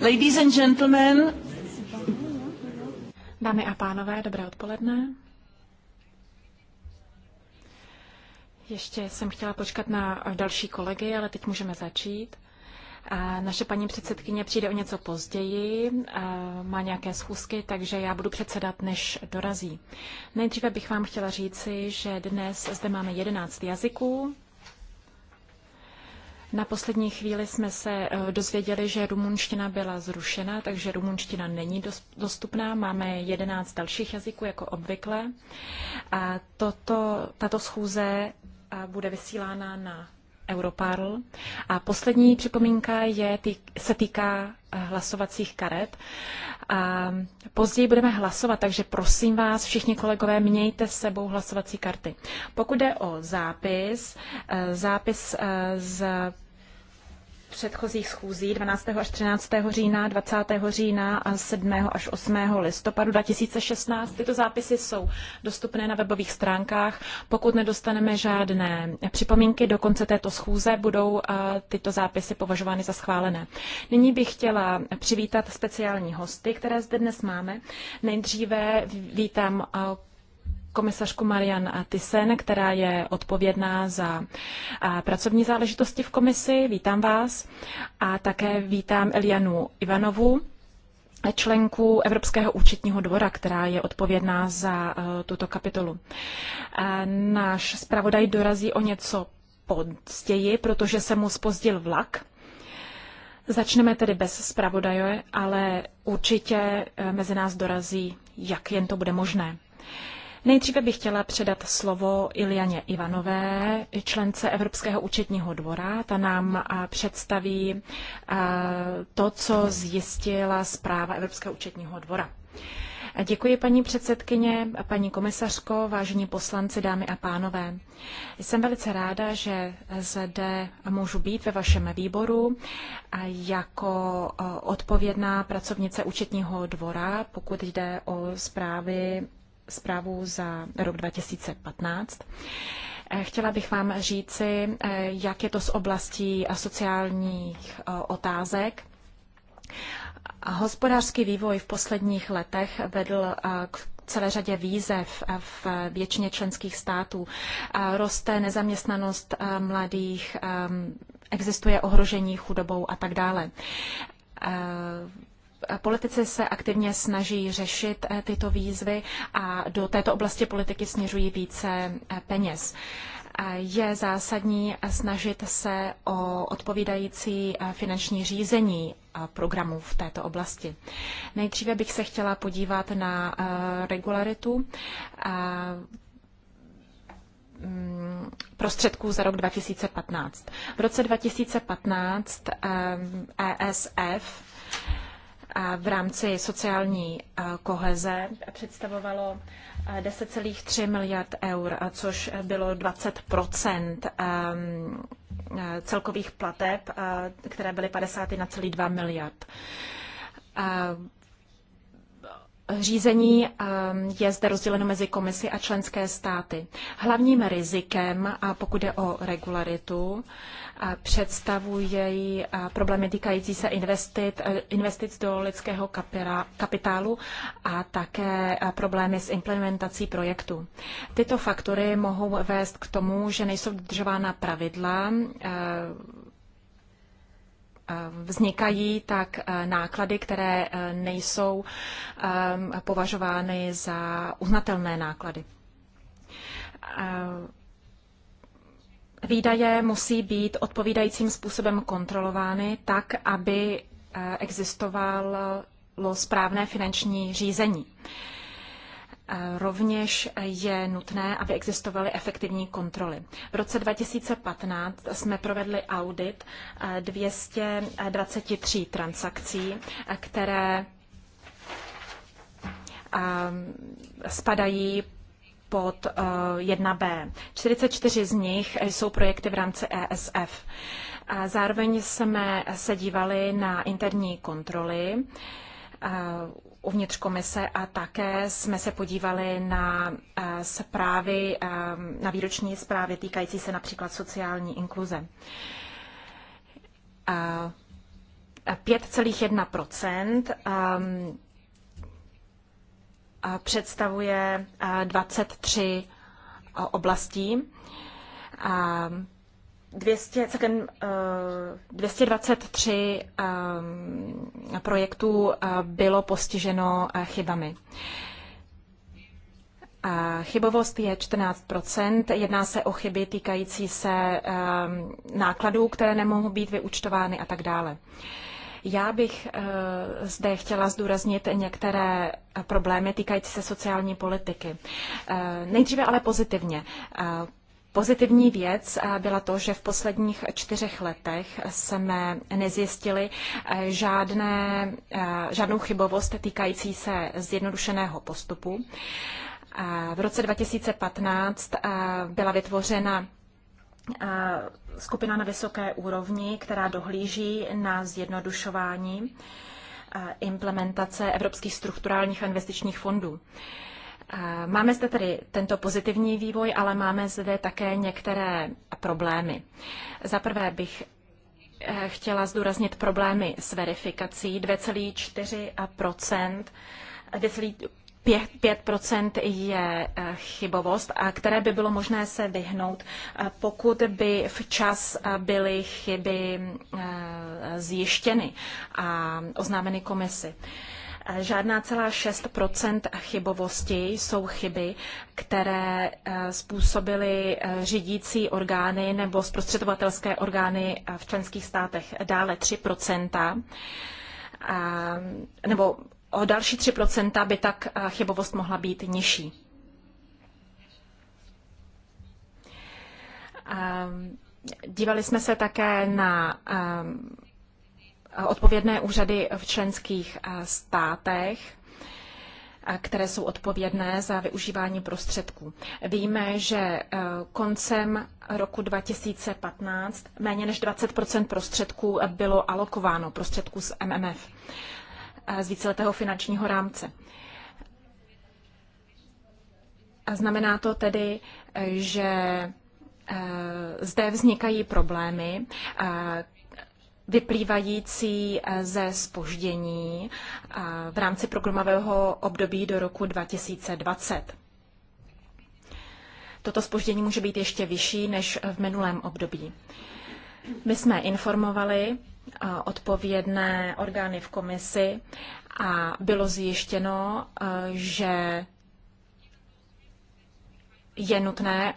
Ladies and gentlemen. Dámy a pánové, dobré odpoledne. Ještě jsem chtěla počkat na další kolegy, ale teď můžeme začít. Naše paní předsedkyně přijde o něco později, má nějaké schůzky, takže já budu předsedat, než dorazí. Nejdříve bych vám chtěla říci, že dnes zde máme 11 jazyků, na poslední chvíli jsme se eh, dozvěděli, že rumunština byla zrušena, takže rumunština není dostupná. Máme 11 dalších jazyků, jako obvykle. A toto, tato schůze eh, bude vysílána na Europarl. A poslední připomínka je, se týká eh, hlasovacích karet. A později budeme hlasovat, takže prosím vás, všichni kolegové, mějte s sebou hlasovací karty. Pokud jde o zápis, zápis z předchozích schůzí 12. až 13. října, 20. října a 7. až 8. listopadu 2016. Tyto zápisy jsou dostupné na webových stránkách. Pokud nedostaneme žádné připomínky do konce této schůze, budou eh, tyto zápisy považovány za schválené. Nyní bych chtěla přivítat speciální hosty, které zde dnes máme. Nejdříve vítám eh, komisařku Marian Tysen, která je odpovědná za pracovní záležitosti v komisi. Vítám vás a také vítám Elianu Ivanovu, členku Evropského účetního dvora, která je odpovědná za e, tuto kapitolu. E, náš zpravodaj dorazí o něco později, protože se mu spozdil vlak. Začneme tedy bez zpravodaje, ale určitě e, mezi nás dorazí, jak jen to bude možné. Nejdříve bych chtěla předat slovo Iljaně Ivanové, člence Evropského účetního dvora. Ta nám představí to, co zjistila zpráva Evropského účetního dvora. Děkuji paní předsedkyně, paní komisařko, vážení poslanci, dámy a pánové. Jsem velice ráda, že zde můžu být ve vašem výboru jako odpovědná pracovnice účetního dvora, pokud jde o zprávy zprávu za rok 2015. Eh, chtěla bych vám říci, eh, jak je to s oblastí eh, sociálních otázek. Hospodářský vývoj v posledních letech vedl k celé řadě výzev v většině členských států. Roste nezaměstnanost mladých, existuje ohrožení chudobou a tak dále Politici se aktivně snaží řešit eh, tyto výzvy a do této oblasti politiky směřují více eh, peněz je zásadní snažit se o odpovídající eh, finanční řízení programů v této oblasti. Nejdříve bych se chtěla podívat na regularitu mm, prostředků za rok 2015. V roce 2015 ESF e v rámci sociální eh, koheze představovalo 10,3 eh, miliard eur, eh, což bylo 20 ehm, celkových plateb, které byly 51,2 miliard. Řízení ehm, je zde rozděleno mezi komisy a členské státy. Hlavním rizikem, a pokud jde o regularitu, představují problémy týkající se investit, e, investic do lidského kapitálu a také e, problémy s implementací projektu. Tyto faktory mohou vést k tomu, že nejsou dodržována pravidla e, Eh, vznikají, tak eh, náklady, které eh, nejsou považovány za uznatelné náklady. Výdaje musí být odpovídajícím způsobem kontrolovány tak, aby existovalo správné finanční řízení. Rovněž je nutné, aby existovaly efektivní kontroly. V roce 2015 jsme provedli audit 223 eh, transakcí, eh, které eh, spadají pod 1B. 44 z nich jsou projekty v rámci ESF. Zároveň jsme se dívali na interní kontroly uvnitř komise a také jsme se podívali na eh, zprávy, eh, na výroční zprávy týkající se například sociální inkluze. 5,1 eh, představuje 23 oblastí. 200, celkem 223 projektů eh, bylo postiženo eh, chybami. Eh, chybovost je 14 jedná se o chyby týkající se nákladů, které nemohou být vyučtovány a tak dále. Já bych zde chtěla zdůraznit některé problémy týkající se sociální politiky. Nejdříve ale pozitivně. Pozitivní věc eh, byla to, že v posledních čtyřech letech jsme nezjistili eh, žádné, eh, žádnou chybovost týkající se zjednodušeného postupu. V roce 2015 byla vytvořena skupina na vysoké úrovni, která dohlíží na zjednodušování implementace evropských strukturálních investičních fondů. Máme zde tedy tento pozitivní vývoj, ale máme zde také některé problémy. Za prvé bych eh, chtěla zdůraznit problémy s verifikací. 2,4 5 je eh, chybovost, a které by bylo možné se vyhnout, eh, pokud by včas byly chyby zjištěny a oznámeny komisi. Žádná celá 6 chybovosti jsou chyby, které eh, způsobily eh, řídící orgány nebo zprostředovatelské orgány eh, v členských státech. Dále 3 nebo o další 3 by tak chybovost mohla být nižší. Dívali jsme se také na odpovědné úřady v členských eh, státech eh, které jsou odpovědné za využívání prostředků. Víme, že eh, koncem roku 2015 méně než 20 prostředků bylo alokováno, prostředků z MMF, z víceletého finančního rámce. A znamená to tedy, že zde vznikají problémy, vyplývající eh, ze spoždění eh, v rámci programového období do roku 2020. Toto spoždění může být ještě vyšší než v minulém období. My jsme informovali eh, odpovědné orgány v komisi a bylo zjištěno, že je nutné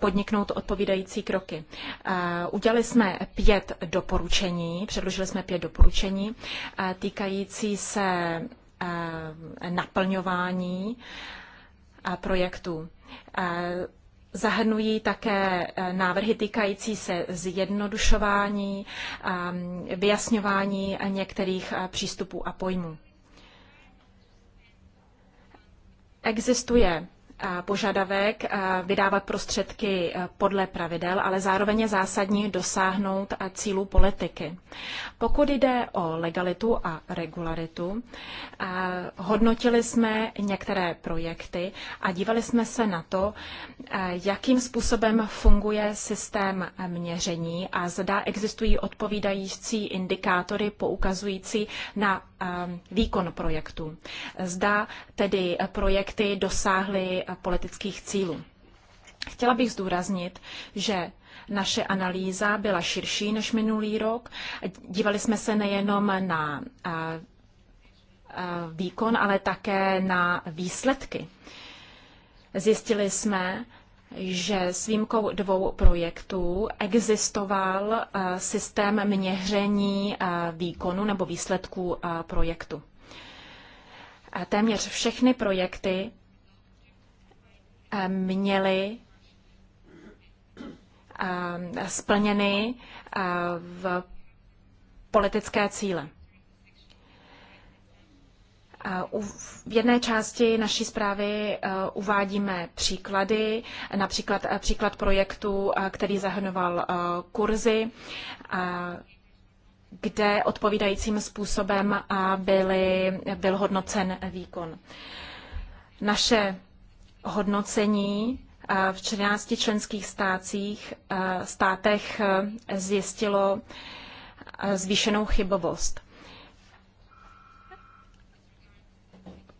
podniknout odpovídající kroky. Eh, udělali jsme pět doporučení, předložili jsme pět doporučení eh, týkající se eh, naplňování projektů. Zahrnují také návrhy týkající se zjednodušování, vyjasňování některých přístupů a pojmů. Existuje požadavek vydávat prostředky e, podle pravidel, ale zároveň je zásadní dosáhnout cílů politiky. Pokud jde o legalitu a regularitu, e, hodnotili jsme některé projekty a dívali jsme se na to, e, jakým způsobem funguje systém měření a zda existují odpovídající indikátory poukazující na výkon projektu. Zda tedy projekty dosáhly politických cílů. Chtěla bych zdůraznit, že naše analýza byla širší než minulý rok. Dívali jsme se nejenom na výkon, ale také na výsledky. Zjistili jsme, že s výjimkou dvou projektů existoval eh, systém měření eh, výkonu nebo výsledků eh, projektu. Téměř všechny projekty měly splněny v politické cíle. Eh, v jedné části naší zprávy eh, uvádíme příklady, například eh, příklad projektu, který zahrnoval kurzy, kde odpovídajícím způsobem byly, byl hodnocen výkon. Naše hodnocení v 14 členských státcích, státech zjistilo zvýšenou chybovost.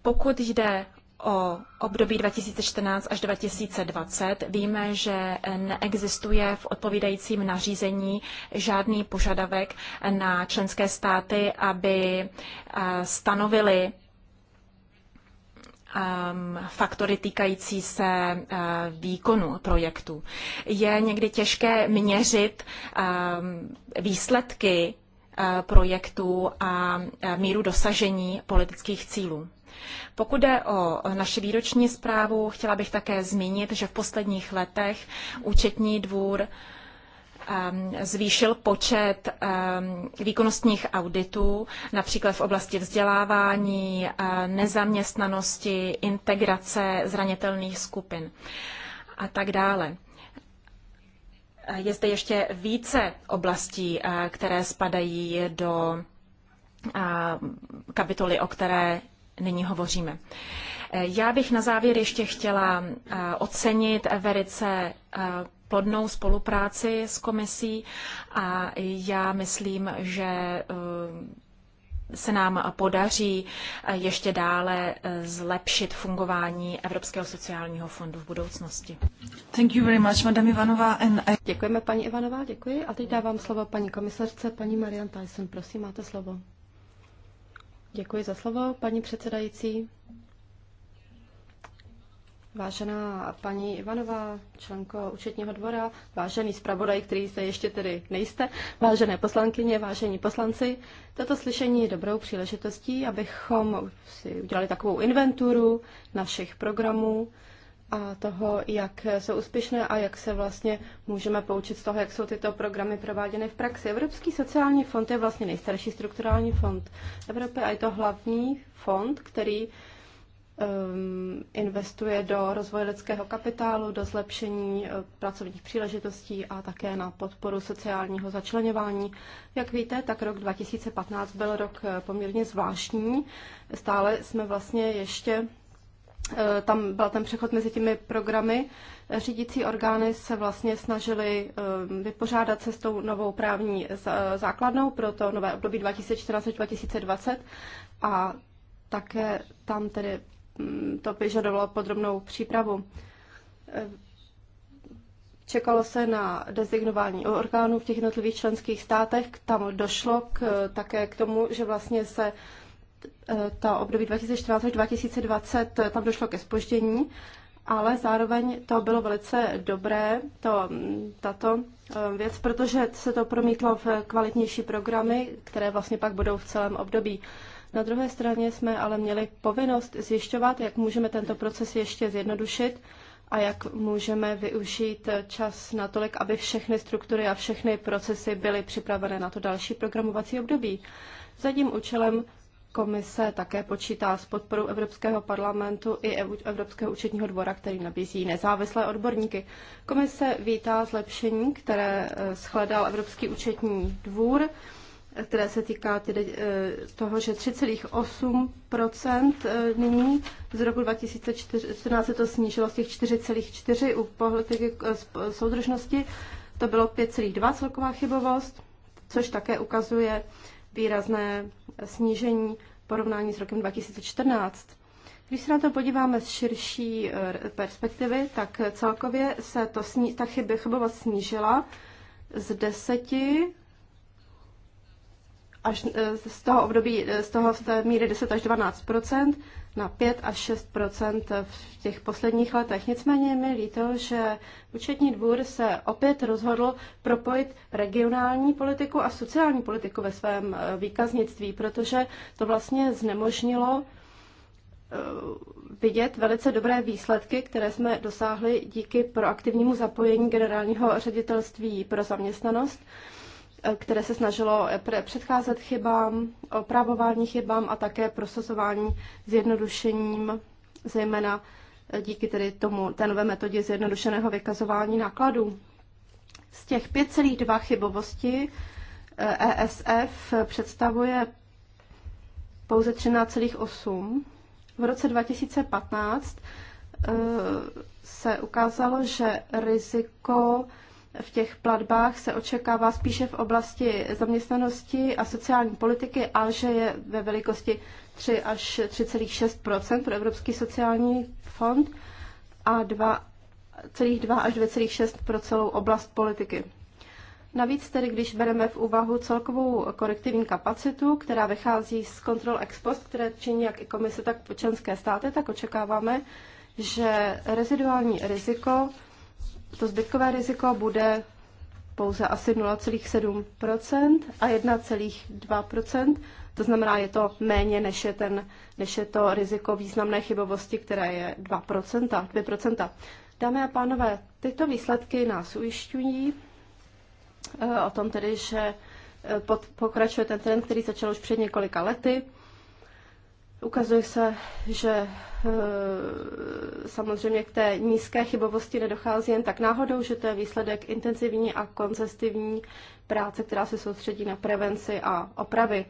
Pokud jde o období 2014 až 2020 víme, že neexistuje v odpovídajícím nařízení žádný požadavek na členské státy, aby eh, stanovili ehm, faktory týkající se eh, výkonu projektu. Je někdy těžké měřit ehm, výsledky eh, projektu a míru dosažení politických cílů. Pokud jde o naši výroční zprávu, chtěla bych také zmínit, že v posledních letech účetní dvůr ehm, zvýšil počet ehm, výkonnostních auditů, například v oblasti vzdělávání, ehm, nezaměstnanosti, integrace zranitelných skupin a tak dále. Je zde ještě více oblastí, které spadají do kapitoly, o které nyní hovoříme. Eh, já bych na závěr ještě chtěla eh, ocenit velice eh, plodnou spolupráci s komisí a já myslím, že se nám podaří ještě dále zlepšit fungování Evropského sociálního fondu v budoucnosti. Thank you very much, Madam Ivanová. And I... Děkujeme, paní Ivanová, děkuji. A teď dávám slovo paní komisařce, paní Marian Tyson. Prosím, máte slovo. Děkuji za slovo, paní předsedající. Vážená paní Ivanová, členko účetního dvora, vážený zpravodaj, který se ještě tedy nejste, vážené poslankyně, vážení poslanci, toto slyšení je dobrou příležitostí, abychom si udělali takovou inventuru našich programů, a toho, jak jsou úspěšné a jak se vlastně můžeme poučit z toho, jak jsou tyto programy prováděny v praxi. Evropský sociální fond je vlastně nejstarší strukturální fond Evropy a je to hlavní fond, který um, investuje do rozvoje lidského kapitálu, do zlepšení uh, pracovních příležitostí a také na podporu sociálního začlenování. Jak víte, tak rok 2015 byl rok uh, poměrně zvláštní. Stále jsme vlastně ještě Eh, tam byl ten přechod mezi těmi programy. Řídící orgány se vlastně snažily eh, vypořádat se s tou novou právní základnou pro to nové období 2014-2020 a také tam tedy mm, to vyžadovalo podrobnou přípravu. Eh, čekalo se na designování orgánů v těch jednotlivých členských státech. Tam došlo k, také k tomu, že vlastně se to období 2014 až 2020, eh, tam došlo ke spoždění, ale zároveň to bylo velice dobré, to, mm, tato eh, věc, protože se to promítlo v kvalitnější programy, které vlastně pak budou v celém období. Na druhé straně jsme ale měli povinnost zjišťovat, jak můžeme tento proces ještě zjednodušit a jak můžeme využít eh, čas natolik, aby všechny struktury a všechny procesy byly připravené na to další programovací období. Za tím účelem Komise také počítá s podporou Evropského parlamentu i Evropského účetního dvora, který nabízí nezávislé odborníky. Komise vítá zlepšení, které eh, shledal Evropský účetní dvůr, které se týká tedy eh, toho, že 3,8 eh, nyní z roku 2014 se to snížilo z těch 4,4 u politiky soudržnosti. To bylo 5,2 celková chybovost, což také ukazuje, výrazné snížení porovnání s rokem 2014. Když se na to podíváme z širší eh, perspektivy, tak celkově se to sní, ta chyby, chybovost snížila z deseti až eh, z toho období, eh, z toho z té míry 10 až 12 na 5 až 6 v těch posledních letech. Nicméně mi líto, že účetní dvůr se opět rozhodl propojit regionální politiku a sociální politiku ve svém eh, výkaznictví, protože to vlastně znemožnilo eh, vidět velice dobré výsledky, které jsme dosáhli díky proaktivnímu zapojení generálního ředitelství pro zaměstnanost které se snažilo eh, předcházet chybám, opravování chybám a také prosazování zjednodušením, zejména eh, díky tedy tomu té nové metodě zjednodušeného vykazování nákladů. Z těch 5,2 chybovosti ESF eh, e představuje pouze 13,8. V roce 2015 se ukázalo, že riziko v těch platbách se očekává spíše v oblasti zaměstnanosti a sociální politiky a že je ve velikosti 3 až 3,6 pro Evropský sociální fond a 2,2 až 2,6 pro celou oblast politiky. Navíc tedy, když bereme v úvahu celkovou korektivní kapacitu, která vychází z kontrol ex post, které činí jak i komise, tak členské státy, tak očekáváme, že reziduální riziko to zbytkové riziko bude pouze asi 0,7 a 1,2 to znamená, je to méně, než je, ten, než je to riziko významné chybovosti, které je 2 2 Dámy a pánové, tyto výsledky nás ujišťují eh, o tom tedy, že eh, pokračuje ten trend, který začal už před několika lety. Ukazuje se, že eh, samozřejmě k té nízké chybovosti nedochází jen tak náhodou, že to je výsledek intenzivní a konzestivní práce, která se soustředí na prevenci a opravy.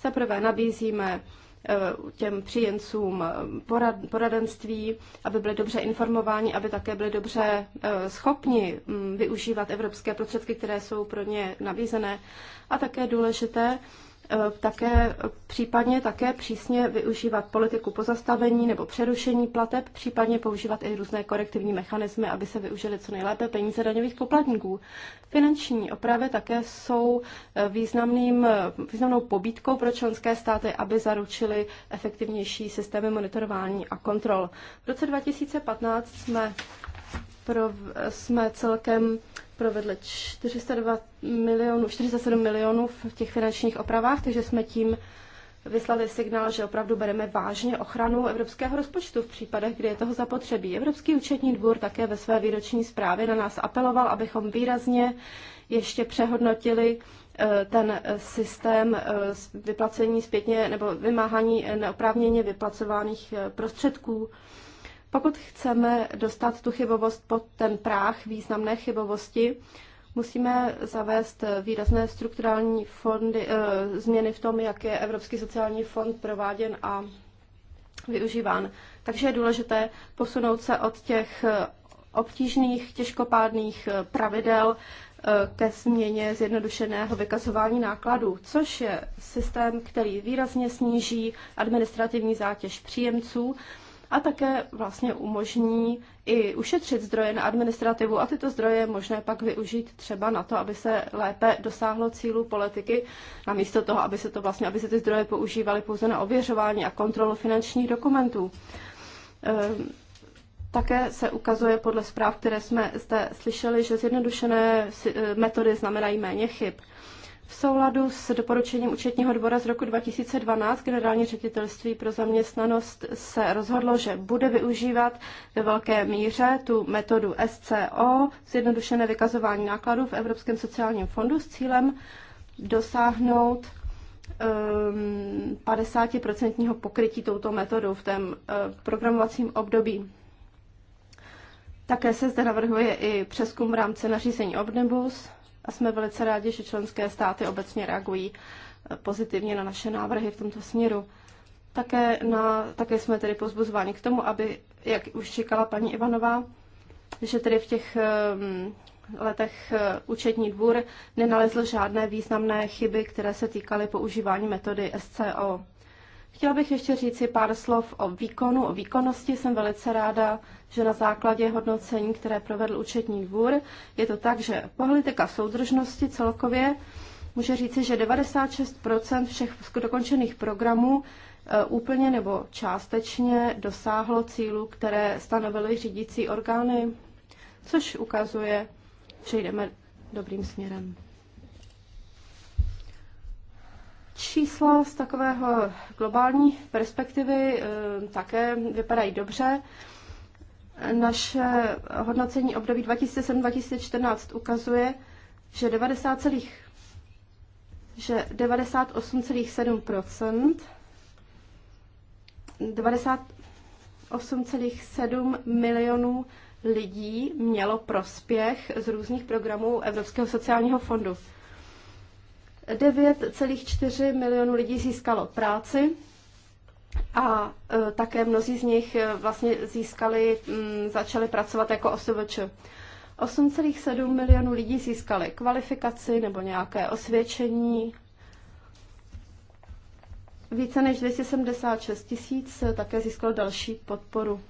Za prvé nabízíme eh, těm příjemcům eh, poradenství, aby byli dobře informováni, aby také byli dobře schopni mm, využívat evropské prostředky, které jsou pro ně nabízené. A také důležité, Eh, také případně také přísně využívat politiku pozastavení nebo přerušení plateb, případně používat i různé korektivní mechanismy, aby se využily co nejlépe peníze daňových poplatníků. Finanční opravy také jsou eh, významným, eh, významnou pobídkou pro členské státy, aby zaručili efektivnější systémy monitorování a kontrol. V roce 2015 jsme, pro, jsme celkem provedli 402 milionů, 47 milionů v těch finančních opravách, takže jsme tím vyslali signál, že opravdu bereme vážně ochranu evropského rozpočtu v případech, kdy je toho zapotřebí. Evropský účetní dvůr také ve své výroční zprávě na nás apeloval, abychom výrazně ještě přehodnotili eh, ten eh, systém eh, vyplacení zpětně nebo vymáhání neoprávněně vyplacovaných prostředků. Pokud chceme dostat tu chybovost pod ten práh významné chybovosti, musíme zavést výrazné strukturální fondy, e, změny v tom, jak je Evropský sociální fond prováděn a využíván. Takže je důležité posunout se od těch eh, obtížných, těžkopádných eh, pravidel ke změně zjednodušeného vykazování nákladů, což je systém, který výrazně sníží administrativní zátěž příjemců a také vlastně umožní i ušetřit zdroje na administrativu a tyto zdroje je možné pak využít třeba na to, aby se lépe dosáhlo cílů politiky, namísto toho, aby se, to vlastně, aby se ty zdroje používaly pouze na ověřování a kontrolu finančních dokumentů. Ehm, také se ukazuje podle zpráv, které jsme zde slyšeli, že zjednodušené eh, metody znamenají méně chyb. V souladu s doporučením účetního dvora z roku 2012 generální ředitelství pro zaměstnanost se rozhodlo, že bude využívat ve velké míře tu metodu SCO, zjednodušené vykazování nákladů v Evropském sociálním fondu s cílem dosáhnout 50% ehm, pokrytí touto metodou v tom eh, programovacím období. Také se zde navrhuje i přeskum v rámci nařízení Omnibus, a jsme velice rádi, že členské státy obecně reagují eh, pozitivně na naše návrhy v tomto směru. Také, na, také jsme tedy pozbuzováni k tomu, aby, jak už říkala paní Ivanová, že tedy v těch ehm, letech eh, účetní dvůr nenalezl žádné významné chyby, které se týkaly používání metody SCO. Chtěla bych ještě říci pár slov o výkonu, o výkonnosti. Jsem velice ráda, že na základě hodnocení, které provedl účetní dvůr, je to tak, že politika soudržnosti celkově může říci, že 96 všech dokončených programů e, úplně nebo částečně dosáhlo cílů, které stanovily řídící orgány, což ukazuje, že jdeme dobrým směrem. Čísla z takového globální perspektivy e, také vypadají dobře. Naše hodnocení období 2007-2014 ukazuje, že 90, že 98,7 98,7 milionů lidí mělo prospěch z různých programů Evropského sociálního fondu. 9,4 milionů lidí získalo práci, a e, také mnozí z nich e, vlastně získali, začali pracovat jako OSVČ. 8,7 milionů lidí získali kvalifikaci nebo nějaké osvědčení. Více než 276 tisíc také získalo další podporu.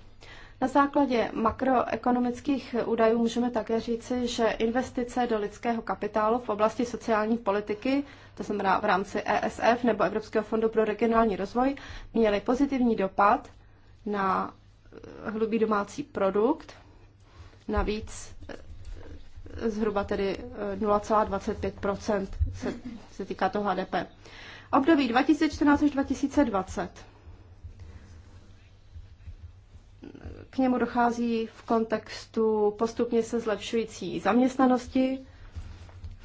Na základě makroekonomických údajů můžeme také říci, že investice do lidského kapitálu v oblasti sociální politiky, to znamená v rámci ESF nebo Evropského fondu pro regionální rozvoj, měly pozitivní dopad na hlubý eh, domácí produkt. Navíc eh, zhruba tedy 0,25 eh, se, se týká toho HDP. Období 2014 až 2020. k němu dochází v kontextu postupně se zlepšující zaměstnanosti.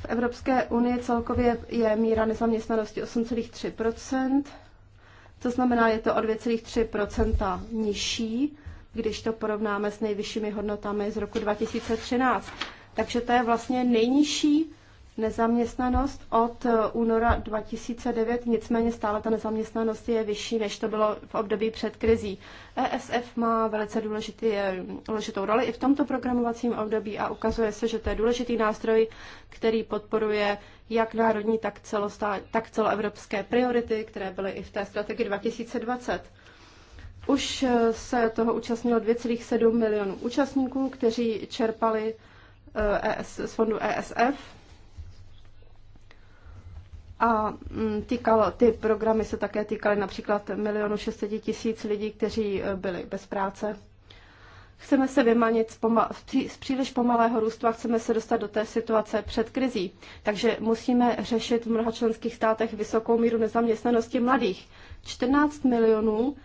V Evropské unii celkově je míra nezaměstnanosti 8,3 to znamená, je to o 2,3 nižší, když to porovnáme s nejvyššími hodnotami z roku 2013. Takže to je vlastně nejnižší nezaměstnanost od eh, února 2009, nicméně stále ta nezaměstnanost je vyšší, než to bylo v období před krizí. ESF má velice důležitý, eh, důležitou roli i v tomto programovacím období a ukazuje se, že to je důležitý nástroj, který podporuje jak národní, tak, celostá, tak celoevropské priority, které byly i v té strategii 2020. Už eh, se toho účastnilo 2,7 milionů účastníků, kteří čerpali ES, e z fondu ESF a mm, týkalo, ty programy se také týkaly například milionu 600 tisíc lidí, kteří e, byli bez práce. Chceme se vymanit z, pomal, z příliš pomalého růstu a chceme se dostat do té situace před krizí. Takže musíme řešit v mnoha členských státech vysokou míru nezaměstnanosti mladých. 14 milionů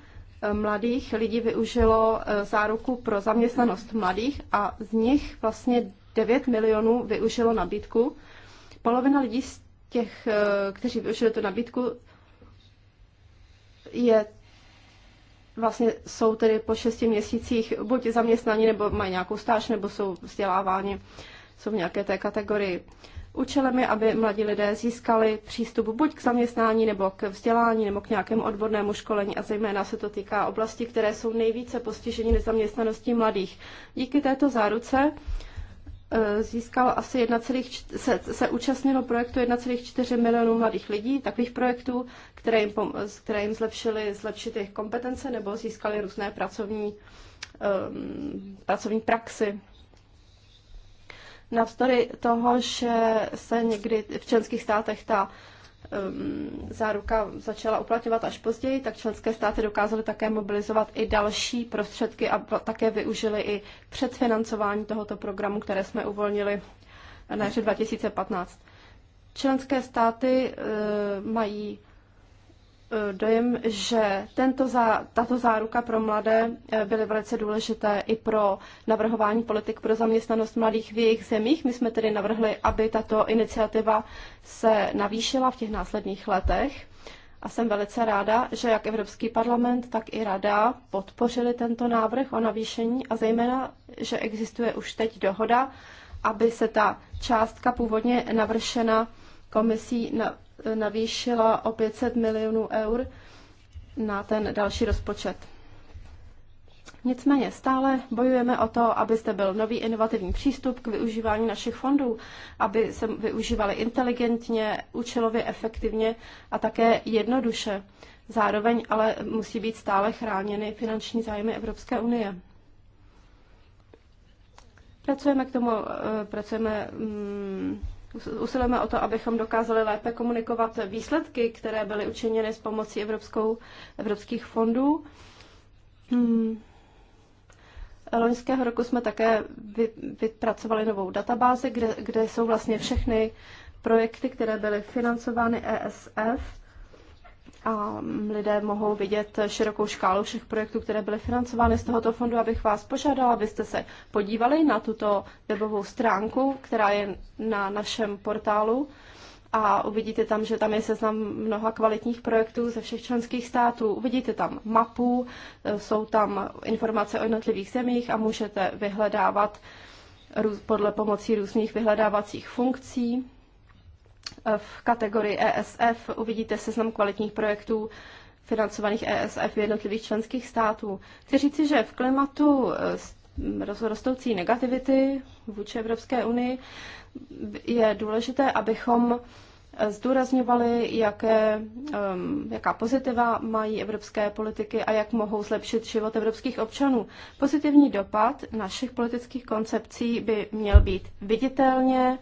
e, mladých lidí využilo e, záruku pro zaměstnanost mladých a z nich vlastně 9 milionů využilo nabídku. Polovina lidí těch, eh, kteří využili tu nabídku, je vlastně jsou tedy po šesti měsících buď zaměstnaní, nebo mají nějakou stáž, nebo jsou vzděláváni, jsou v nějaké té kategorii. Účelem je, aby mladí lidé získali přístup buď k zaměstnání, nebo k vzdělání, nebo k nějakému odbornému školení a zejména se to týká oblasti, které jsou nejvíce postiženy nezaměstnaností mladých. Díky této záruce Eh, získal asi 1, se, se účastnilo projektu 1,4 milionů mladých lidí, takových projektů, které jim, které jim zlepšily zlepšit jejich kompetence nebo získali různé pracovní, um, pracovní praxi. Navzdory toho, že se někdy v členských státech ta Ehm, záruka začala uplatňovat až později, tak členské státy dokázaly také mobilizovat i další prostředky a také využili i předfinancování tohoto programu, které jsme uvolnili na 2015. Členské státy ehm, mají dojem, že tento zá, tato záruka pro mladé eh, byly velice důležité i pro navrhování politik pro zaměstnanost mladých v jejich zemích. My jsme tedy navrhli, aby tato iniciativa se navýšila v těch následných letech. A jsem velice ráda, že jak Evropský parlament, tak i Rada podpořili tento návrh o navýšení a zejména, že existuje už teď dohoda, aby se ta částka původně navršena komisí na, navýšila o 500 milionů eur na ten další rozpočet. Nicméně stále bojujeme o to, aby zde byl nový inovativní přístup k využívání našich fondů, aby se využívali inteligentně, účelově, efektivně a také jednoduše. Zároveň ale musí být stále chráněny finanční zájmy Evropské unie. Pracujeme k tomu, eh, pracujeme mm, usilujeme o to, abychom dokázali lépe komunikovat výsledky, které byly učiněny s pomocí evropskou, evropských fondů. Hmm. Loňského roku jsme také vy, vypracovali novou databázi, kde, kde jsou vlastně všechny projekty, které byly financovány ESF a lidé mohou vidět širokou škálu všech projektů, které byly financovány z tohoto fondu. Abych vás požádala, abyste se podívali na tuto webovou stránku, která je na našem portálu a uvidíte tam, že tam je seznam mnoha kvalitních projektů ze všech členských států. Uvidíte tam mapu, jsou tam informace o jednotlivých zemích a můžete vyhledávat podle pomocí různých vyhledávacích funkcí v kategorii ESF uvidíte seznam kvalitních projektů financovaných ESF v jednotlivých členských států. Chci říci, že v klimatu eh, rostoucí negativity vůči Evropské unii je důležité, abychom eh, zdůrazňovali, jaké, ehm, jaká pozitiva mají evropské politiky a jak mohou zlepšit život evropských občanů. Pozitivní dopad našich politických koncepcí by měl být viditelně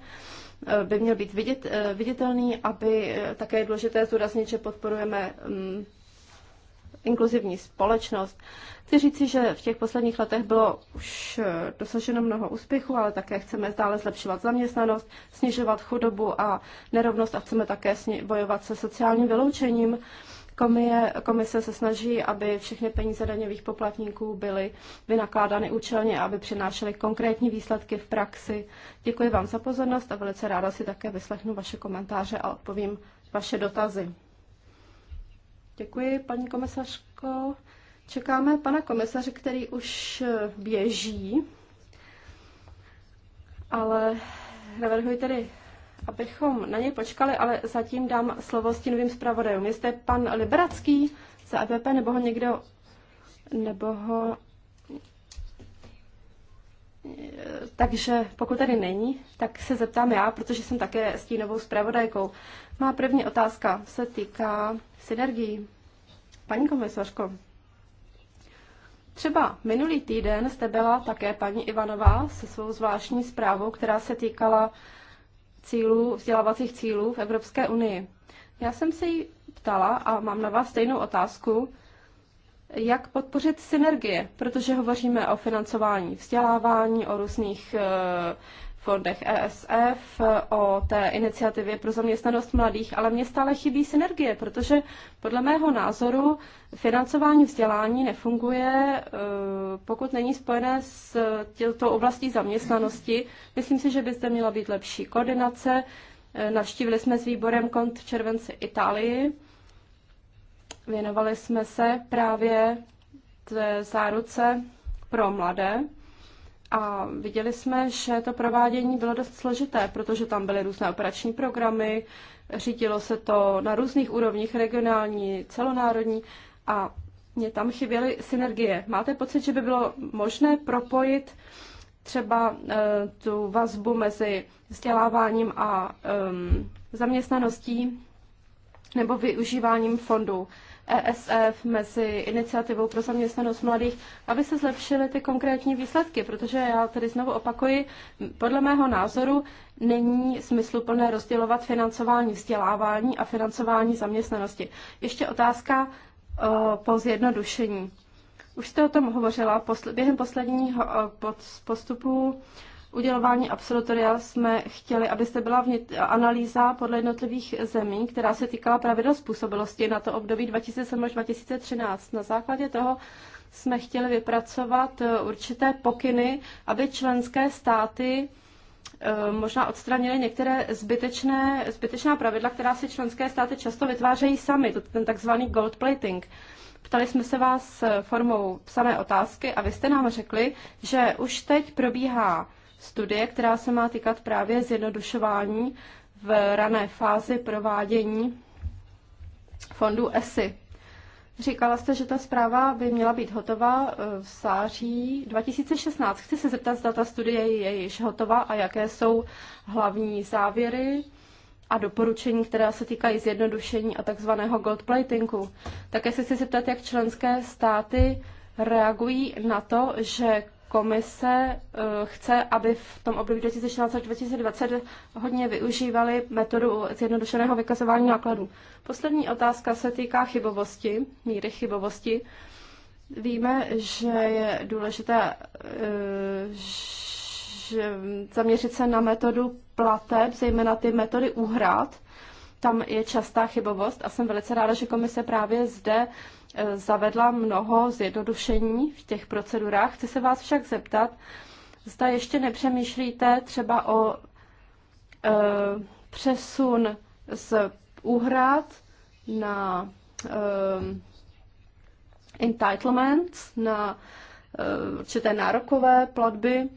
Eh, by měl být vidět, eh, viditelný, aby eh, také je důležité zúraznit, že podporujeme mm, inkluzivní společnost. Chci říci, že v těch posledních letech bylo už dosaženo mnoho úspěchu, ale také chceme stále zlepšovat zaměstnanost, snižovat chudobu a nerovnost a chceme také bojovat se sociálním vyloučením. Komie, komise se snaží, aby všechny peníze daňových poplatníků byly vynakládány účelně a aby přinášely konkrétní výsledky v praxi. Děkuji vám za pozornost a velice ráda si také vyslechnu vaše komentáře a odpovím vaše dotazy. Děkuji, paní komisařko. Čekáme pana komisaře, který už běží, ale navrhuji tedy abychom na něj počkali, ale zatím dám slovo stínovým zpravodajům. Jestli je pan Liberacký za EPP, nebo ho někdo, nebo ho... Takže pokud tady není, tak se zeptám já, protože jsem také stínovou zpravodajkou. Má první otázka se týká synergií. Paní komisařko, Třeba minulý týden jste byla také paní Ivanová se svou zvláštní zprávou, která se týkala cílů, vzdělávacích cílů v Evropské unii. Já jsem se jí ptala a mám na vás stejnou otázku, jak podpořit synergie, protože hovoříme o financování vzdělávání, o různých eh, fondech ESF, eh, o té iniciativě pro zaměstnanost mladých, ale mně stále chybí synergie, protože podle mého názoru financování vzdělání nefunguje, eh, pokud není spojené s tou oblastí zaměstnanosti. Myslím si, že by zde měla být lepší koordinace. Eh, navštívili jsme s výborem kont v červenci Itálii. Věnovali jsme se právě té záruce pro mladé, a viděli jsme, že to provádění bylo dost složité, protože tam byly různé operační programy, řídilo se to na různých úrovních, regionální, celonárodní a mě tam chyběly synergie. Máte pocit, že by bylo možné propojit třeba e, tu vazbu mezi vzděláváním a e, zaměstnaností nebo využíváním fondů? ESF, mezi iniciativou pro zaměstnanost mladých, aby se zlepšily ty konkrétní výsledky, protože já tedy znovu opakuji, podle mého názoru není smysluplné rozdělovat financování vzdělávání a financování zaměstnanosti. Ještě otázka po zjednodušení. Už jste o tom hovořila posl- během posledního postupu udělování absolutoria jsme chtěli, abyste byla vnit- analýza podle jednotlivých zemí, která se týkala pravidel způsobilosti na to období 2007 až 2013. Na základě toho jsme chtěli vypracovat eh, určité pokyny, aby členské státy eh, možná odstranili některé zbytečné, zbytečná pravidla, která si členské státy často vytvářejí sami, to ten takzvaný gold plating. Ptali jsme se vás eh, formou samé otázky a vy jste nám řekli, že už teď probíhá studie, která se má týkat právě zjednodušování v rané fázi provádění fondu ESI. Říkala jste, že ta zpráva by měla být hotová eh, v září 2016. Chci se zeptat, zda ta studie je již hotová a jaké jsou hlavní závěry a doporučení, která se týkají zjednodušení a takzvaného goldplatingu. Také se chci zeptat, jak členské státy reagují na to, že komise eh, chce, aby v tom období 2016 až 2020 hodně využívali metodu zjednodušeného vykazování nákladů. Poslední otázka se týká chybovosti, míry chybovosti. Víme, že je důležité eh, že zaměřit se na metodu plateb, zejména ty metody úhrad, tam je častá chybovost a jsem velice ráda, že komise právě zde e, zavedla mnoho zjednodušení v těch procedurách. Chci se vás však zeptat, zda ještě nepřemýšlíte třeba o e, přesun z úhrad na e, entitlements, na e, určité nárokové platby.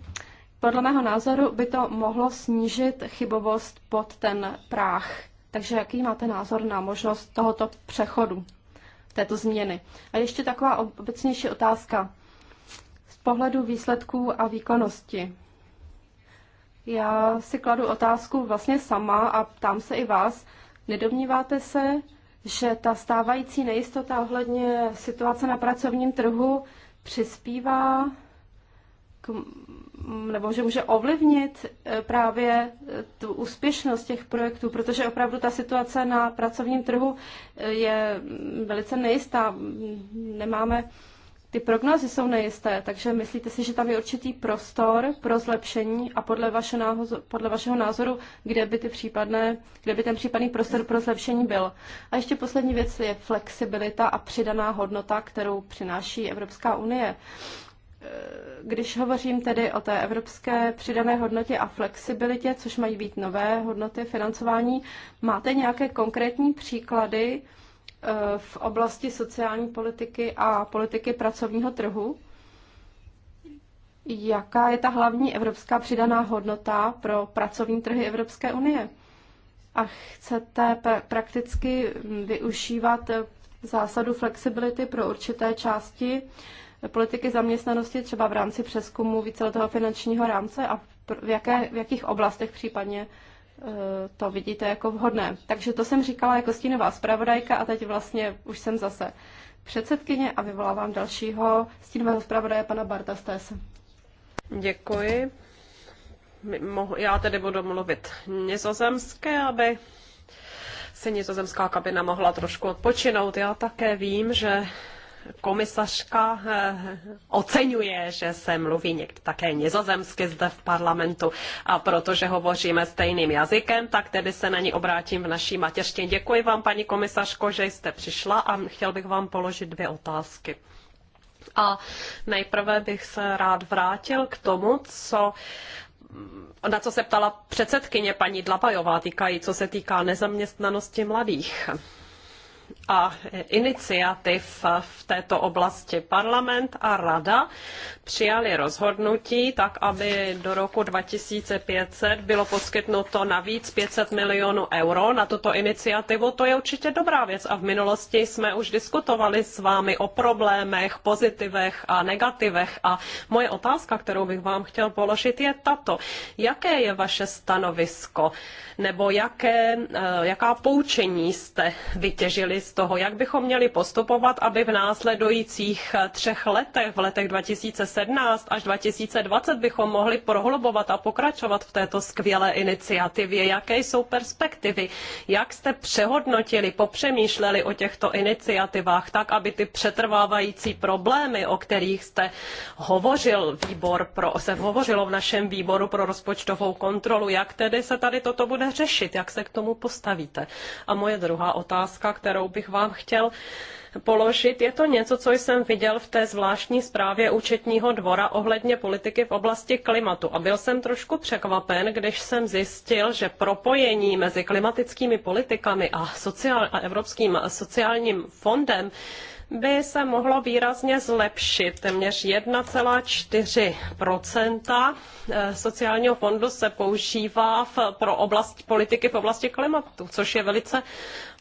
Podle mého názoru by to mohlo snížit chybovost pod ten práh takže jaký máte názor na možnost tohoto přechodu, této změny? A ještě taková obecnější otázka. Z pohledu výsledků a výkonnosti. Já si kladu otázku vlastně sama a ptám se i vás. Nedomníváte se, že ta stávající nejistota ohledně situace na pracovním trhu přispívá k nebo že může ovlivnit eh, právě eh, tu úspěšnost těch projektů, protože opravdu ta situace na pracovním trhu eh, je mm, velice nejistá. Nemáme, ty prognozy jsou nejisté, takže myslíte si, že tam je určitý prostor pro zlepšení a podle, vaše názoru, podle vašeho názoru, kde by, ty případné, kde by ten případný prostor pro zlepšení byl? A ještě poslední věc je flexibilita a přidaná hodnota, kterou přináší Evropská unie když hovořím tedy o té evropské přidané hodnotě a flexibilitě, což mají být nové hodnoty financování, máte nějaké konkrétní příklady eh, v oblasti sociální politiky a politiky pracovního trhu? Jaká je ta hlavní evropská přidaná hodnota pro pracovní trhy Evropské unie? A chcete prakticky využívat eh, zásadu flexibility pro určité části politiky zaměstnanosti, třeba v rámci přeskumu víceletého finančního rámce a v, jaké, v jakých oblastech případně e, to vidíte jako vhodné. Takže to jsem říkala jako stínová zpravodajka a teď vlastně už jsem zase předsedkyně a vyvolávám dalšího stínového zpravodaje pana Barta Stes. Děkuji. Já tedy budu mluvit nizozemské, aby se nizozemská kabina mohla trošku odpočinout. Já také vím, že komisařka eh, oceňuje, že se mluví někde také nizozemsky zde v parlamentu a protože hovoříme stejným jazykem, tak tedy se na ní obrátím v naší mateřštině. Děkuji vám, paní komisařko, že jste přišla a chtěl bych vám položit dvě otázky. A nejprve bych se rád vrátil k tomu, co na co se ptala předsedkyně paní Dlabajová, týkají, co se týká nezaměstnanosti mladých a iniciativ v této oblasti. Parlament a rada přijali rozhodnutí tak, aby do roku 2500 bylo poskytnuto navíc 500 milionů euro na tuto iniciativu. To je určitě dobrá věc a v minulosti jsme už diskutovali s vámi o problémech, pozitivech a negativech a moje otázka, kterou bych vám chtěl položit, je tato. Jaké je vaše stanovisko nebo jaké, eh, jaká poučení jste vytěžili z toho, jak bychom měli postupovat, aby v následujících třech letech, v letech 2017 až 2020, bychom mohli prohlubovat a pokračovat v této skvělé iniciativě. Jaké jsou perspektivy? Jak jste přehodnotili, popřemýšleli o těchto iniciativách tak, aby ty přetrvávající problémy, o kterých jste hovořil výbor pro, se hovořilo v našem výboru pro rozpočtovou kontrolu, jak tedy se tady toto bude řešit, jak se k tomu postavíte? A moje druhá otázka, kterou bych vám chtěl položit. Je to něco, co jsem viděl v té zvláštní zprávě účetního dvora ohledně politiky v oblasti klimatu. A byl jsem trošku překvapen, když jsem zjistil, že propojení mezi klimatickými politikami a, sociál, a Evropským sociálním fondem by se mohlo výrazně zlepšit. Téměř 1,4 eh, sociálního fondu se používá v, pro oblast politiky v oblasti klimatu, což je velice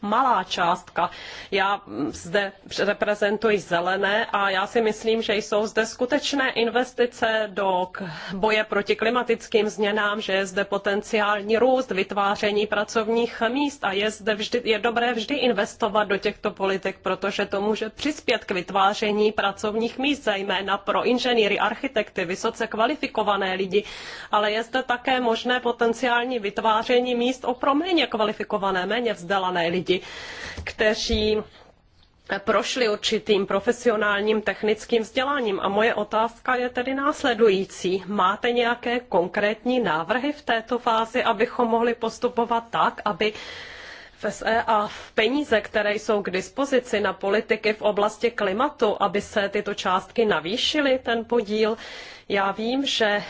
malá částka. Já zde reprezentuji zelené a já si myslím, že jsou zde skutečné investice do boje proti klimatickým změnám, že je zde potenciální růst, vytváření pracovních míst a je zde vždy, je dobré vždy investovat do těchto politik, protože to může přispět k vytváření pracovních míst, zejména pro inženýry, architekty, vysoce kvalifikované lidi, ale je zde také možné potenciální vytváření míst o pro méně kvalifikované, méně vzdělané lidi lidi, kteří prošli určitým profesionálním technickým vzděláním. A moje otázka je tedy následující. Máte nějaké konkrétní návrhy v této fázi, abychom mohli postupovat tak, aby FSE a peníze, které jsou k dispozici na politiky v oblasti klimatu, aby se tyto částky navýšily, ten podíl. Já vím, že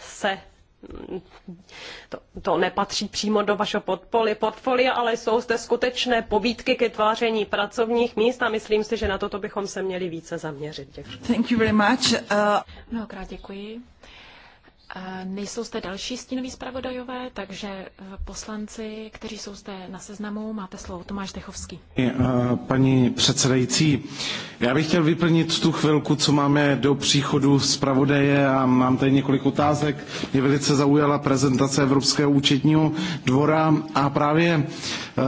se to, to nepatří přímo do vašeho portfolia, ale jsou zde skutečné pobídky ke tváření pracovních míst a myslím si, že na toto bychom se měli více zaměřit. Děkuji. Thank you very much. Uh... Mnohokrát děkuji. Nejsou zde další stínoví zpravodajové, takže eh, poslanci, kteří jsou zde na seznamu, máte slovo. Tomáš Dechovský. Eh, paní předsedající, já bych chtěl vyplnit tu chvilku, co máme do příchodu zpravodaje a mám tady několik otázek. Mě velice zaujala prezentace Evropského účetního dvora a právě eh,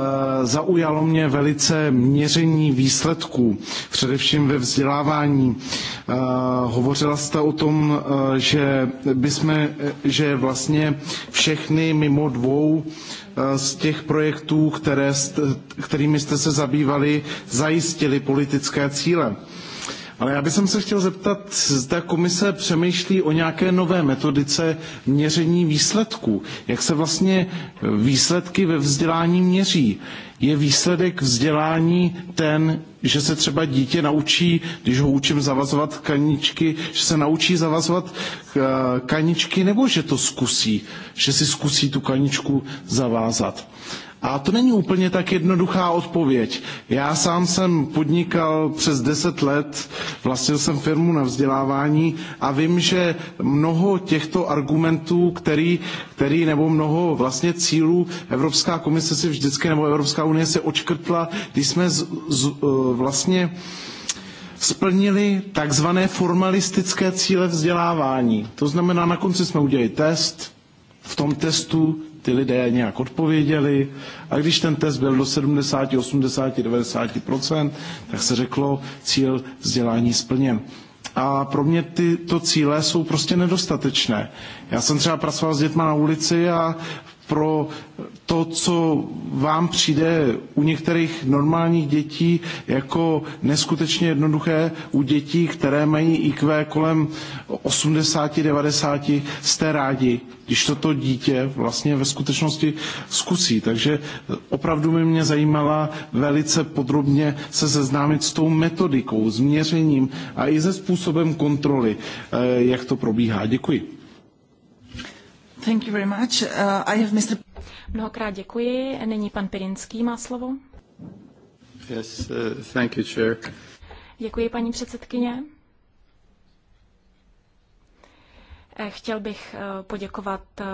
zaujalo mě velice měření výsledků, především ve vzdělávání. Hovořila jste o tom, že bychom Eh, že vlastně všechny mimo dvou eh, z těch projektů, které, kterými jste se zabývali, zajistili politické cíle. Ale já bych se chtěl zeptat, zda komise přemýšlí o nějaké nové metodice měření výsledků. Jak se vlastně výsledky ve vzdělání měří? Je výsledek vzdělání ten, že se třeba dítě naučí, když ho učím zavazovat kaničky, že se naučí zavazovat eh, kaničky, nebo že to zkusí, že si zkusí tu kaničku zavázat? A to není úplně tak jednoduchá odpověď. Já sám jsem podnikal přes 10 let, vlastnil jsem firmu na vzdělávání a vím, že mnoho těchto argumentů, který, který nebo mnoho vlastně cílů Evropská komise si vždycky, nebo Evropská unie se očkrtla, když jsme z, z, eh, vlastně splnili takzvané formalistické cíle vzdělávání. To znamená, na konci jsme udělali test, v tom testu ty lidé nějak odpověděli a když ten test byl do 70, 80, 90 tak se řeklo cíl vzdělání splněn. A pro mě tyto cíle jsou prostě nedostatečné. Já jsem třeba pracoval s dětma na ulici a v pro to, co vám přijde u některých normálních dětí jako neskutečně jednoduché, u dětí, které mají IQ kolem 80-90, jste rádi, když toto dítě vlastně ve skutečnosti zkusí. Takže opravdu by mě zajímala velice podrobně se seznámit s tou metodikou, s měřením a i se způsobem kontroly, eh, jak to probíhá. Děkuji. Thank you very much. Uh, I have Mr. Mnohokrát děkuji. Nyní pan Pirinský má slovo. Yes, uh, thank you, chair. Děkuji, paní předsedkyně. Eh, chtěl bych eh, poděkovat eh,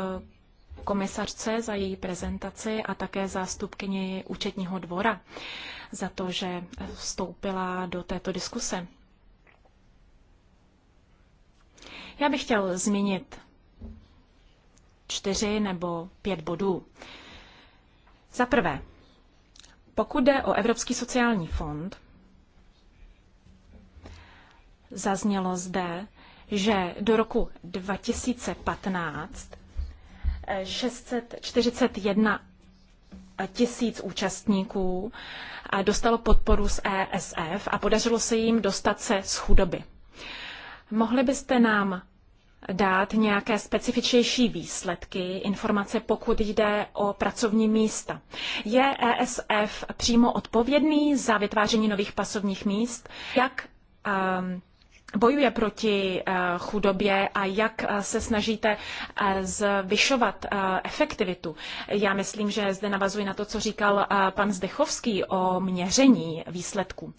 komisařce za její prezentaci a také zástupkyni účetního dvora za to, že vstoupila do této diskuse. Já bych chtěl zmínit čtyři nebo pět bodů. Za prvé, pokud jde o Evropský sociální fond, zaznělo zde, že do roku 2015 641 tisíc účastníků eh, dostalo podporu z ESF a podařilo se jim dostat se z chudoby. Mohli byste nám dát nějaké specifičnější výsledky, informace, pokud jde o pracovní místa. Je ESF přímo odpovědný za vytváření nových pasovních míst? Jak um, bojuje proti eh, chudobě a jak eh, se snažíte eh, zvyšovat efektivitu. Já myslím, že zde navazuji na to, co říkal pan Zdechovský o měření výsledků.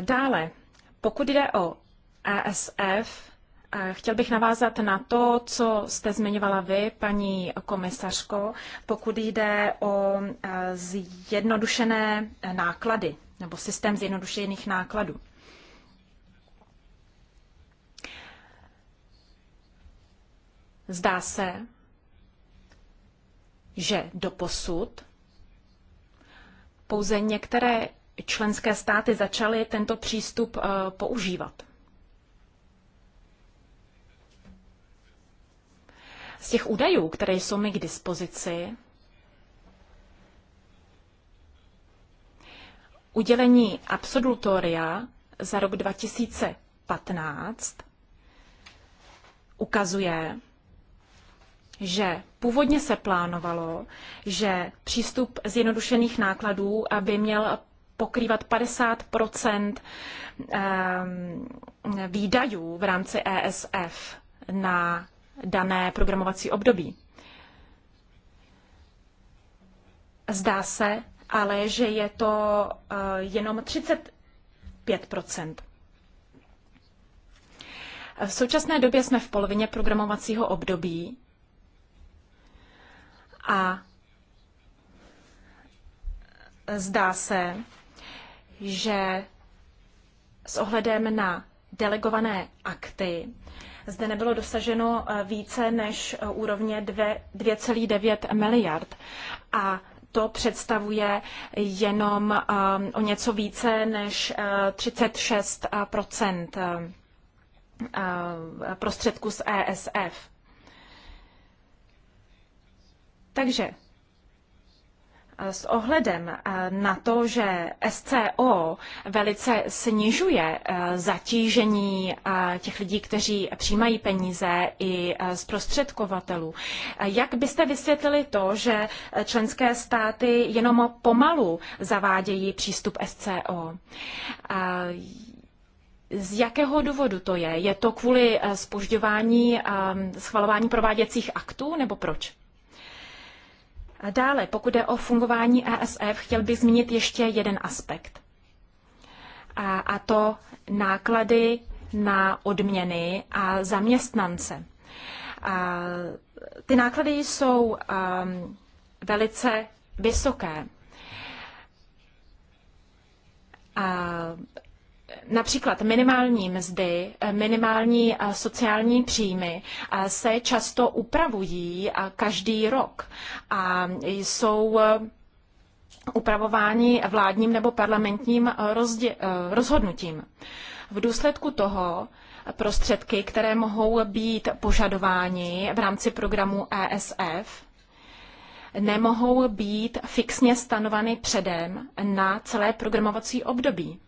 Dále, pokud jde o ESF, chtěl bych navázat na to, co jste zmiňovala vy, paní komisařko, pokud jde o e, zjednodušené náklady nebo systém zjednodušených nákladů. Zdá se, že doposud pouze některé členské státy začaly tento přístup eh, používat. Z těch údajů, které jsou mi k dispozici, udělení absolutoria za rok 2015 ukazuje, že původně se plánovalo, že přístup zjednodušených nákladů by měl pokrývat 50 ehm, výdajů v rámci ESF na dané programovací období. Zdá se ale, že je to eh, jenom 35 V současné době jsme v polovině programovacího období a zdá se, že s ohledem na delegované akty zde nebylo dosaženo eh, více než eh, úrovně 2,9 miliard. A to představuje jenom eh, o něco více než 36 prostředků z ESF. Takže Eh, s ohledem eh, na to, že SCO velice snižuje eh, zatížení těch lidí, kteří přijímají peníze i zprostředkovatelů. Jak byste vysvětlili to, že členské státy jenom pomalu zavádějí přístup SCO? Z jakého důvodu to je? Je to kvůli spožďování schvalování prováděcích aktů nebo proč? Dále, pokud jde o fungování ESF, chtěl bych zmínit ještě jeden aspekt. A, a to náklady na odměny a zaměstnance. A, ty náklady jsou um, velice vysoké. A, například minimální mzdy, eh, minimální eh, sociální příjmy eh, se často upravují každý rok a jsou upravovány vládním nebo parlamentním rozhodnutím. V důsledku toho prostředky, které mohou být požadovány v rámci programu ESF, nemohou být fixně stanovany předem na celé programovací období.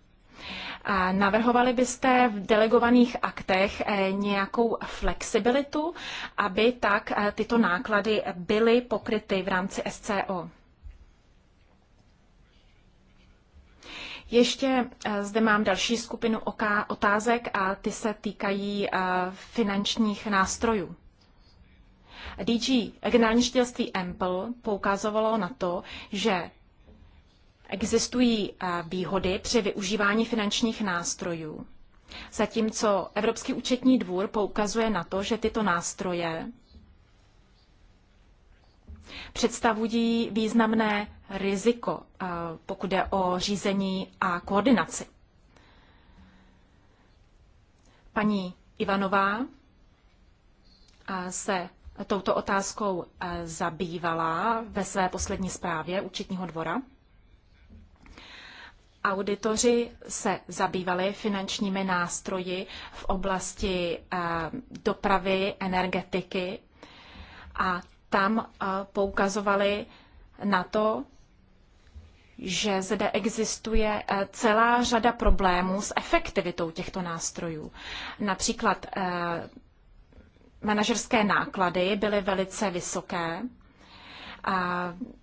Navrhovali byste v delegovaných aktech eh, nějakou flexibilitu, aby tak eh, tyto náklady byly pokryty v rámci SCO? Ještě eh, zde mám další skupinu otázek a ty se týkají finančních nástrojů. DG, generální ředitelství Ample, poukazovalo na to, že Existují eh, výhody při využívání finančních nástrojů, zatímco Evropský účetní dvůr poukazuje na to, že tyto nástroje představují významné riziko, eh, pokud jde o řízení a koordinaci. Paní Ivanová eh, se touto otázkou zabývala ve své poslední zprávě účetního dvora. Auditoři se zabývali finančními nástroji v oblasti eh, dopravy, energetiky a tam eh, poukazovali na to, že zde existuje eh, celá řada problémů s efektivitou těchto nástrojů. Například manažerské náklady byly velice vysoké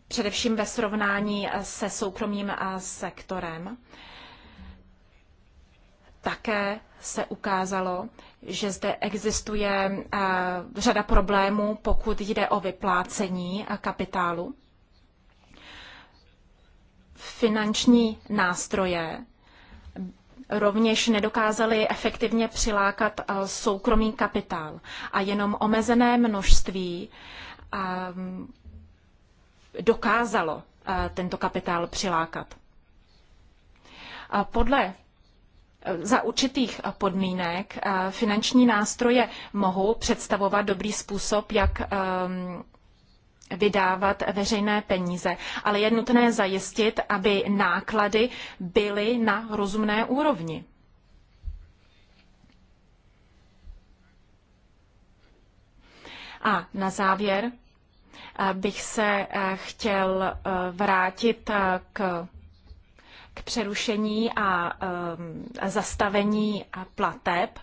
především ve srovnání se soukromým sektorem. Také se ukázalo, že zde existuje řada problémů, pokud jde o vyplácení kapitálu. Finanční nástroje rovněž nedokázali efektivně přilákat soukromý kapitál a jenom omezené množství dokázalo eh, tento kapitál přilákat. A podle eh, za určitých podmínek eh, finanční nástroje mohou představovat dobrý způsob, jak ehm, vydávat veřejné peníze, ale je nutné zajistit, aby náklady byly na rozumné úrovni. A na závěr bych se eh, chtěl eh, vrátit eh, k, k přerušení a zastavení plateb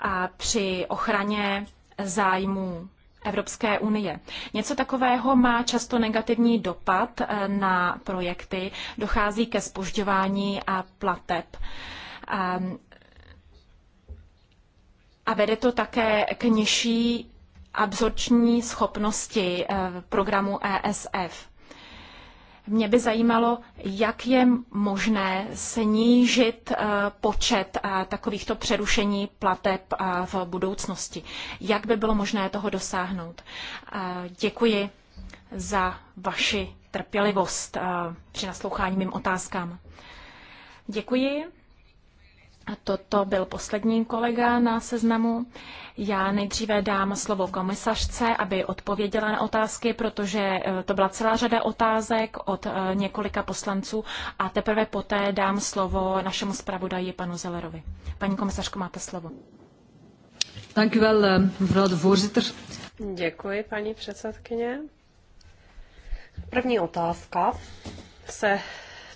a při ochraně zájmů Evropské unie. Něco takového má často negativní dopad na projekty, dochází ke spožďování a plateb. Ehm, a vede to také k nižší absorpční schopnosti eh, programu ESF. Mě by zajímalo, jak je možné snížit eh, počet eh, takovýchto přerušení plateb v budoucnosti. Jak by bylo možné toho dosáhnout? Děkuji za vaši trpělivost při naslouchání mým otázkám. Děkuji. A toto byl poslední kolega na seznamu. Já nejdříve dám slovo komisařce, aby odpověděla na otázky, protože eh, to byla celá řada otázek od eh, několika poslanců a teprve poté dám slovo našemu zpravodaji panu Zelerovi. Paní komisařko, máte slovo. Eh, Děkuji, paní předsedkyně. První otázka se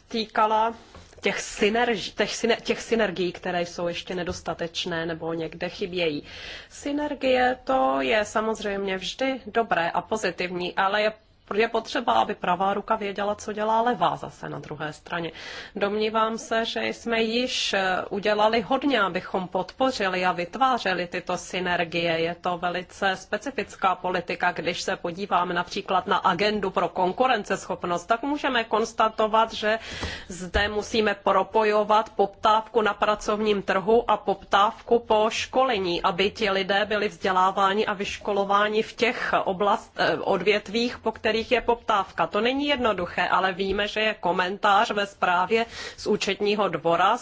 týkala těch, synerg, těch, syner, těch synergií, které jsou ještě nedostatečné nebo někde chybějí. Synergie to je samozřejmě vždy dobré a pozitivní, ale je je potřeba, aby pravá ruka věděla, co dělá levá zase na druhé straně. Domnívám se, že jsme již eh, udělali hodně, abychom podpořili a vytvářeli tyto synergie. Je to velice specifická politika. Když se podíváme například na agendu pro konkurenceschopnost, tak můžeme konstatovat, že zde musíme propojovat poptávku na pracovním trhu a poptávku po školení, aby ti lidé byli vzděláváni a vyškolováni v těch oblast, eh, odvětvích, po kterých kterých je poptávka. To není jednoduché, ale víme, že je komentář ve zprávě z účetního dvora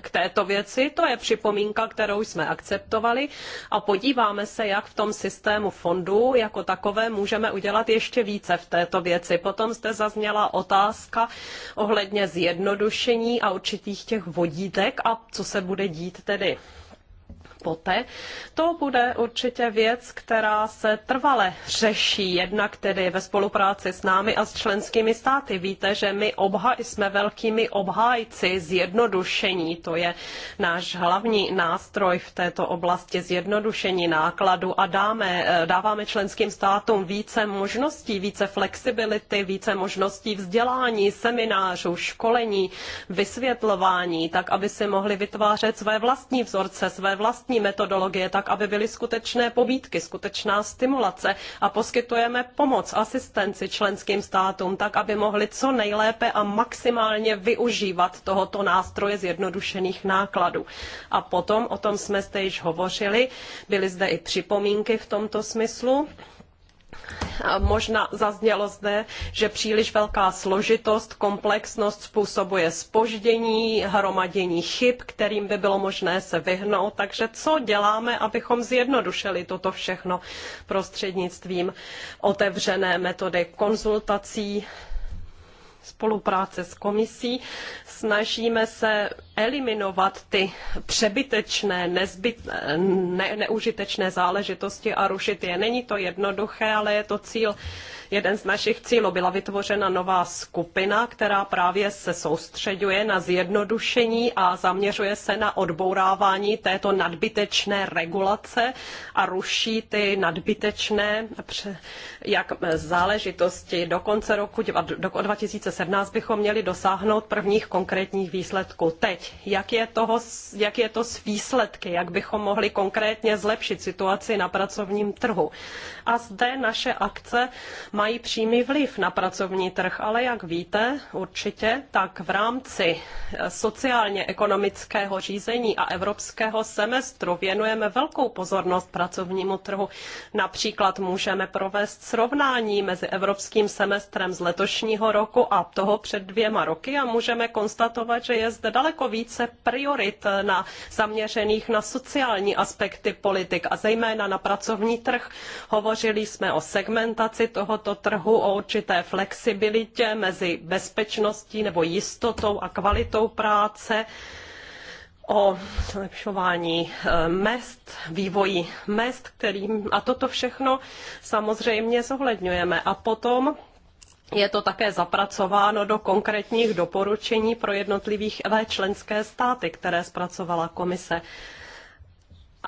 k této věci. To je připomínka, kterou jsme akceptovali a podíváme se, jak v tom systému fondů jako takové můžeme udělat ještě více v této věci. Potom zde zazněla otázka ohledně zjednodušení a určitých těch vodítek a co se bude dít tedy poté. To bude určitě věc, která se trvale řeší, jednak tedy ve spolupráci s námi a s členskými státy. Víte, že my obha- jsme velkými obhájci zjednodušení, to je náš hlavní nástroj v této oblasti zjednodušení nákladu a dáme, eh, dáváme členským státům více možností, více flexibility, více možností vzdělání, seminářů, školení, vysvětlování, tak aby si mohli vytvářet své vlastní vzorce, své vlastní vlastní metodologie, tak aby byly skutečné pobídky, skutečná stimulace a poskytujeme pomoc, asistenci členským státům, tak aby mohli co nejlépe a maximálně využívat tohoto nástroje zjednodušených nákladů. A potom, o tom jsme zde již hovořili, byly zde i připomínky v tomto smyslu. Možná zaznělo zde, že příliš velká složitost, komplexnost způsobuje zpoždění, hromadění chyb, kterým by bylo možné se vyhnout. Takže co děláme, abychom zjednodušili toto všechno prostřednictvím otevřené metody konzultací, spolupráce s komisí. Snažíme se eliminovat ty přebytečné, nezbyt, ne, neužitečné záležitosti a rušit je. Není to jednoduché, ale je to cíl jeden z našich cílů. Byla vytvořena nová skupina, která právě se soustředuje na zjednodušení a zaměřuje se na odbourávání této nadbytečné regulace a ruší ty nadbytečné jak záležitosti. Do konce roku do 2017 bychom měli dosáhnout prvních konkrétních výsledků. Teď, jak je, toho, jak je to s výsledky, jak bychom mohli konkrétně zlepšit situaci na pracovním trhu. A zde naše akce mají přímý vliv na pracovní trh, ale jak víte určitě, tak v rámci eh, sociálně-ekonomického řízení a evropského semestru věnujeme velkou pozornost pracovnímu trhu. Například můžeme provést srovnání mezi evropským semestrem z letošního roku a toho před dvěma roky a můžeme konstatovat, že je zde daleko více priorit eh, na zaměřených na sociální aspekty politik a zejména na pracovní trh. Hovořili jsme o segmentaci tohoto tohoto trhu, o určité flexibilitě mezi bezpečností nebo jistotou a kvalitou práce, o zlepšování eh, mest, vývoji mest, kterým, a toto všechno samozřejmě zohledňujeme. A potom je to také zapracováno do konkrétních doporučení pro jednotlivých eh, členské státy, které zpracovala komise.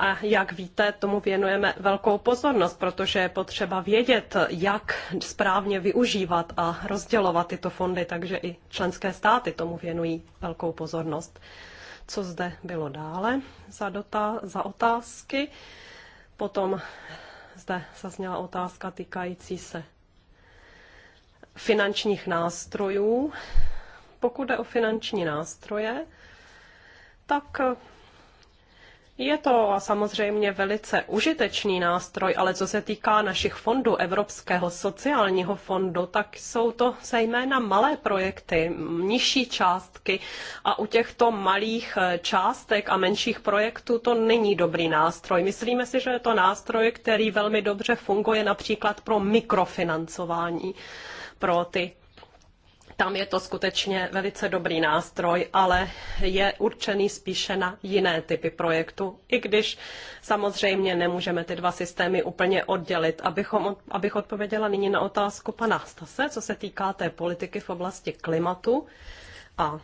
A jak víte, tomu věnujeme velkou pozornost, protože je potřeba vědět, jak správně využívat a rozdělovat tyto fondy, takže i členské státy tomu věnují velkou pozornost. Co zde bylo dále za, dotá- za otázky? Potom zde zazněla otázka týkající se finančních nástrojů. Pokud jde o finanční nástroje, tak je to samozřejmě velice užitečný nástroj, ale co se týká našich fondů, Evropského sociálního fondu, tak jsou to zejména malé projekty, nižší částky a u těchto malých eh, částek a menších projektů to není dobrý nástroj. Myslíme si, že je to nástroj, který velmi dobře funguje například pro mikrofinancování pro ty tam je to skutečně velice dobrý nástroj, ale je určený spíše na jiné typy projektů, i když samozřejmě nemůžeme ty dva systémy úplně oddělit. Abychom, abych odpověděla nyní na otázku pana Stase, co se týká té politiky v oblasti klimatu a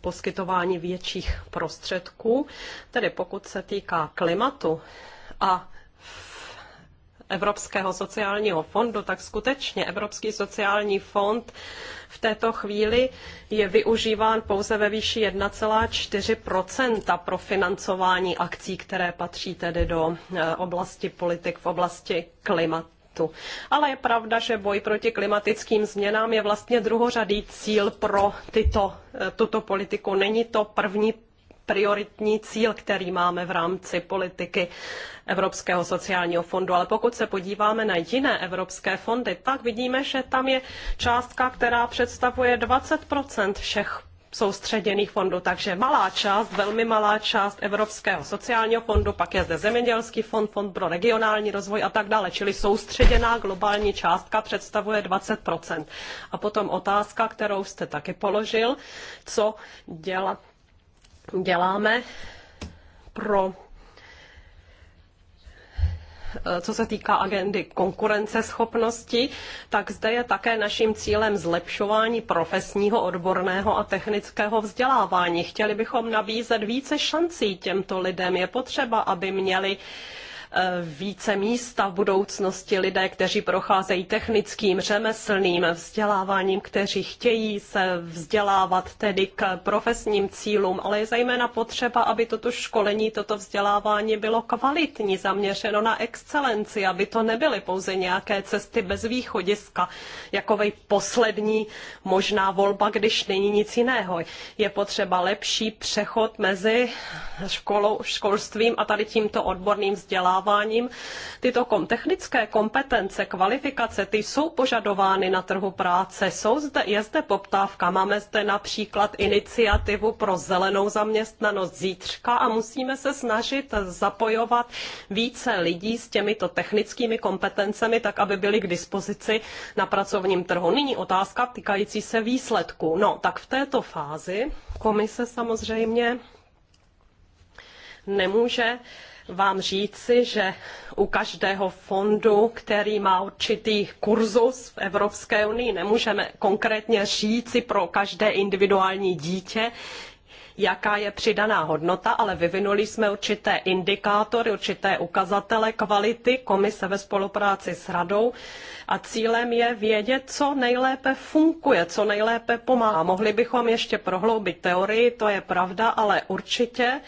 poskytování větších prostředků. Tedy pokud se týká klimatu a Evropského sociálního fondu, tak skutečně Evropský sociální fond v této chvíli je využíván pouze ve výši 1,4 pro financování akcí, které patří tedy do e, oblasti politik v oblasti klimatu Ale je pravda, že boj proti klimatickým změnám je vlastně druhořadý cíl pro tyto, e, tuto politiku. Není to první prioritní cíl, který máme v rámci politiky Evropského sociálního fondu. Ale pokud se podíváme na jiné evropské fondy, tak vidíme, že tam je částka, která představuje 20 všech soustředěných fondů. Takže malá část, velmi malá část Evropského sociálního fondu, pak je zde Zemědělský fond, Fond pro regionální rozvoj a tak dále. Čili soustředěná globální částka představuje 20 A potom otázka, kterou jste taky položil, co dělat děláme pro eh, co se týká agendy konkurenceschopnosti, tak zde je také naším cílem zlepšování profesního, odborného a technického vzdělávání. Chtěli bychom nabízet více šancí těmto lidem. Je potřeba, aby měli Eh, více místa v budoucnosti lidé, kteří procházejí technickým, řemeslným vzděláváním, kteří chtějí se vzdělávat tedy k profesním cílům, ale je zejména potřeba, aby toto školení, toto vzdělávání bylo kvalitní, zaměřeno na excelenci, aby to nebyly pouze nějaké cesty bez východiska, jakovej poslední možná volba, když není nic jiného. Je potřeba lepší přechod mezi školou, školstvím a tady tímto odborným vzděláváním vzděláváním. Tyto kom- technické kompetence, kvalifikace, ty jsou požadovány na trhu práce, jsou zde, je zde poptávka. Máme zde například iniciativu pro zelenou zaměstnanost zítřka a musíme se snažit zapojovat více lidí s těmito technickými kompetencemi, tak aby byli k dispozici na pracovním trhu. Nyní otázka týkající se výsledků. No, tak v této fázi komise samozřejmě nemůže vám říci, že u každého fondu, který má určitý kurzus v Evropské unii, nemůžeme konkrétně říci pro každé individuální dítě, jaká je přidaná hodnota, ale vyvinuli jsme určité indikátory, určité ukazatele kvality komise ve spolupráci s radou a cílem je vědět, co nejlépe funguje, co nejlépe pomáhá. Mohli bychom ještě prohloubit teorii, to je pravda, ale určitě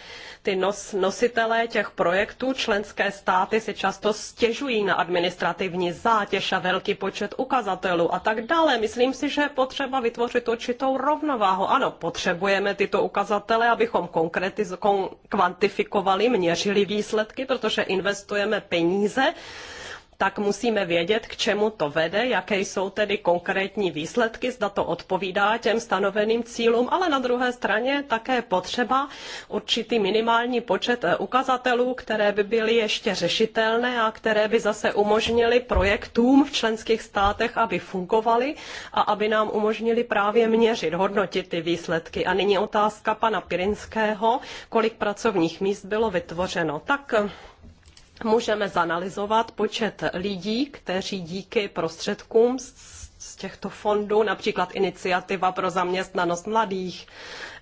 ty nos, nositelé těch projektů, členské státy si často stěžují na administrativní zátěž a velký počet ukazatelů a tak dále. Myslím si, že je potřeba vytvořit určitou rovnováhu. Ano, potřebujeme tyto ukazatele, abychom konkretiz- kon- kvantifikovali, měřili výsledky, protože investujeme peníze tak musíme vědět, k čemu to vede, jaké jsou tedy konkrétní výsledky, zda to odpovídá těm stanoveným cílům, ale na druhé straně také potřeba určitý minimální počet eh, ukazatelů, které by byly ještě řešitelné a které by zase umožnily projektům v členských státech, aby fungovaly a aby nám umožnili právě měřit, hodnotit ty výsledky. A nyní otázka pana Pirinského, kolik pracovních míst bylo vytvořeno. Tak eh, můžeme zanalizovat počet lidí, kteří díky prostředkům z těchto fondů, například iniciativa pro zaměstnanost mladých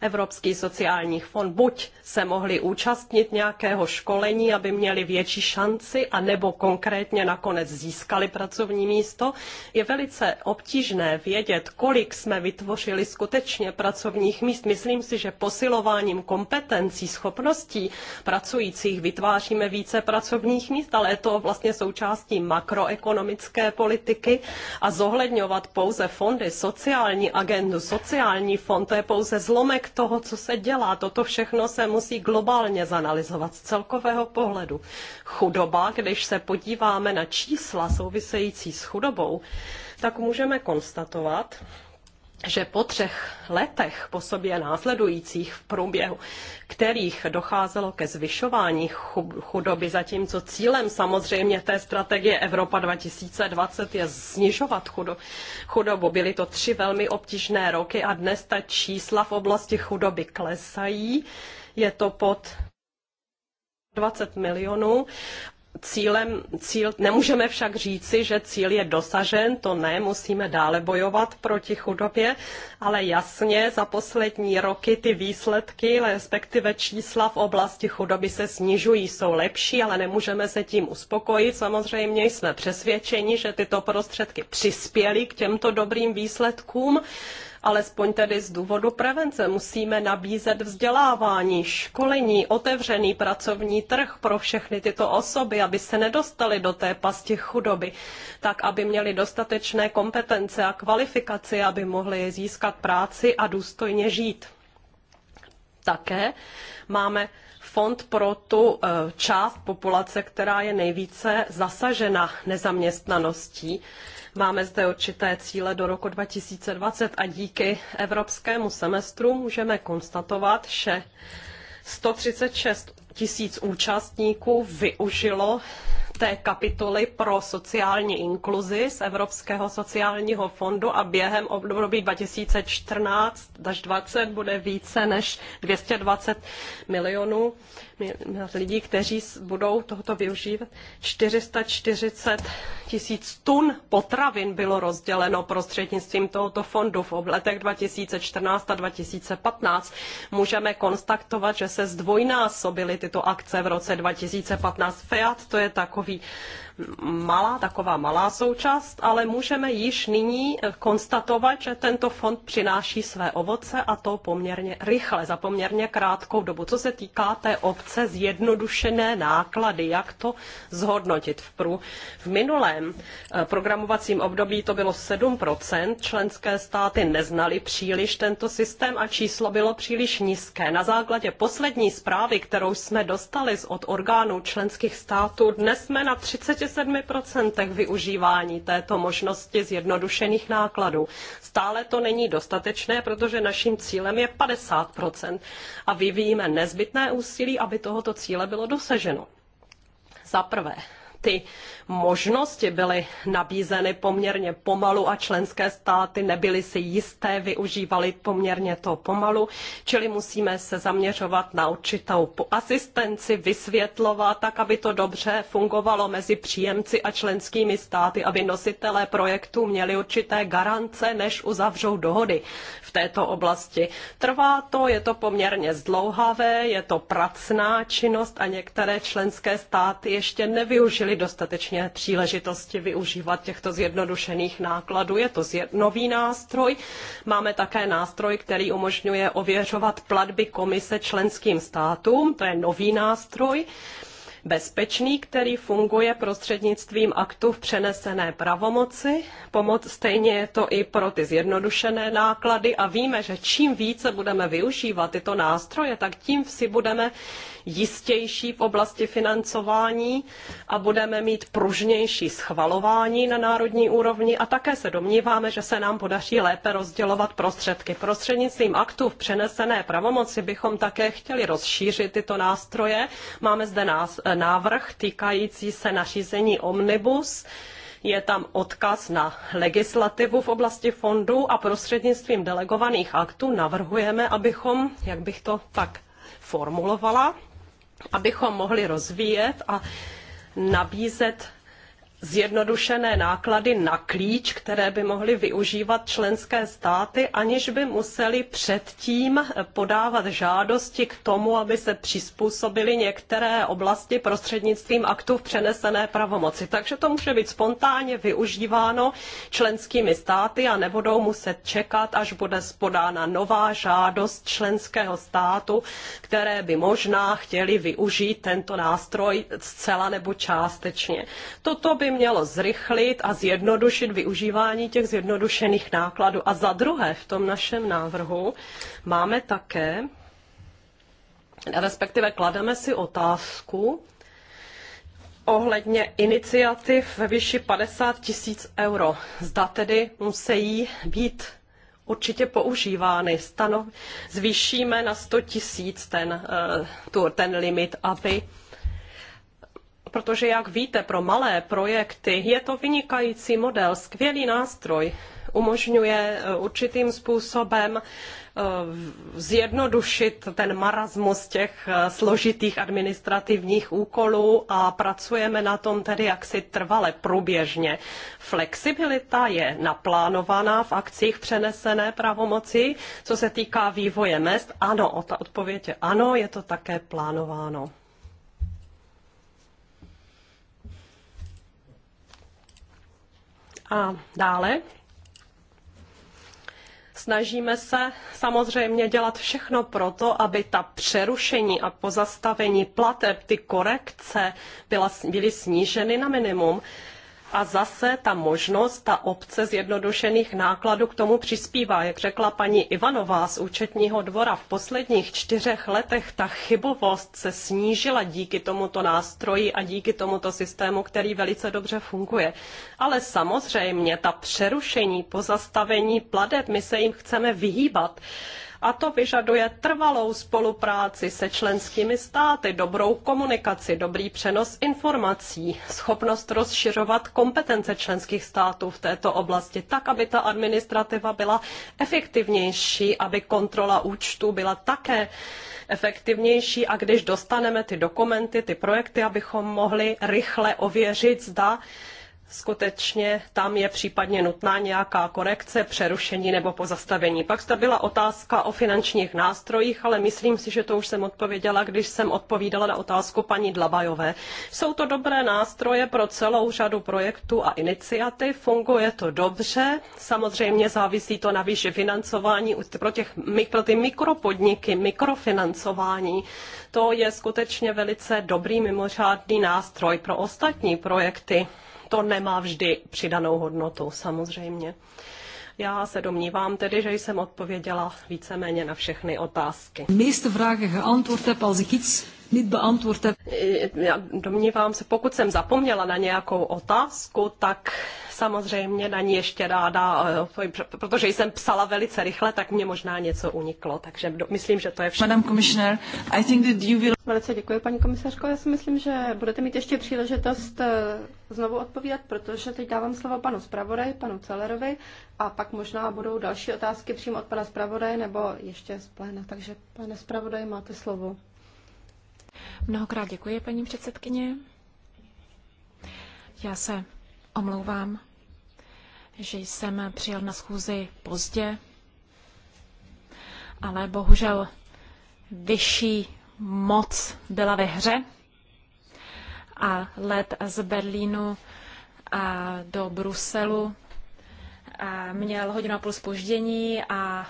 Evropský sociální fond buď se mohli účastnit nějakého školení, aby měli větší šanci, anebo konkrétně nakonec získali pracovní místo. Je velice obtížné vědět, kolik jsme vytvořili skutečně pracovních míst. Myslím si, že posilováním kompetencí, schopností pracujících vytváříme více pracovních míst, ale je to vlastně součástí makroekonomické politiky a zohledňovat pouze fondy, sociální agendu, sociální fond, to je pouze zlomek toho, co se dělá. Toto všechno se musí globálně zanalizovat z celkového pohledu. Chudoba, když se podíváme na čísla související s chudobou, tak můžeme konstatovat, že po třech letech po sobě následujících v průběhu, kterých docházelo ke zvyšování chudoby, zatímco cílem samozřejmě té strategie Evropa 2020 je snižovat chudobu. Byly to tři velmi obtížné roky a dnes ta čísla v oblasti chudoby klesají. Je to pod 20 milionů cílem, cíl, nemůžeme však říci, že cíl je dosažen, to ne, musíme dále bojovat proti chudobě, ale jasně za poslední roky ty výsledky, respektive čísla v oblasti chudoby se snižují, jsou lepší, ale nemůžeme se tím uspokojit. Samozřejmě jsme přesvědčeni, že tyto prostředky přispěly k těmto dobrým výsledkům alespoň tedy z důvodu prevence. Musíme nabízet vzdělávání, školení, otevřený pracovní trh pro všechny tyto osoby, aby se nedostali do té pasti chudoby, tak aby měli dostatečné kompetence a kvalifikaci, aby mohli získat práci a důstojně žít. Také máme fond pro tu eh, část populace, která je nejvíce zasažena nezaměstnaností. Máme zde určité cíle do roku 2020 a díky evropskému semestru můžeme konstatovat, že 136 tisíc účastníků využilo té kapitoly pro sociální inkluzi z Evropského sociálního fondu a během období 2014 až 2020 bude více než 220 milionů lidí, kteří budou tohoto využívat. 440 tisíc tun potravin bylo rozděleno prostřednictvím tohoto fondu v letech 2014 a 2015. Můžeme konstatovat, že se zdvojnásobily tyto akce v roce 2015. FEAT to je takový malá, taková malá součást, ale můžeme již nyní eh, konstatovat, že tento fond přináší své ovoce a to poměrně rychle, za poměrně krátkou dobu. Co se týká té obce zjednodušené náklady, jak to zhodnotit v prů. V minulém eh, programovacím období to bylo 7%, členské státy neznaly příliš tento systém a číslo bylo příliš nízké. Na základě poslední zprávy, kterou jsme dostali od orgánů členských států, dnes jsme na 30 37% využívání této možnosti zjednodušených nákladů. Stále to není dostatečné, protože naším cílem je 50% a vyvíjíme nezbytné úsilí, aby tohoto cíle bylo dosaženo. Za prvé, ty možnosti byly nabízeny poměrně pomalu a členské státy nebyly si jisté, využívali poměrně to pomalu, čili musíme se zaměřovat na určitou asistenci, vysvětlovat tak, aby to dobře fungovalo mezi příjemci a členskými státy, aby nositelé projektů měli určité garance, než uzavřou dohody v této oblasti. Trvá to, je to poměrně zdlouhavé, je to pracná činnost a některé členské státy ještě nevyužili neměli dostatečně příležitosti využívat těchto zjednodušených nákladů. Je to nový nástroj. Máme také nástroj, který umožňuje ověřovat platby komise členským státům. To je nový nástroj bezpečný, který funguje prostřednictvím aktů v přenesené pravomoci. Pomoc stejně je to i pro ty zjednodušené náklady a víme, že čím více budeme využívat tyto nástroje, tak tím si budeme jistější v oblasti financování a budeme mít pružnější schvalování na národní úrovni a také se domníváme, že se nám podaří lépe rozdělovat prostředky. Prostřednictvím aktů v přenesené pravomoci bychom také chtěli rozšířit tyto nástroje. Máme zde nás, návrh týkající se nařízení Omnibus. Je tam odkaz na legislativu v oblasti fondů a prostřednictvím delegovaných aktů navrhujeme, abychom, jak bych to tak formulovala, abychom mohli rozvíjet a nabízet zjednodušené náklady na klíč, které by mohly využívat členské státy, aniž by museli předtím podávat žádosti k tomu, aby se přizpůsobily některé oblasti prostřednictvím aktů v přenesené pravomoci. Takže to může být spontánně využíváno členskými státy a nebudou muset čekat, až bude podána nová žádost členského státu, které by možná chtěli využít tento nástroj zcela nebo částečně. Toto by mělo zrychlit a zjednodušit využívání těch zjednodušených nákladů. A za druhé, v tom našem návrhu máme také, respektive klademe si otázku ohledně iniciativ ve výši 50 tisíc euro. Zda tedy musí být určitě používány. Stanov, zvýšíme na 100 tisíc ten, eh, ten limit, aby protože, jak víte, pro malé projekty je to vynikající model, skvělý nástroj. Umožňuje eh, určitým způsobem eh, zjednodušit ten marasmus těch eh, složitých administrativních úkolů a pracujeme na tom tedy jaksi trvale průběžně. Flexibilita je naplánovaná v akcích přenesené pravomoci. Co se týká vývoje mest, ano, ta odpověď je ano, je to také plánováno. A dále snažíme se samozřejmě dělat všechno pro to, aby ta přerušení a pozastavení plateb, ty korekce byla, byly sníženy na minimum a zase ta možnost, ta obce zjednodušených nákladů k tomu přispívá. Jak řekla paní Ivanová z účetního dvora, v posledních čtyřech letech ta chybovost se snížila díky tomuto nástroji a díky tomuto systému, který velice dobře funguje. Ale samozřejmě ta přerušení, pozastavení plateb, my se jim chceme vyhýbat a to vyžaduje trvalou spolupráci se členskými státy, dobrou komunikaci, dobrý přenos informací, schopnost rozšiřovat kompetence členských států v této oblasti tak, aby ta administrativa byla efektivnější, aby kontrola účtů byla také efektivnější a když dostaneme ty dokumenty, ty projekty, abychom mohli rychle ověřit, zda skutečně tam je případně nutná nějaká korekce, přerušení nebo pozastavení. Pak to byla otázka o finančních nástrojích, ale myslím si, že to už jsem odpověděla, když jsem odpovídala na otázku paní Dlabajové. Jsou to dobré nástroje pro celou řadu projektů a iniciativ, funguje to dobře, samozřejmě závisí to na výši financování pro, těch, pro ty mikropodniky, mikrofinancování. To je skutečně velice dobrý mimořádný nástroj pro ostatní projekty to nemá vždy přidanou hodnotu, samozřejmě. Já se domnívám tedy, že jsem odpověděla víceméně na všechny otázky. Meeste vragen geantwoord heb als ik iets niet beantwoord heb. Eh, já domnívám se, pokud jsem zapomněla na nějakou otázku, tak samozřejmě na ní ještě ráda, eh, protože jsem psala velice rychle, tak mě možná něco uniklo, takže myslím, že to je všechno. Madam Commissioner, I think that you will... Velice děkuji, paní komisařko. Já si myslím, že budete mít ještě příležitost eh, znovu odpovídat, protože teď dávám slovo panu zpravodaji, panu Celerovi a pak možná budou další otázky přímo od pana zpravodaje nebo ještě z pléna. Takže pane zpravodaji, máte slovo. Mnohokrát děkuji, paní předsedkyně. Já se omlouvám, že jsem přijel na schůzi pozdě, ale bohužel vyšší moc byla ve hře a let z Berlínu a do Bruselu a měl hodinu a půl spoždění a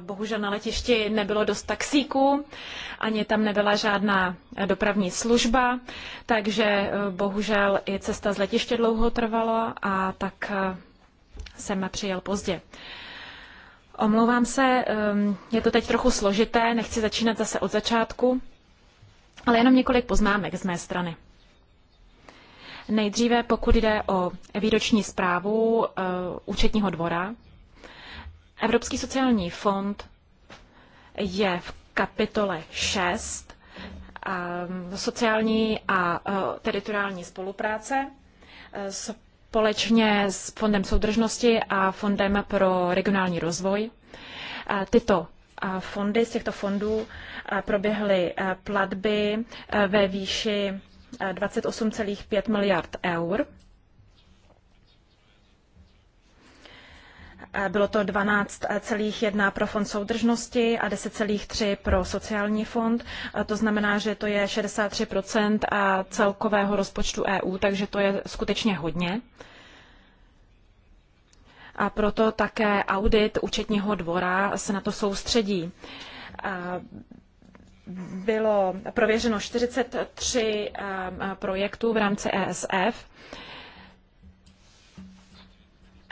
bohužel na letišti nebylo dost taxíků, ani tam nebyla žádná dopravní služba, takže eh, bohužel i cesta z letiště dlouho trvala a tak eh, jsem přijel pozdě. Omlouvám se, eh, je to teď trochu složité, nechci začínat zase od začátku, ale jenom několik poznámek z mé strany. Nejdříve, pokud jde o výroční zprávu účetního dvora, Evropský sociální fond je v kapitole 6 ehm, sociální a e, teritoriální spolupráce e, společně s Fondem soudržnosti a Fondem pro regionální rozvoj. E, tyto fondy, z těchto fondů proběhly platby ve výši 28,5 miliard eur. Eh, bylo to 12,1 pro fond soudržnosti a 10,3 pro sociální fond. Eh, to znamená, že to je 63 eh, celkového rozpočtu EU, takže to je skutečně hodně. A proto také audit účetního dvora se na to soustředí bylo prověřeno 43 projektů v rámci ESF.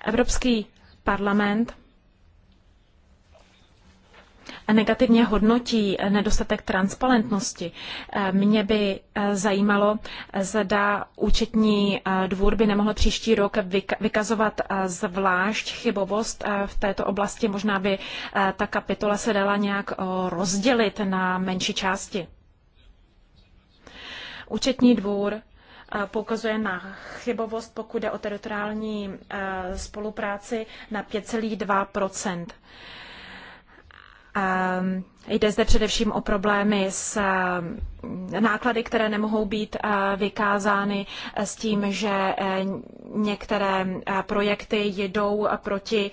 Evropský parlament negativně hodnotí nedostatek transparentnosti. Mě by eh, zajímalo, zda účetní eh, dvůr by nemohl příští rok vykazovat eh, zvlášť chybovost v této oblasti. Možná by ta kapitola se dala nějak rozdělit na menší části. Účetní dvůr Eh, poukazuje na chybovost, pokud jde o teritoriální eh, spolupráci na 5,2 eh, Jde zde především o problémy s náklady, které nemohou být vykázány s tím, že některé projekty jdou proti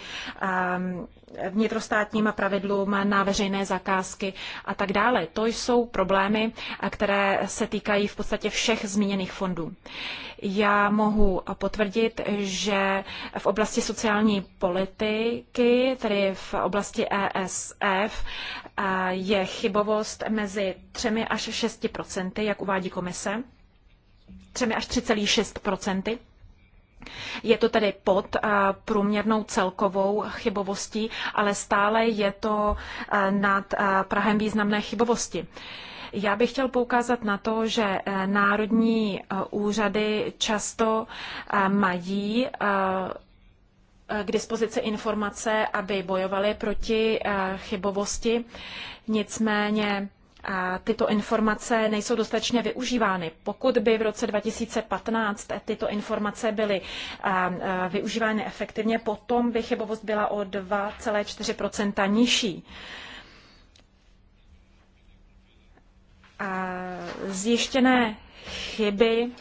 vnitrostátním pravidlům na veřejné zakázky a tak dále. To jsou problémy, které se týkají v podstatě všech zmíněných fondů. Já mohu potvrdit, že v oblasti sociální politiky, tedy v oblasti ESF, je chybovost mezi 3 až 6 procenty, jak uvádí komise. 3 až 3,6 procenty. Je to tedy pod eh, průměrnou celkovou chybovostí, ale stále je to eh, nad eh, Prahem významné chybovosti. Já bych chtěl poukázat na to, že národní úřady často mají k dispozici informace, aby bojovali proti chybovosti. Nicméně tyto informace nejsou dostatečně využívány. Pokud by v roce 2015 tyto informace byly využívány efektivně, potom by chybovost byla o 2,4 nižší. Zjištěné chyby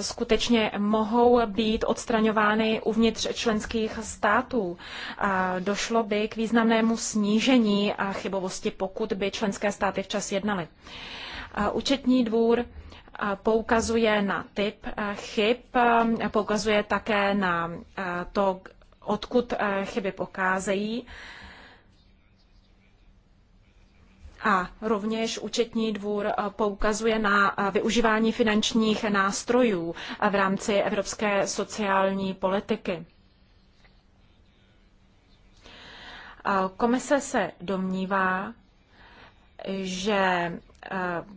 skutečně mohou být odstraňovány uvnitř členských států. Došlo by k významnému snížení chybovosti, pokud by členské státy včas jednaly. Účetní dvůr poukazuje na typ chyb, poukazuje také na to, odkud chyby pokázejí a rovněž účetní dvůr eh, poukazuje na eh, využívání finančních nástrojů eh, v rámci evropské sociální politiky. Komise se domnívá, že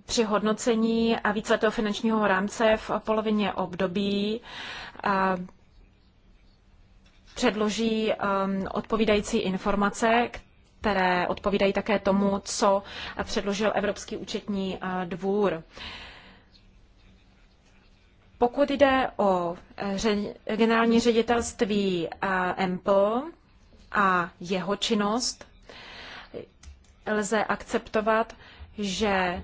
při hodnocení a víceletého finančního rámce v polovině období předloží ehm, odpovídající informace, které odpovídají také tomu, co předložil Evropský účetní eh, dvůr. Pokud jde o eh, generální ředitelství EMPL eh, a jeho činnost, lze akceptovat, že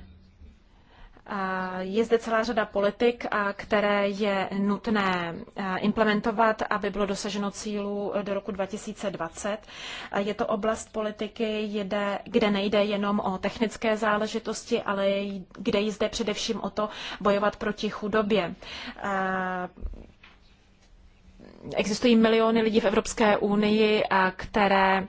je zde celá řada politik, které je nutné e, implementovat, aby bylo dosaženo cílu e, do roku 2020. Je to oblast politiky, kde nejde jenom o technické záležitosti, ale kde jde zde především o to bojovat proti chudobě e, existují miliony lidí v Evropské unii, které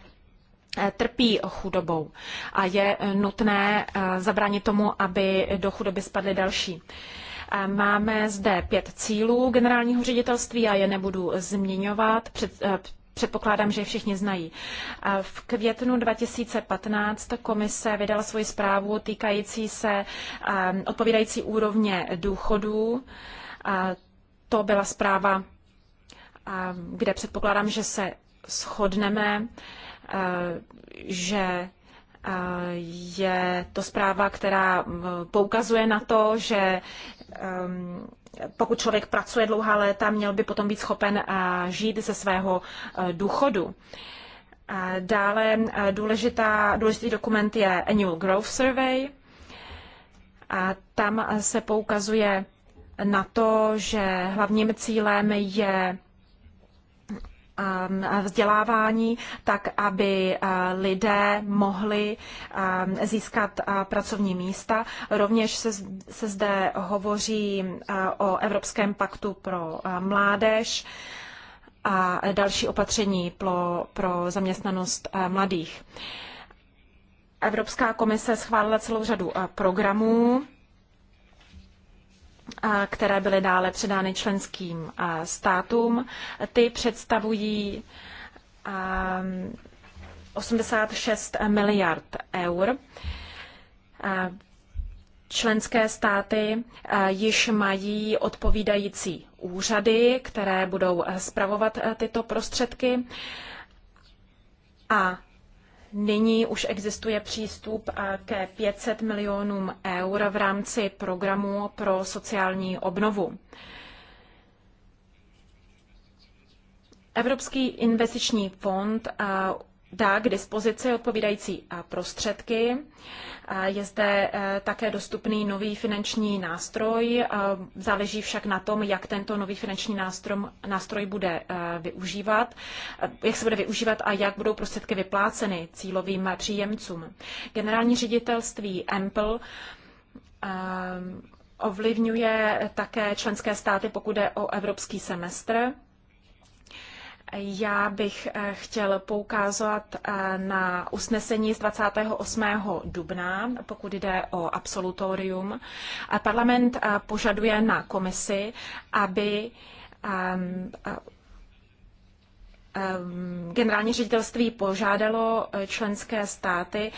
Eh, trpí chudobou a je eh, nutné eh, zabránit tomu, aby do chudoby spadly další. Máme zde pět cílů generálního ředitelství, já je nebudu zmiňovat, před, předpokládám, že je všichni znají. V květnu 2015 komise vydala svoji zprávu týkající se odpovídající úrovně důchodů. To byla zpráva, kde předpokládám, že se shodneme. Eh, že eh, je to zpráva, která eh, poukazuje na to, že pokud člověk pracuje dlouhá léta, měl by potom být schopen žít ze svého důchodu. Dále důležitá, důležitý dokument je Annual Growth Survey. A tam se poukazuje na to, že hlavním cílem je Um, vzdělávání, tak aby uh, lidé mohli um, získat uh, pracovní místa. Rovněž se zde hovoří uh, o Evropském paktu pro mládež a další opatření pro, pro zaměstnanost mladých. Evropská komise schválila celou řadu programů které byly dále předány členským státům. Ty představují 86 miliard eur. Členské státy již mají odpovídající úřady, které budou spravovat tyto prostředky. A Nyní už existuje přístup eh, ke 500 milionům eur v rámci programu pro sociální obnovu. Evropský investiční fond eh, dá k dispozici odpovídající eh, prostředky. Je zde eh, také dostupný nový finanční nástroj, eh, záleží však na tom, jak tento nový finanční nástroj, nástroj bude eh, využívat, jak se bude využívat a jak budou prostředky vypláceny cílovým příjemcům. Generální ředitelství EMPL ovlivňuje také členské státy, pokud jde o evropský semestr. Já bych eh, chtěl poukázat eh, na usnesení z 28. dubna, pokud jde o absolutorium. Parlament eh, požaduje na komisi, aby ehm, ehm, generální ředitelství požádalo členské státy,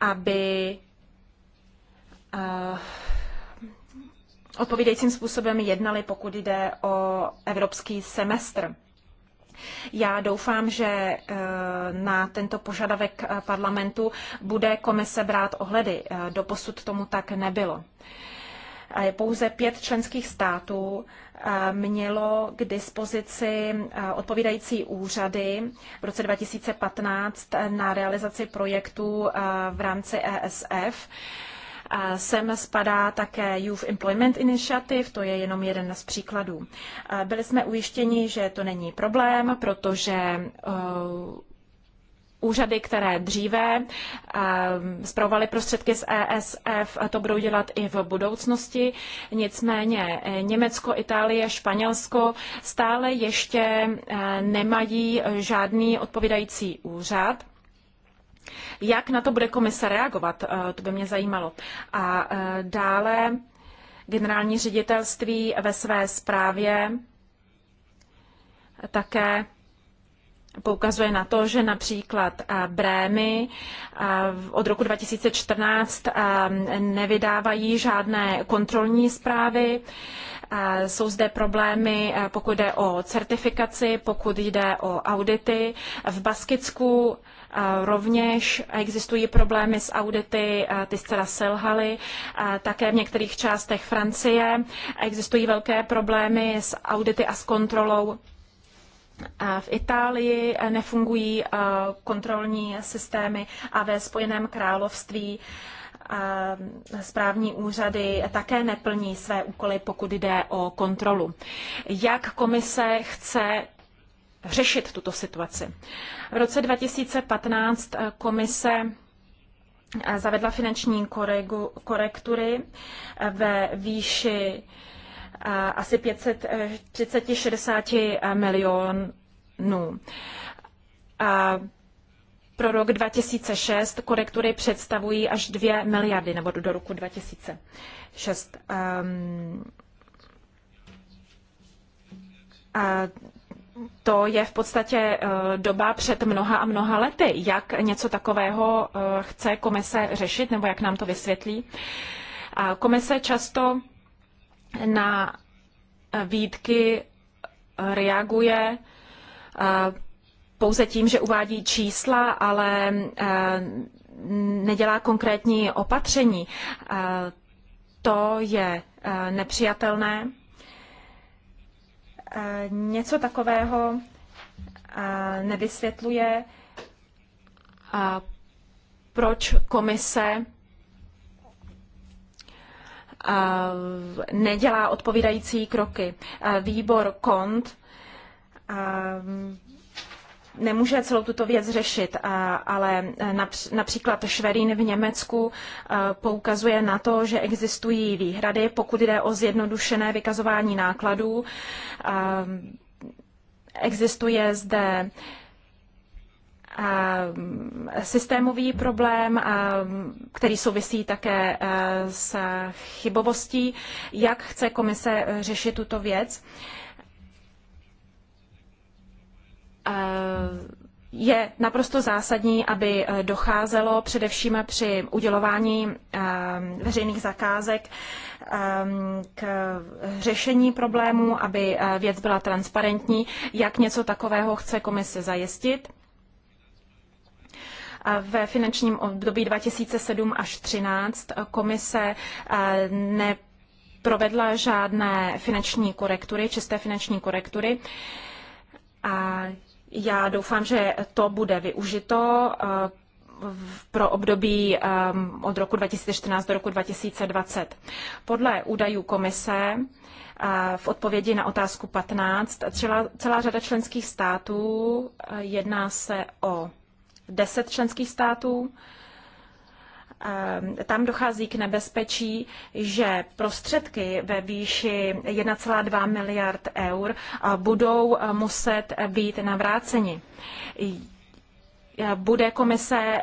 aby odpovídajícím způsobem jednali, pokud jde o evropský semestr. Já doufám, že eh, na tento požadavek eh, parlamentu bude komise brát ohledy. Eh, doposud tomu tak nebylo. Pouze pět členských států mělo k dispozici odpovídající úřady v roce 2015 na realizaci projektů v rámci ESF. Sem spadá také Youth Employment Initiative, to je jenom jeden z příkladů. Byli jsme ujištěni, že to není problém, protože uh, úřady, které dříve zpravovaly um, prostředky z ESF, to budou dělat i v budoucnosti. Nicméně eh, Německo, Itálie, Španělsko stále ještě eh, nemají žádný odpovídající úřad. Jak na to bude komise reagovat, eh, to by mě zajímalo. A eh, dále generální ředitelství ve své zprávě také poukazuje na to, že například eh, Brémy od roku 2014 nevydávají žádné kontrolní zprávy. Jsou zde problémy, eh, pokud jde o certifikaci, pokud jde o audity. V Baskicku eh, rovněž existují problémy s audity, eh, ty zcela selhaly. Také v některých částech Francie existují velké problémy s audity a s kontrolou. V Itálii nefungují kontrolní systémy a ve Spojeném království správní úřady také neplní své úkoly, pokud jde o kontrolu. Jak komise chce řešit tuto situaci? V roce 2015 komise zavedla finanční koregu, korektury ve výši asi 530-60 milionů pro rok 2006 korektury představují až 2 miliardy, nebo do roku 2006. Um, ehm, a to je v podstatě eh, doba před mnoha a mnoha lety. Jak něco takového eh, chce komise řešit, nebo jak nám to vysvětlí? A komise často na eh, výtky reaguje pouze tím, že uvádí čísla, ale eh, nedělá konkrétní opatření. Eh, to je eh, nepřijatelné. Něco takového nevysvětluje, proč komise nedělá odpovídající kroky. Výbor KONT nemůže celou tuto věc řešit, ale e, například Šverín v Německu e, poukazuje na to, že existují výhrady, pokud jde o zjednodušené vykazování nákladů. E, existuje zde systémový problém, který souvisí také s chybovostí. Jak chce komise řešit tuto věc? Eh, je naprosto zásadní, aby eh, docházelo především při udělování eh, veřejných zakázek k řešení problému, aby věc byla transparentní, jak něco takového chce komise zajistit. Ve finančním období 2007 až 2013 komise neprovedla žádné finanční korektury, čisté finanční korektury. A já doufám, že to bude využito eh, pro období eh, od roku 2014 do roku 2020. Podle údajů komise eh, v odpovědi na otázku 15 celá, celá řada členských států, jedná se o 10 členských států, Ehm, tam dochází k nebezpečí, že prostředky ve výši 1,2 miliard eur eh, budou eh, muset být navráceni. Eh, bude komise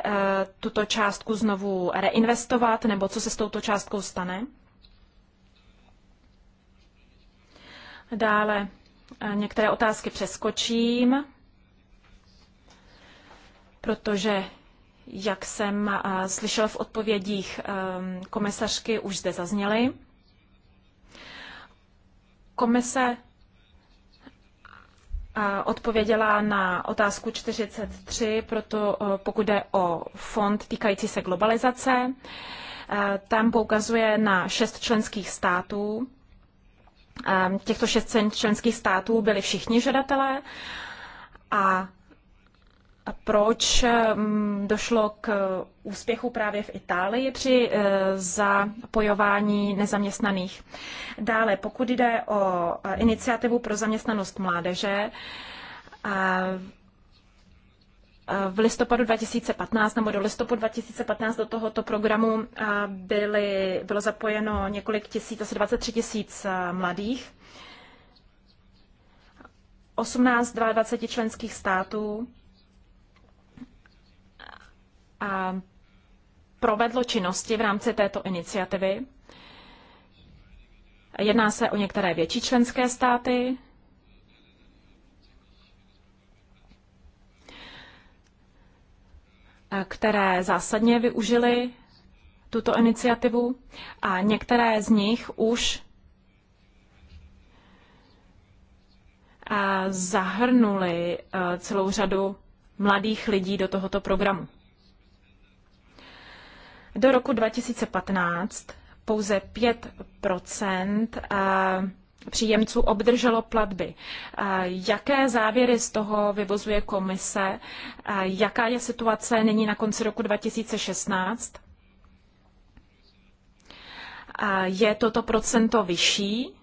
tuto částku znovu reinvestovat, nebo co se s touto částkou stane? Dále některé otázky přeskočím, protože jak jsem slyšela v odpovědích komisařky, už zde zazněly. Komise odpověděla na otázku 43, proto pokud jde o fond týkající se globalizace, e, tam poukazuje na šest členských států. Těchto šest členských států byli všichni žadatelé a proč mm, došlo k úspěchu právě v Itálii při eh, zapojování nezaměstnaných. Dále, pokud jde o eh, iniciativu pro zaměstnanost mládeže, eh, v listopadu 2015 nebo do listopadu 2015 do tohoto programu byly, bylo zapojeno několik tisíc, asi 23 tisíc mladých, 18 22 členských států provedlo činnosti v rámci této iniciativy. Jedná se o některé větší členské státy. které zásadně využily tuto iniciativu a některé z nich už zahrnuli celou řadu mladých lidí do tohoto programu. Do roku 2015 pouze 5 eh, příjemců obdrželo platby. Eh, jaké závěry z toho vyvozuje komise? Eh, jaká je situace nyní na konci roku 2016? Je toto procento vyšší?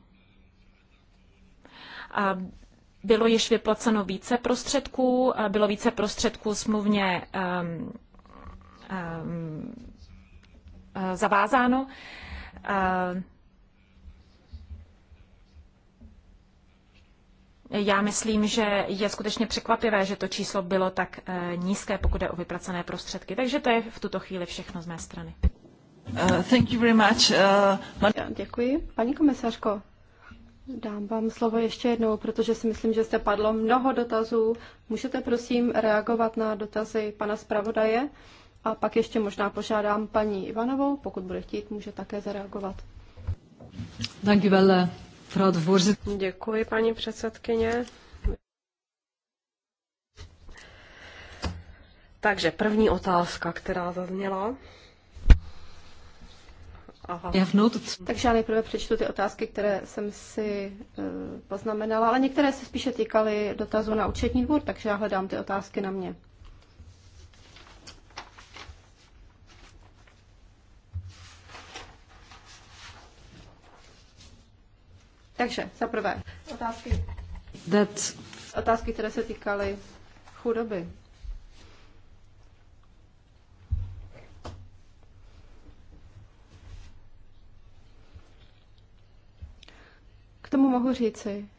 Bylo již vyplaceno více prostředků, bylo více prostředků smluvně um, um, Eh, zavázáno. Eh, já myslím, že je skutečně překvapivé, že to číslo bylo tak eh, nízké, pokud je o vypracené prostředky. Takže to je v tuto chvíli všechno z mé strany. Uh, thank you very much. Uh, Děkuji. Paní komisařko, dám vám slovo ještě jednou, protože si myslím, že jste padlo mnoho dotazů. Můžete prosím reagovat na dotazy pana zpravodaje? A pak ještě možná požádám paní Ivanovou, pokud bude chtít, může také zareagovat. Eh, Děkuji, paní předsedkyně. Takže první otázka, která zazněla. Aha. Takže já nejprve přečtu ty otázky, které jsem si eh, poznamenala, ale některé se spíše týkaly dotazu na účetní dvůr, takže já hledám ty otázky na mě. Takže za prvé otázky. That's... Otázky, které se týkaly chudoby. K tomu mohu říci,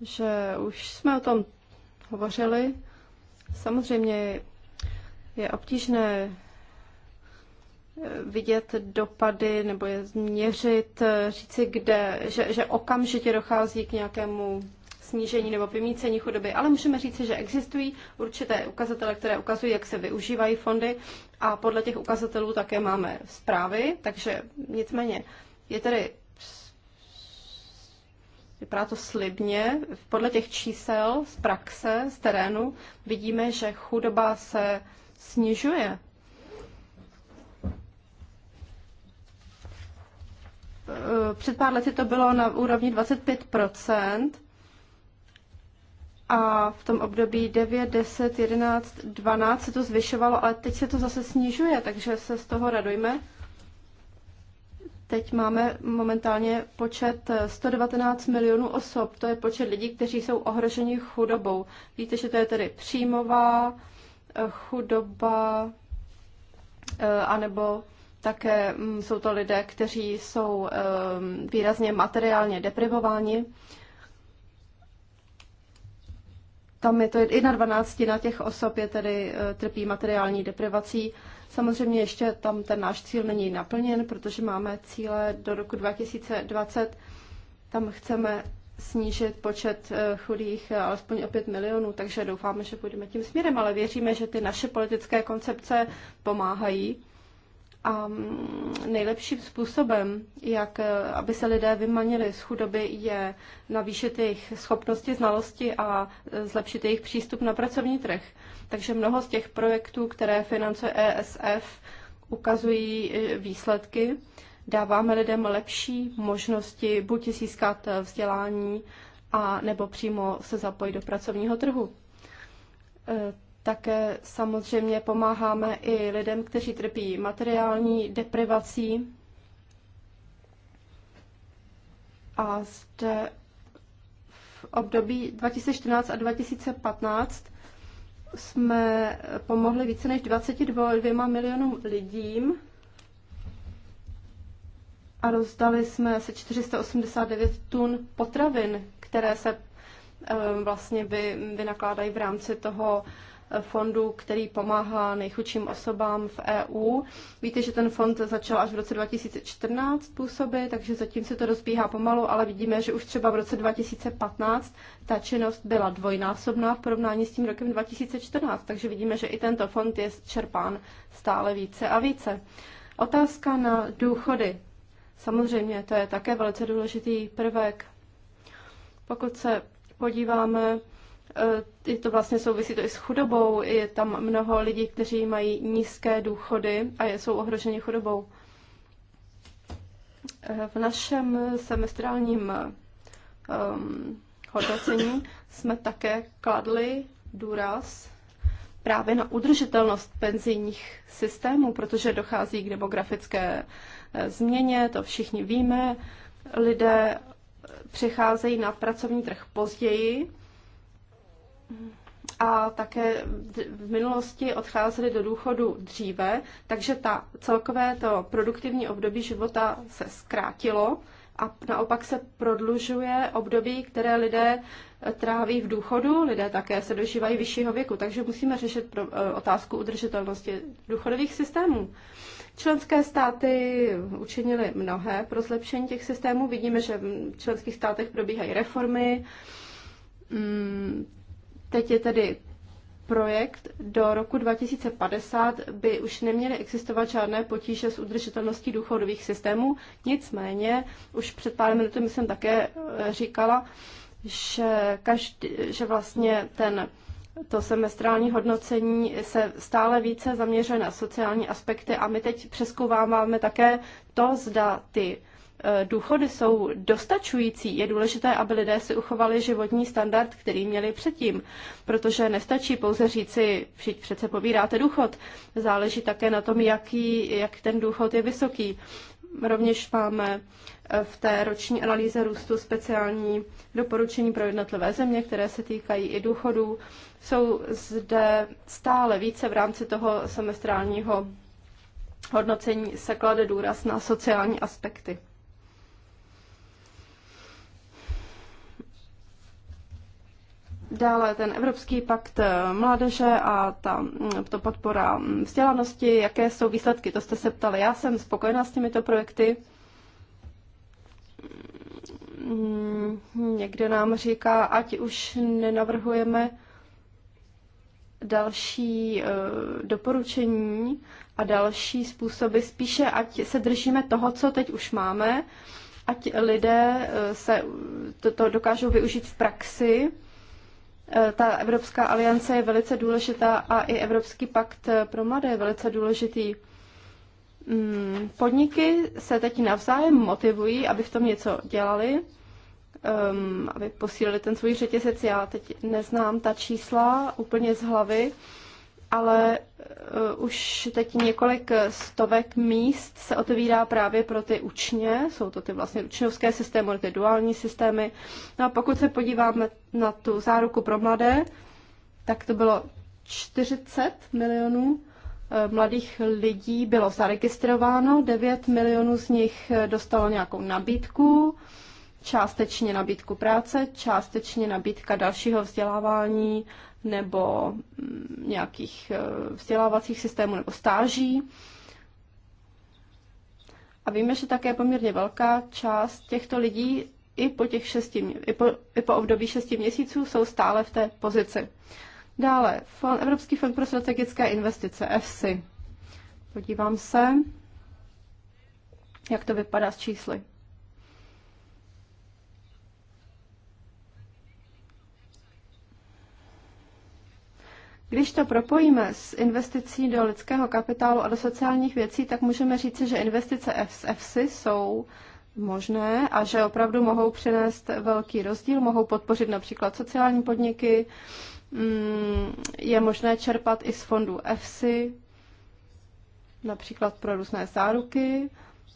že už jsme o tom hovořili. Samozřejmě je obtížné vidět dopady nebo je změřit, eh, říci, kde, že, že okamžitě dochází k nějakému snížení nebo vymícení chudoby, ale můžeme říci, že existují určité ukazatele, které ukazují, jak se využívají fondy a podle těch ukazatelů také máme zprávy, takže nicméně je tedy Vypadá to slibně. Podle těch čísel z praxe, z terénu, vidíme, že chudoba se snižuje Eh, před pár lety to bylo na úrovni 25 a v tom období 9, 10, 11, 12 se to zvyšovalo, ale teď se to zase snižuje, takže se z toho radujme. Teď máme momentálně počet 119 eh, milionů osob. To je počet lidí, kteří jsou ohroženi chudobou. Víte, že to je tedy příjmová eh, chudoba, anebo také mm, jsou to lidé, kteří jsou ehm, výrazně materiálně deprivováni. Tam je to i na 12 na těch osob je tedy eh, trpí materiální deprivací. Samozřejmě ještě tam ten náš cíl není naplněn, protože máme cíle do roku 2020. Tam chceme snížit počet eh, chudých eh, alespoň o 5 milionů, takže doufáme, že půjdeme tím směrem, ale věříme, že ty naše politické koncepce pomáhají. A mm, nejlepším způsobem, jak eh, aby se lidé vymanili z chudoby, je navýšit jejich schopnosti, znalosti a eh, zlepšit jejich přístup na pracovní trh. Takže mnoho z těch projektů, které financuje ESF, ukazují eh, výsledky. Dáváme lidem lepší možnosti buď získat vzdělání, a nebo přímo se zapojit do pracovního trhu. Také samozřejmě pomáháme i lidem, kteří trpí materiální deprivací. A zde v období 2014 a 2015 jsme pomohli více než 22 milionům lidím a rozdali jsme asi 489 tun potravin, které se eh, vlastně vy, vynakládají v rámci toho fondu, který pomáhá nejchudším osobám v EU. Víte, že ten fond začal až v roce 2014 působit, takže zatím se to rozbíhá pomalu, ale vidíme, že už třeba v roce 2015 ta činnost byla dvojnásobná v porovnání s tím rokem 2014, takže vidíme, že i tento fond je čerpán stále více a více. Otázka na důchody. Samozřejmě, to je také velice důležitý prvek. Pokud se podíváme Eh, je to vlastně souvisí to i s chudobou, je tam mnoho lidí, kteří mají nízké důchody a jsou ohroženi chudobou. Eh, v našem semestrálním um, hodnocení jsme také kladli důraz právě na udržitelnost penzijních systémů, protože dochází k demografické eh, změně, to všichni víme. Lidé přicházejí na pracovní trh později a také v minulosti odcházeli do důchodu dříve, takže ta celkové to produktivní období života se zkrátilo a naopak se prodlužuje období, které lidé eh, tráví v důchodu, lidé také se dožívají vyššího věku, takže musíme řešit pro, eh, otázku udržitelnosti důchodových systémů. Členské státy učinily mnohé pro zlepšení těch systémů. Vidíme, že v členských státech probíhají reformy, mm, Teď je tedy projekt do roku 2050 by už neměly existovat žádné potíže s udržitelností důchodových systémů. Nicméně, už před pár minutami jsem také eh, říkala, že, každý, že vlastně ten, to semestrální hodnocení se stále více zaměřuje na sociální aspekty a my teď přeskouváváme také to, zda ty Eh, důchody jsou dostačující, je důležité, aby lidé si uchovali životní standard, který měli předtím, protože nestačí pouze říci, všichni přece pobíráte důchod, záleží také na tom, jaký, jak ten důchod je vysoký. Rovněž máme eh, v té roční analýze růstu speciální doporučení pro jednotlivé země, které se týkají i důchodů. Jsou zde stále více v rámci toho semestrálního hodnocení se klade důraz na sociální aspekty. Dále ten Evropský pakt eh, mládeže a ta, mm, to podpora mm, vzdělanosti, jaké jsou výsledky, to jste se ptali. Já jsem spokojená s těmito projekty. Mm, Někdo nám říká, ať už nenavrhujeme další eh, doporučení a další způsoby, spíše ať se držíme toho, co teď už máme, ať lidé eh, se to, to dokážou využít v praxi Eh, ta Evropská aliance je velice důležitá a i Evropský pakt eh, pro mladé je velice důležitý. Mm, podniky se teď navzájem motivují, aby v tom něco dělali, ehm, aby posílili ten svůj řetězec. Já teď neznám ta čísla úplně z hlavy, ale uh, už teď několik stovek míst se otevírá právě pro ty učně, jsou to ty vlastně učňovské systémy, ty duální systémy. No a pokud se podíváme na tu záruku pro mladé, tak to bylo 40 milionů eh, mladých lidí bylo zaregistrováno, 9 milionů z nich eh, dostalo nějakou nabídku, částečně nabídku práce, částečně nabídka dalšího vzdělávání nebo mm, nějakých eh, vzdělávacích systémů nebo stáží. A víme, že také poměrně velká část těchto lidí i po, těch šesti, i po, i po období šesti měsíců jsou stále v té pozici. Dále, fond, Evropský fond pro strategické investice, EFSI. Podívám se, jak to vypadá s čísly. Když to propojíme s investicí do lidského kapitálu a do sociálních věcí, tak můžeme říci, že investice z EFSI jsou možné a že opravdu mohou přinést velký rozdíl, mohou podpořit například sociální podniky, mm, je možné čerpat i z fondů EFSI, například pro různé záruky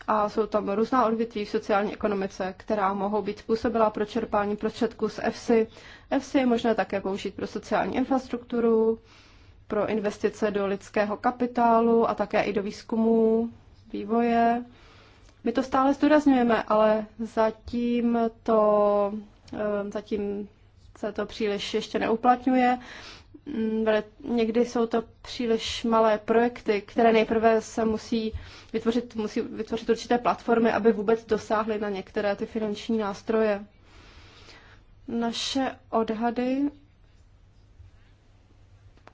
a jsou tam různá odvětví v sociální ekonomice, která mohou být způsobila pro čerpání prostředků z EFSI. EFSI je možné také použít pro sociální infrastrukturu, pro investice do lidského kapitálu a také i do výzkumu, vývoje. My to stále zdůrazňujeme, ale zatím to, eh, zatím se to příliš ještě neuplatňuje. Mm, někdy jsou to příliš malé projekty, které nejprve se musí vytvořit, musí vytvořit určité platformy, aby vůbec dosáhly na některé ty finanční nástroje. Naše odhady,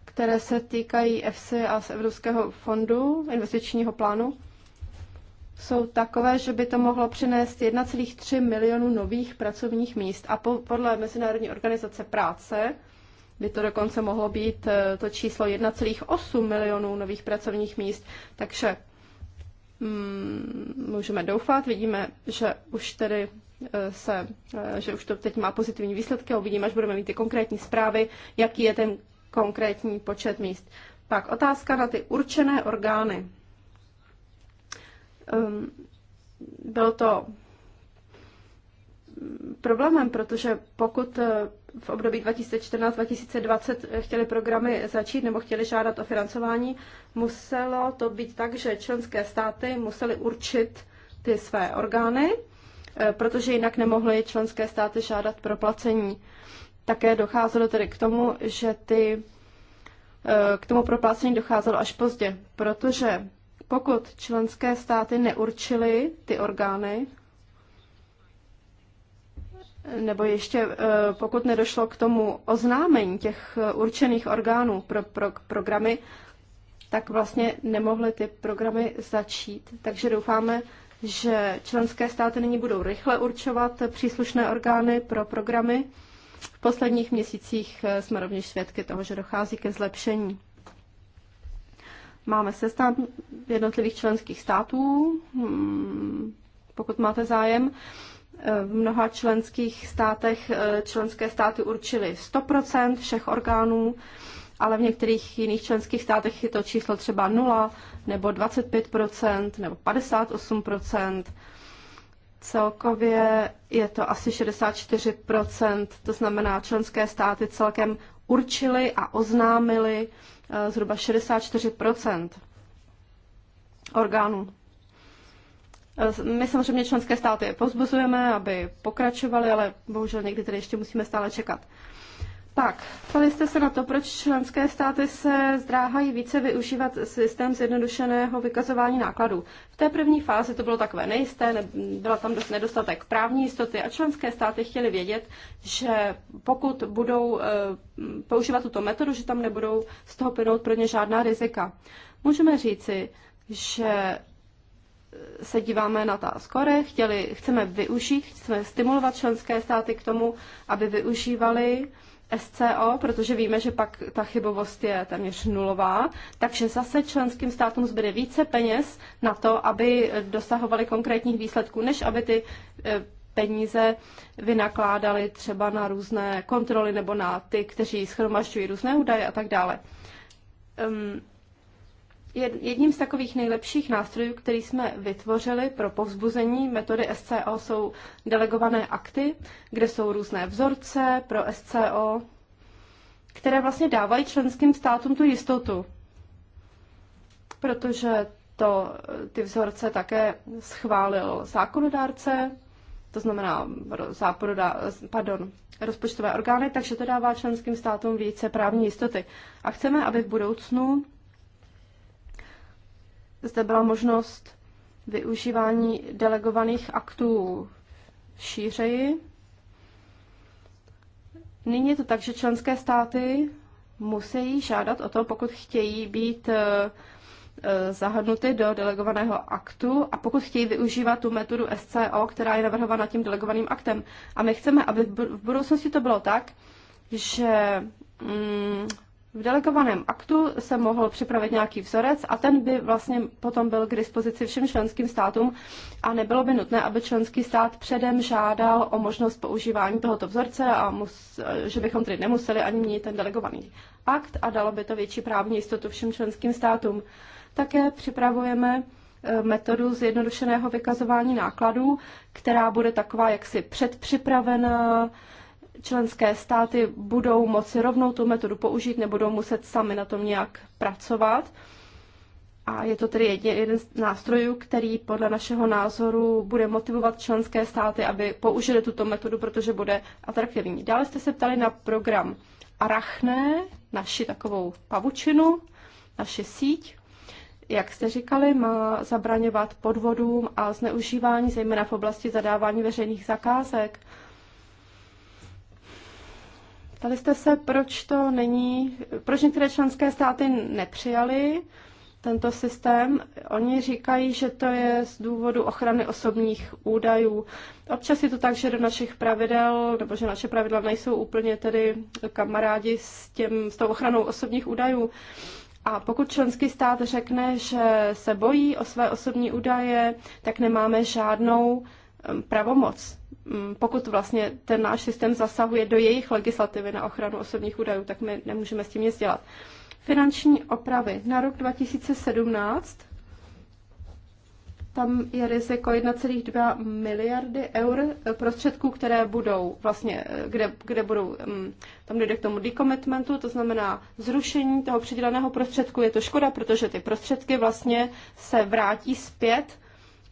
které se týkají EFSI a z Evropského fondu, investičního plánu, jsou takové, že by to mohlo přinést 1,3 milionu nových pracovních míst. A po, podle Mezinárodní organizace práce by to dokonce mohlo být eh, to číslo 1,8 milionů nových pracovních míst. Takže mm, můžeme doufat, vidíme, že už tedy Eh, se, eh, že už to teď má pozitivní výsledky a uvidíme, až budeme mít ty konkrétní zprávy, jaký je ten konkrétní počet míst. Pak otázka na ty určené orgány. Ehm, byl to problémem, protože pokud eh, v období 2014-2020 chtěli programy začít nebo chtěli žádat o financování, muselo to být tak, že členské státy museli určit ty své orgány Eh, protože jinak nemohly členské státy žádat proplacení. Také docházelo tedy k tomu, že ty, eh, k tomu proplacení docházelo až pozdě, protože pokud členské státy neurčily ty orgány, nebo ještě eh, pokud nedošlo k tomu oznámení těch určených orgánů pro, pro programy, tak vlastně nemohly ty programy začít. Takže doufáme, že členské státy nyní budou rychle určovat příslušné orgány pro programy. V posledních měsících eh, jsme rovněž svědky toho, že dochází ke zlepšení. Máme seznam jednotlivých členských států, hmm, pokud máte zájem. Eh, v mnoha členských státech eh, členské státy určily 100% všech orgánů, ale v některých jiných členských státech je to číslo třeba 0, nebo 25 nebo 58 Celkově je to asi 64 to znamená, členské státy celkem určili a oznámili eh, zhruba 64 orgánů. Eh, my samozřejmě členské státy je pozbuzujeme, aby pokračovali, ale bohužel někdy tedy ještě musíme stále čekat. Tak, ptali jste se na to, proč členské státy se zdráhají více využívat systém zjednodušeného vykazování nákladů. V té první fázi to bylo takové nejisté, ne, byla tam dost nedostatek právní jistoty a členské státy chtěly vědět, že pokud budou e, používat tuto metodu, že tam nebudou z toho plynout pro ně žádná rizika. Můžeme říci, že eh, se díváme na ta skore, chtěli, chceme využít, chceme stimulovat členské státy k tomu, aby využívali SCO, protože víme, že pak ta chybovost je téměř nulová, takže zase členským státům zbyde více peněz na to, aby dosahovali konkrétních výsledků, než aby ty eh, peníze vynakládali třeba na různé kontroly nebo na ty, kteří schromažďují různé údaje a tak dále. Ehm, Jedním z takových nejlepších nástrojů, který jsme vytvořili pro povzbuzení metody SCO, jsou delegované akty, kde jsou různé vzorce pro SCO, které vlastně dávají členským státům tu jistotu, protože to, ty vzorce také schválil zákonodárce, to znamená záporodá, pardon, rozpočtové orgány, takže to dává členským státům více právní jistoty. A chceme, aby v budoucnu zde byla možnost využívání delegovaných aktů šířeji. Nyní je to tak, že členské státy musí žádat o to, pokud chtějí být eh, eh, zahrnuty do delegovaného aktu a pokud chtějí využívat tu metodu SCO, která je navrhována tím delegovaným aktem. A my chceme, aby v budoucnosti to bylo tak, že mm, v delegovaném aktu se mohl připravit nějaký vzorec a ten by vlastně potom byl k dispozici všem členským státům a nebylo by nutné, aby členský stát předem žádal o možnost používání tohoto vzorce a mus, že bychom tedy nemuseli ani měnit ten delegovaný akt a dalo by to větší právní jistotu všem členským státům. Také připravujeme eh, metodu zjednodušeného vykazování nákladů, která bude taková jaksi předpřipravená, členské státy budou moci rovnou tu metodu použít, nebudou muset sami na tom nějak pracovat. A je to tedy jedin, jeden z nástrojů, který podle našeho názoru bude motivovat členské státy, aby použili tuto metodu, protože bude atraktivní. Dále jste se ptali na program Arachne, naši takovou pavučinu, naši síť. Jak jste říkali, má zabraňovat podvodům a zneužívání, zejména v oblasti zadávání veřejných zakázek. Ptali jste se, proč to není, proč některé členské státy nepřijali tento systém. Oni říkají, že to je z důvodu ochrany osobních údajů. Občas je to tak, že do našich pravidel, nebo že naše pravidla nejsou úplně tedy kamarádi s, těm, s tou ochranou osobních údajů. A pokud členský stát řekne, že se bojí o své osobní údaje, tak nemáme žádnou Eh, pravomoc. Mm, pokud vlastně ten náš systém zasahuje do jejich legislativy na ochranu osobních údajů, tak my nemůžeme s tím nic dělat. Finanční opravy na rok 2017 tam je riziko 1,2 miliardy eur prostředků, které budou vlastně, eh, kde, kde budou, mm, tam dojde k tomu decommitmentu, to znamená zrušení toho přiděleného prostředku. Je to škoda, protože ty prostředky vlastně se vrátí zpět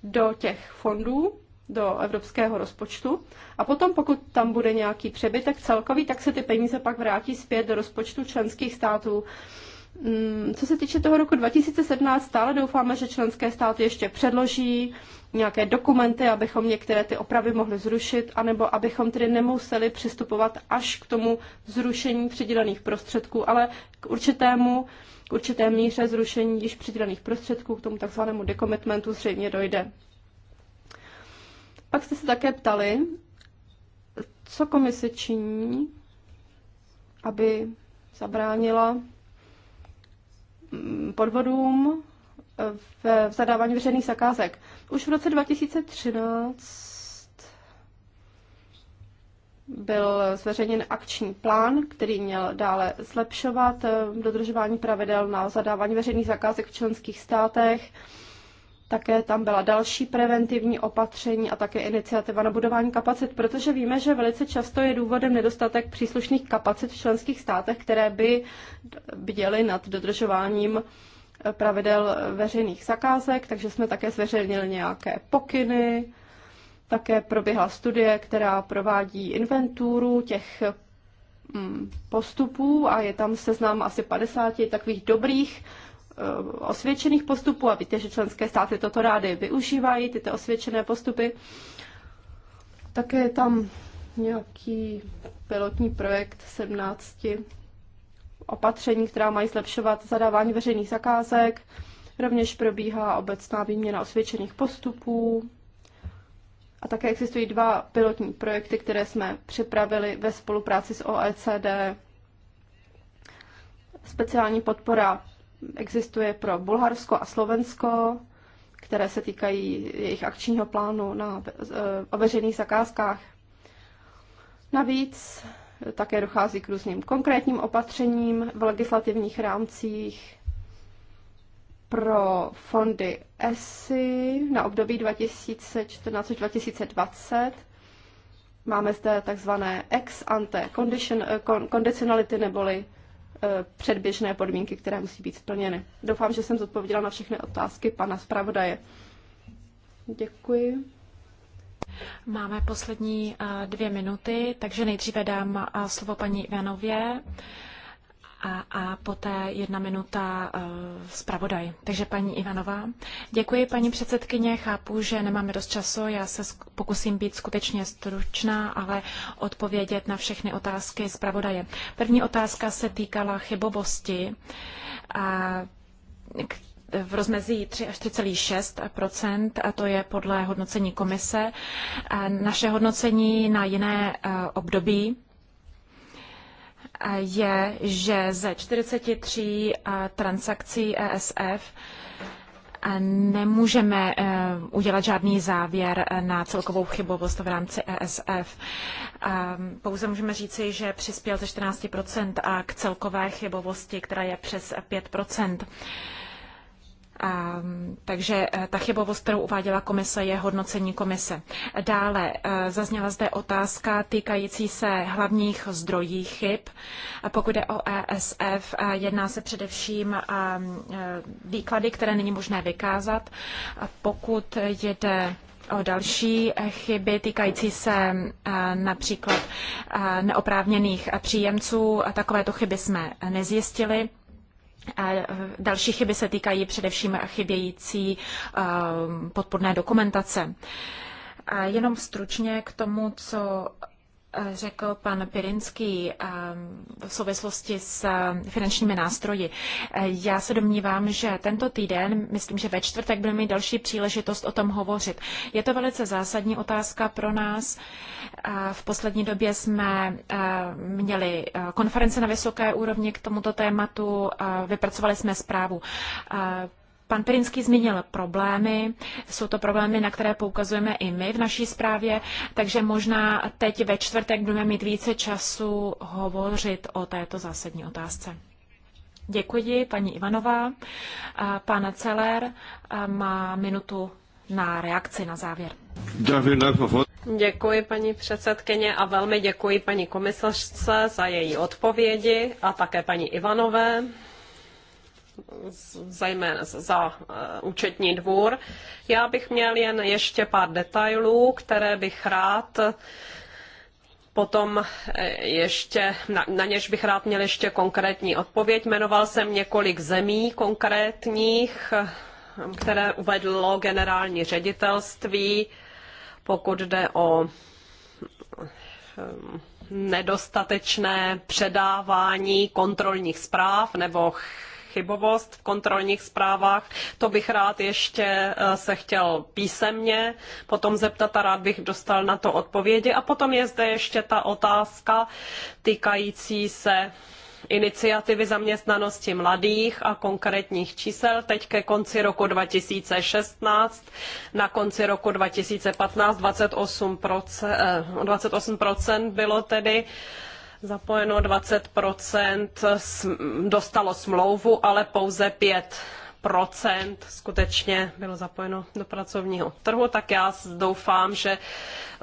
do těch fondů do evropského rozpočtu a potom, pokud tam bude nějaký přebytek celkový, tak se ty peníze pak vrátí zpět do rozpočtu členských států. Mm, co se týče toho roku 2017, stále doufáme, že členské státy ještě předloží nějaké dokumenty, abychom některé ty opravy mohli zrušit, anebo abychom tedy nemuseli přistupovat až k tomu zrušení přidělených prostředků, ale k určitému k určité míře zrušení již přidělených prostředků, k tomu takzvanému dekomitmentu zřejmě dojde. Pak jste se také ptali, co komise činí, aby zabránila mm, podvodům v zadávání veřejných zakázek. Už v roce 2013 byl zveřejněn akční plán, který měl dále zlepšovat eh, dodržování pravidel na zadávání veřejných zakázek v členských státech také tam byla další preventivní opatření a také iniciativa na budování kapacit, protože víme, že velice často je důvodem nedostatek příslušných kapacit v členských státech, které by bděly nad dodržováním eh, pravidel eh, veřejných zakázek, takže jsme také zveřejnili nějaké pokyny. Také proběhla studie, která provádí inventuru těch hm, postupů a je tam seznam asi 50 takových dobrých Eh, osvědčených postupů a víte, že členské státy toto rády využívají, tyto osvědčené postupy. Také je tam nějaký pilotní projekt 17 opatření, která mají zlepšovat zadávání veřejných zakázek. Rovněž probíhá obecná výměna osvědčených postupů. A také existují dva pilotní projekty, které jsme připravili ve spolupráci s OECD. Speciální podpora existuje pro Bulharsko a Slovensko, které se týkají jejich akčního plánu na, e, o veřejných zakázkách. Navíc také dochází k různým konkrétním opatřením v legislativních rámcích pro fondy ESI na období 2014 2020. Máme zde takzvané ex ante condition, kondicionality e, neboli Eh, předběžné podmínky, které musí být splněny. Doufám, že jsem zodpověděla na všechny otázky pana zpravodaje. Děkuji. Máme poslední eh, dvě minuty, takže nejdříve dám eh, slovo paní Ivanově, a, a poté jedna minuta eh, zpravodaj. Takže paní Ivanová. Děkuji, paní předsedkyně. Chápu, že nemáme dost času. Já se pokusím být skutečně stručná, ale odpovědět na všechny otázky zpravodaje. První otázka se týkala chybovosti. A, v rozmezí 3 až 3,6 a to je podle hodnocení komise. Naše hodnocení na jiné eh, období je, že ze 43 eh, transakcí ESF eh, nemůžeme eh, udělat žádný závěr na celkovou chybovost v rámci ESF. Pouze můžeme říci, že přispěl ze 14 k celkové chybovosti, která je přes 5 takže eh, ta chybovost, kterou uváděla komise, je hodnocení komise. Dále eh, zazněla zde otázka týkající se hlavních zdrojů chyb. Pokud je o ESF, eh, jedná se především výklady, které není možné vykázat. Pokud jde o další chyby týkající se například neoprávněných příjemců. Takovéto chyby jsme nezjistili. E, další chyby se týkají především chybějící e, podporné dokumentace. jenom stručně k tomu, co řekl pan Pirinský ehm, v souvislosti s eh, finančními nástroji. Eh, já se domnívám, že tento týden, myslím, že ve čtvrtek budeme mít další příležitost o tom hovořit. Je to velice zásadní otázka pro nás. Eh, v poslední době jsme měli konference na vysoké úrovni k tomuto tématu, vypracovali jsme zprávu. Pan Pirinský zmínil problémy, jsou to problémy, na které poukazujeme i my v naší zprávě, takže možná teď ve čtvrtek budeme mít více času hovořit o této zásadní otázce. Děkuji, paní Ivanová. Pan Celer má minutu na reakci na závěr. Děkuji paní předsedkyně a velmi děkuji paní komisařce za její odpovědi a také paní Ivanové zejména za eh, účetní dvůr. Já bych měl jen ještě pár detailů, které bych rád eh, Potom eh, ještě, na, na něž bych rád měl ještě konkrétní odpověď. Jmenoval jsem několik zemí konkrétních, které uvedlo generální ředitelství, pokud jde o nedostatečné předávání kontrolních zpráv nebo chybovost v kontrolních zprávách. To bych rád ještě eh, se chtěl písemně potom zeptat a rád bych dostal na to odpovědi. A potom je zde ještě ta otázka týkající se iniciativy zaměstnanosti mladých a konkrétních čísel. Teď ke konci roku 2016, na konci roku 2015 28%, 28% bylo tedy zapojeno 20 dostalo smlouvu, ale pouze 5 skutečně bylo zapojeno do pracovního trhu, tak já doufám, že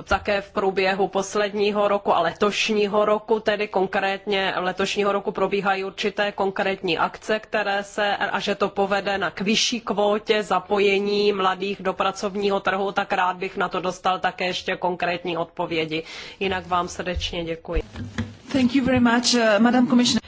také v průběhu posledního roku a letošního roku, tedy konkrétně letošního roku probíhají určité konkrétní akce, které se a že to povede na k vyšší kvótě zapojení mladých do pracovního trhu, tak rád bych na to dostal také ještě konkrétní odpovědi. Jinak vám srdečně děkuji. Thank you very much, uh, Madam Commissioner.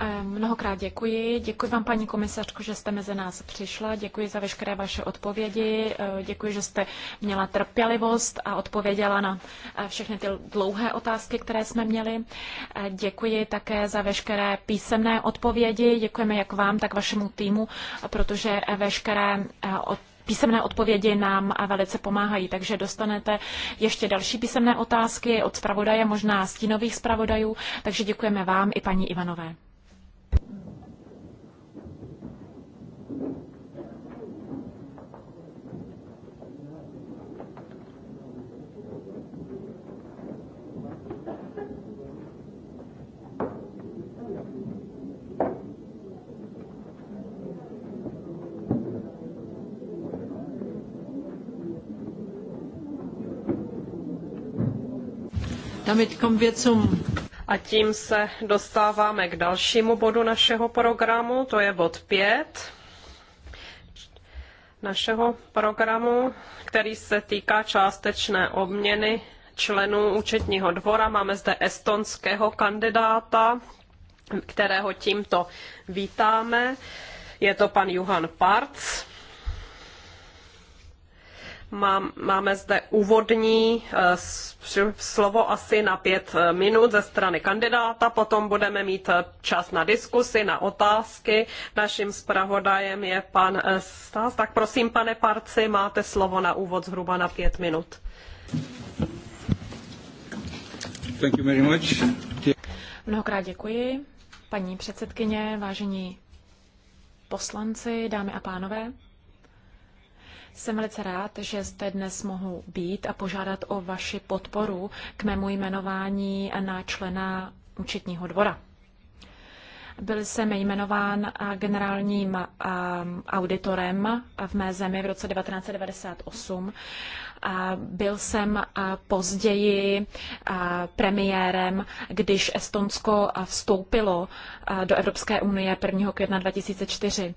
Eh, mnohokrát děkuji. Děkuji vám, paní komisařko, že jste mezi nás přišla. Děkuji za veškeré vaše odpovědi. Eh, děkuji, že jste měla trpělivost a odpověděla na eh, všechny ty dlouhé otázky, které jsme měli. Děkuji také za veškeré písemné odpovědi. Děkujeme jak vám, tak vašemu týmu, protože veškeré odpovědi Písemné odpovědi nám velice pomáhají, takže dostanete ještě další písemné otázky od zpravodaje, možná stínových zpravodajů, takže děkujeme vám i paní Ivanové. a tím se dostáváme k dalšímu bodu našeho programu, to je bod 5 našeho programu, který se týká částečné obměny členů účetního dvora. Máme zde estonského kandidáta, kterého tímto vítáme. Je to pan Juhan Parc máme zde úvodní eh, slovo asi na pět eh, minut ze strany kandidáta, potom budeme mít eh, čas na diskusi, na otázky. Naším zpravodajem je pan Stas. Tak prosím, pane Parci, máte slovo na úvod zhruba na pět minut. Thank you very much. Mnohokrát děkuji, paní předsedkyně, vážení poslanci, dámy a pánové. Jsem velice rád, že jste dnes mohu být a požádat o vaši podporu k mému jmenování na člena účetního dvora. Byl jsem jmenován generálním auditorem v mé zemi v roce 1998. Byl jsem později premiérem, když Estonsko vstoupilo do Evropské unie 1. května 2004.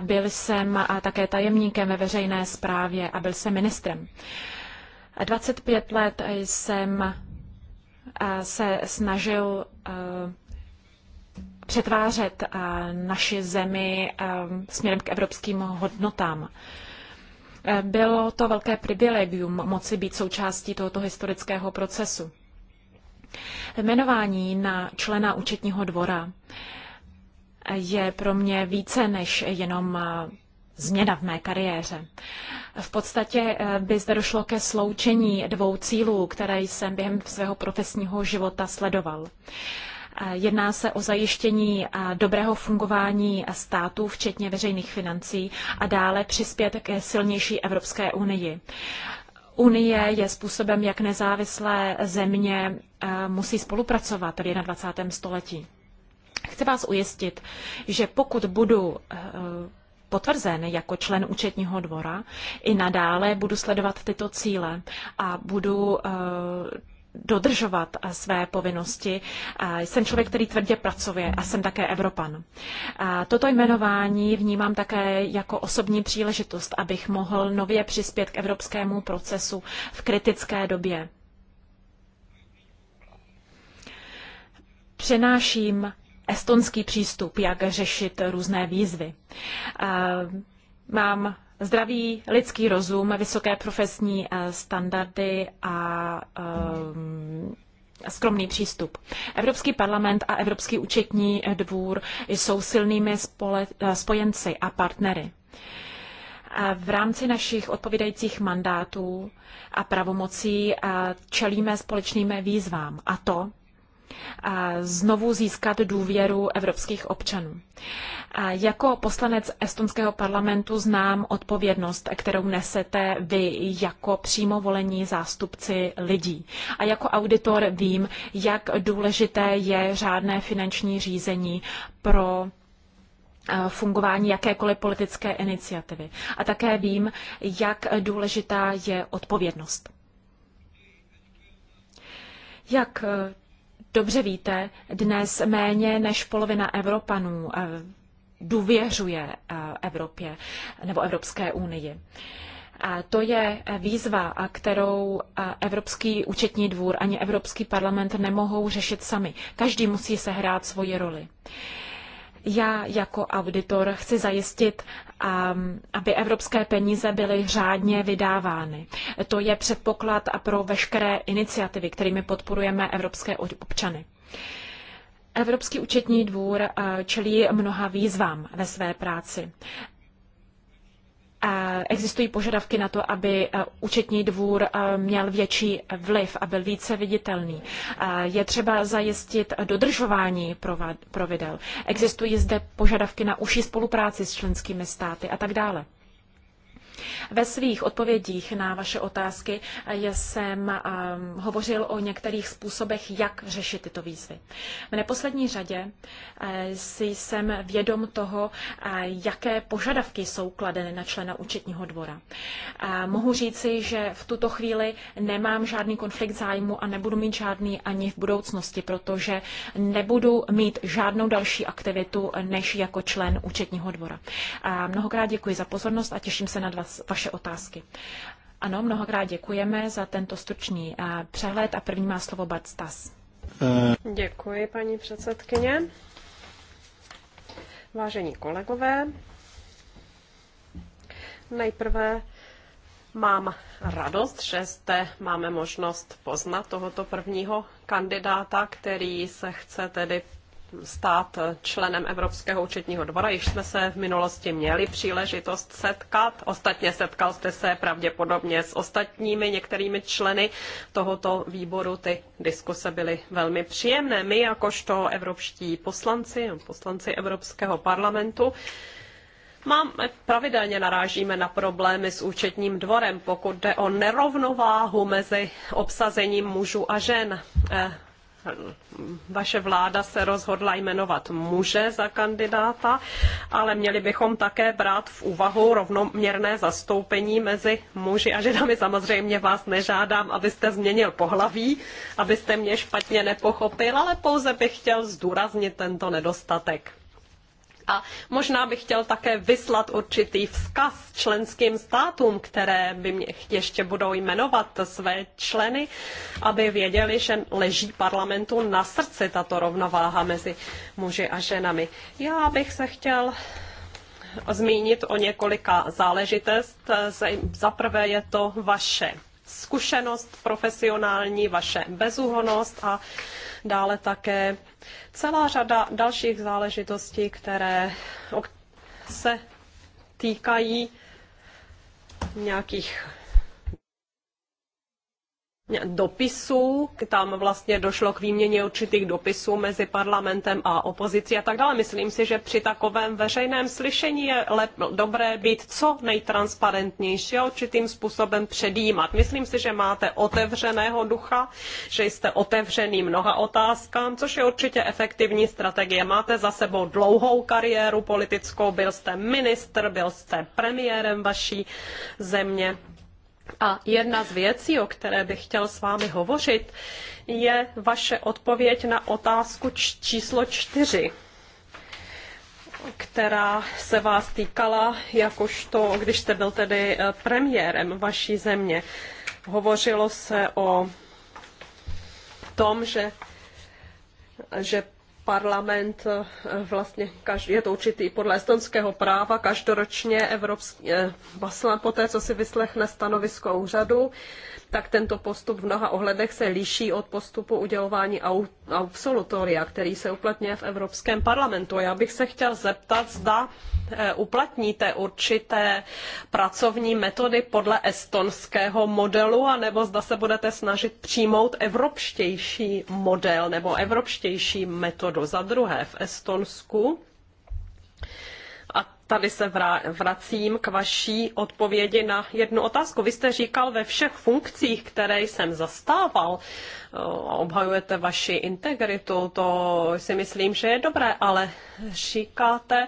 Byl jsem také tajemníkem ve veřejné správě a byl jsem ministrem. 25 let jsem se snažil přetvářet eh, naši zemi eh, směrem k evropským hodnotám. Eh, bylo to velké privilegium moci být součástí tohoto historického procesu. Jmenování na člena účetního dvora je pro mě více než jenom změna v mé kariéře. V podstatě by zde došlo ke sloučení dvou cílů, které jsem během svého profesního života sledoval. Jedná se o zajištění dobrého fungování států, včetně veřejných financí, a dále přispět ke silnější Evropské unii. Unie je způsobem, jak nezávislé země musí spolupracovat, tedy na 20. století. Chci vás ujistit, že pokud budu potvrzen jako člen účetního dvora, i nadále budu sledovat tyto cíle a budu dodržovat své povinnosti. Jsem člověk, který tvrdě pracuje a jsem také Evropan. Toto jmenování vnímám také jako osobní příležitost, abych mohl nově přispět k evropskému procesu v kritické době. Přenáším estonský přístup, jak řešit různé výzvy. Mám zdravý lidský rozum, vysoké profesní eh, standardy a um, skromný přístup. Evropský parlament a Evropský účetní dvůr jsou silnými spole, eh, spojenci a partnery. V rámci našich odpovídajících mandátů a pravomocí čelíme společným výzvám a to znovu získat důvěru evropských občanů. Jako poslanec estonského parlamentu znám odpovědnost, kterou nesete vy jako přímo volení zástupci lidí. A jako auditor vím, jak důležité je řádné finanční řízení pro eh, fungování jakékoliv politické iniciativy. A také vím, jak důležitá je odpovědnost. Jak eh, dobře víte, dnes méně než polovina Evropanů eh, důvěřuje eh, Evropě nebo Evropské unii. A to je výzva, kterou eh, Evropský účetní dvůr ani Evropský parlament nemohou řešit sami. Každý musí sehrát svoji roli. Já jako auditor chci zajistit, um, aby evropské peníze byly řádně vydávány. To je předpoklad a pro veškeré iniciativy, kterými podporujeme evropské občany. Evropský účetní dvůr uh, čelí mnoha výzvám ve své práci existují požadavky na to, aby účetní dvůr měl větší vliv a byl více viditelný. Je třeba zajistit dodržování pravidel. Existují zde požadavky na užší spolupráci s členskými státy a tak dále. Ve svých odpovědích na vaše otázky eh, jsem ehm, hovořil o některých způsobech, jak řešit tyto výzvy. V neposlední řadě eh, si jsem vědom toho, eh, jaké požadavky jsou kladeny na člena účetního dvora. Mohu říci, že v tuto chvíli nemám žádný konflikt zájmu a nebudu mít žádný ani v budoucnosti, protože nebudu mít žádnou další aktivitu než jako člen účetního dvora. Mnohokrát děkuji za pozornost a těším se na 20 vaše otázky. Ano, mnohokrát děkujeme za tento stručný eh, přehled a první má slovo Badstas. Stas. Eh. Děkuji, paní předsedkyně. Vážení kolegové, nejprve mám radost, že zde máme možnost poznat tohoto prvního kandidáta, který se chce tedy stát členem Evropského účetního dvora. Již jsme se v minulosti měli příležitost setkat. Ostatně setkal jste se pravděpodobně s ostatními některými členy tohoto výboru. Ty diskuse byly velmi příjemné. My jakožto evropští poslanci, poslanci Evropského parlamentu, Mám, pravidelně narážíme na problémy s účetním dvorem, pokud jde o nerovnováhu mezi obsazením mužů a žen eh, vaše vláda se rozhodla jmenovat muže za kandidáta, ale měli bychom také brát v úvahu rovnoměrné zastoupení mezi muži a ženami. Samozřejmě vás nežádám, abyste změnil pohlaví, abyste mě špatně nepochopil, ale pouze bych chtěl zdůraznit tento nedostatek. A možná bych chtěl také vyslat určitý vzkaz členským státům, které by mě ještě budou jmenovat své členy, aby věděli, že leží parlamentu na srdci tato rovnováha mezi muži a ženami. Já bych se chtěl zmínit o několika záležitost. Za prvé je to vaše zkušenost profesionální, vaše bezúhonost a dále také celá řada dalších záležitostí, které se týkají nějakých dopisů, tam vlastně došlo k výměně určitých dopisů mezi parlamentem a opozicí a tak dále. Myslím si, že při takovém veřejném slyšení je lep- dobré být co nejtransparentnější a určitým způsobem předjímat. Myslím si, že máte otevřeného ducha, že jste otevřený mnoha otázkám, což je určitě efektivní strategie. Máte za sebou dlouhou kariéru politickou, byl jste ministr, byl jste premiérem vaší země a jedna z věcí, o které bych chtěl s vámi hovořit, je vaše odpověď na otázku číslo čtyři, která se vás týkala, jakožto když jste byl tedy eh, premiérem vaší země. Hovořilo se o tom, že, že parlament eh, vlastně, je to určitý podle estonského práva, každoročně Evropský, eh, po té, co si vyslechne stanovisko úřadu, tak tento postup v mnoha ohledech se liší od postupu udělování absolutoria, který se uplatňuje v Evropském parlamentu. Já bych se chtěl zeptat, zda eh, uplatníte určité pracovní metody podle estonského modelu, anebo zda se budete snažit přijmout evropštější model nebo evropštější metodu. Za druhé, v Estonsku tady se vracím k vaší odpovědi na jednu otázku. Vy jste říkal ve všech funkcích, které jsem zastával, eh, obhajujete vaši integritu, to si myslím, že je dobré, ale říkáte,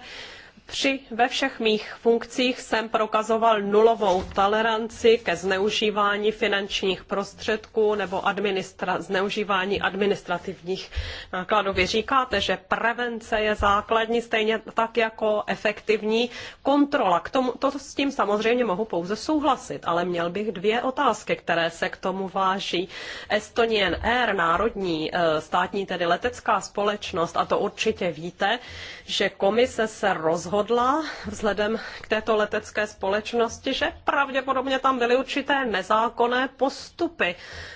Tři ve všech mých funkcích jsem prokazoval nulovou toleranci ke zneužívání finančních prostředků nebo administra- zneužívání administrativních nákladů. Vy říkáte, že prevence je základní, stejně tak jako efektivní kontrola. K tomu, to s tím samozřejmě mohu pouze souhlasit, ale měl bych dvě otázky, které se k tomu váží. Estonian Air, národní eh, státní, tedy letecká společnost, a to určitě víte, že komise se rozhodla, rozhodla vzhledem k této letecké společnosti, že pravděpodobně tam byly určité nezákonné postupy,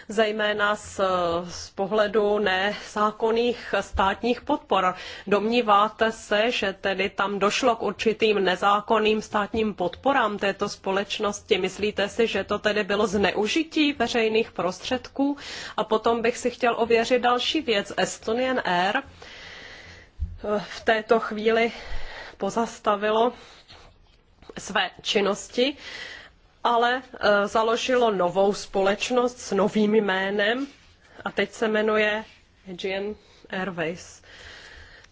zejména z, z pohledu nezákonných státních podpor. Domníváte se, že tedy tam došlo k určitým nezákonným státním podporám této společnosti? Myslíte si, že to tedy bylo zneužití veřejných prostředků? A potom bych si chtěl ověřit další věc. Estonian Air eh, v této chvíli pozastavilo své činnosti, ale e, založilo novou společnost s novým jménem a teď se jmenuje Aegean Airways.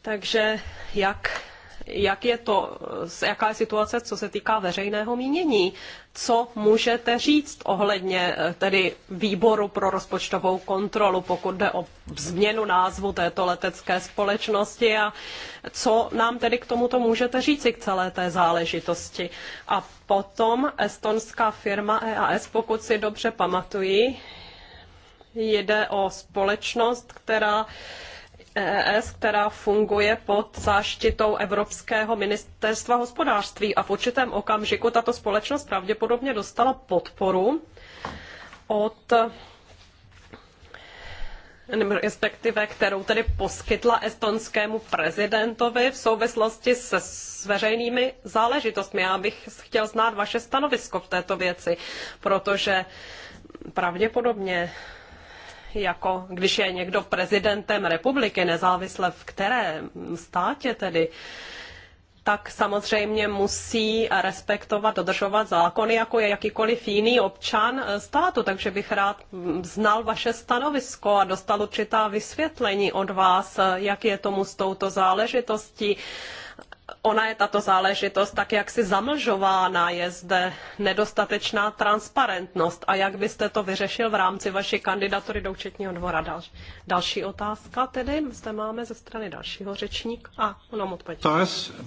Takže jak jak je to, jaká je situace, co se týká veřejného mínění. Co můžete říct ohledně eh, tedy výboru pro rozpočtovou kontrolu, pokud jde o změnu názvu této letecké společnosti a co nám tedy k tomuto můžete říci k celé té záležitosti. A potom estonská firma EAS, pokud si dobře pamatuji, jde o společnost, která EES, která funguje pod záštitou Evropského ministerstva hospodářství a v určitém okamžiku tato společnost pravděpodobně dostala podporu od respektive kterou tedy poskytla estonskému prezidentovi v souvislosti se s veřejnými záležitostmi. Já bych chtěl znát vaše stanovisko v této věci, protože pravděpodobně jako když je někdo prezidentem republiky, nezávisle v kterém státě tedy, tak samozřejmě musí respektovat, dodržovat zákony, jako je jakýkoliv jiný občan státu. Takže bych rád znal vaše stanovisko a dostal určitá vysvětlení od vás, jak je tomu s touto záležitostí ona je tato záležitost tak jaksi zamlžována, je zde nedostatečná transparentnost. A jak byste to vyřešil v rámci vaší kandidatury do účetního dvora? Dal, další otázka tedy zde máme ze strany dalšího řečníka. A ono odpověď.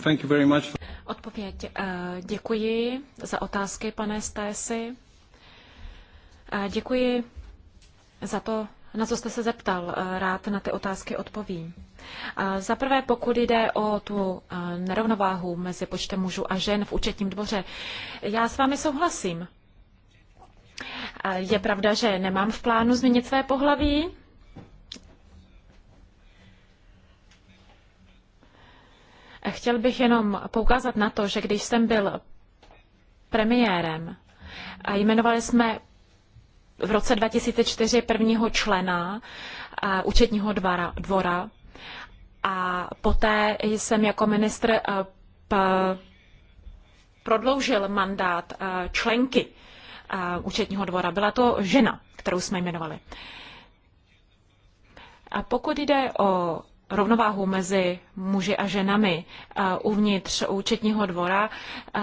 thank you very much. Odpověď. Eh, děkuji za otázky, pane Stasi. Eh, děkuji za to, na co jste se zeptal, eh, rád na ty otázky odpovím. Eh, za prvé, pokud jde o tu eh, nerovnováhu mezi počtem mužů a žen v účetním dvoře, já s vámi souhlasím. Je pravda, že nemám v plánu změnit své pohlaví. Chtěl bych jenom poukázat na to, že když jsem byl premiérem, a jmenovali jsme v roce 2004 prvního člena eh, účetního dvora, dvora a poté jsem jako ministr eh, prodloužil mandát eh, členky účetního dvora. Byla to žena, kterou jsme jmenovali. A pokud jde o rovnováhu mezi muži a ženami uvnitř účetního dvora,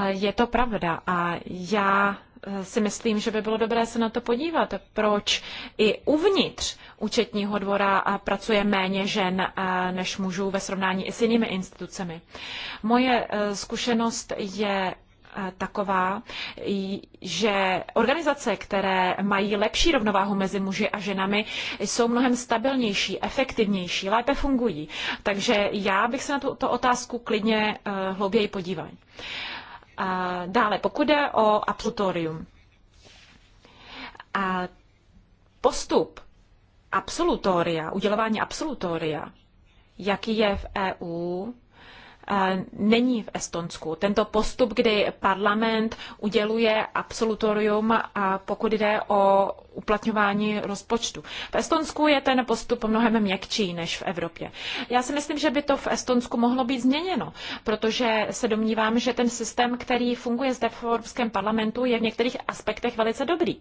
je to pravda. A já si myslím, že by bylo dobré se na to podívat, proč i uvnitř účetního dvora pracuje méně žen než mužů ve srovnání i s jinými institucemi. Moje e, zkušenost je e, taková, že organizace, které mají lepší rovnováhu mezi muži a ženami, jsou mnohem stabilnější, efektivnější, lépe fungují. Takže já bych se na tuto otázku klidně e, hlouběji podívala. Dále, pokud jde o absolutorium. A postup absolutoria, udělování absolutoria, jaký je v EU, není v Estonsku. Tento postup, kdy parlament uděluje absolutorium, a pokud jde o uplatňování rozpočtu. V Estonsku je ten postup mnohem měkčí než v Evropě. Já si myslím, že by to v Estonsku mohlo být změněno, protože se domnívám, že ten systém, který funguje zde v Evropském parlamentu, je v některých aspektech velice dobrý.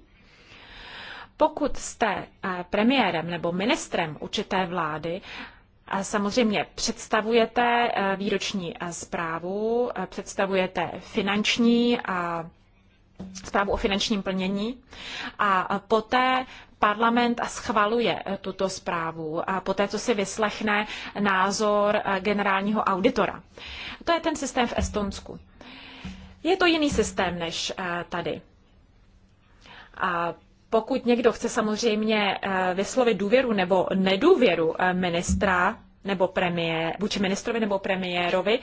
Pokud jste eh, premiérem nebo ministrem určité vlády, Samozřejmě představujete eh, výroční eh, zprávu, eh, představujete finanční a zprávu o finančním plnění a poté parlament schvaluje tuto zprávu a poté, co si vyslechne názor generálního auditora. To je ten systém v Estonsku. Je to jiný systém než tady. A pokud někdo chce samozřejmě eh, vyslovit důvěru nebo nedůvěru eh, ministra nebo premiér, vůči ministrovi nebo premiérovi,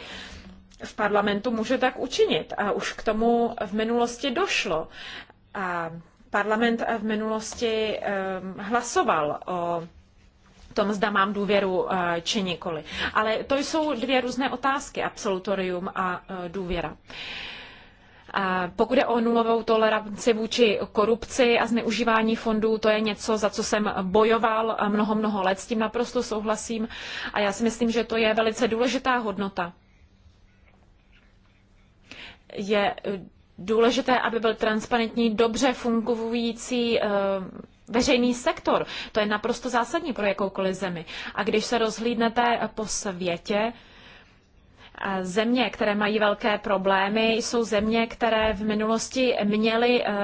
v parlamentu může tak učinit. A už k tomu v minulosti došlo. A parlament eh, v minulosti hlasoval o tom, zda mám důvěru či nikoli. Ale to jsou dvě různé otázky, absolutorium a důvěra. Pokud je o nulovou toleranci vůči korupci a zneužívání fondů, to je něco, za co jsem bojoval mnoho, mnoho let. S tím naprosto souhlasím a já si myslím, že to je velice důležitá hodnota. Je eh, důležité, aby byl transparentní, dobře fungující eh, veřejný sektor. To je naprosto zásadní pro jakoukoliv zemi. A když se rozhlídnete po světě, Země, které mají velké problémy, jsou země, které v minulosti měly, eh,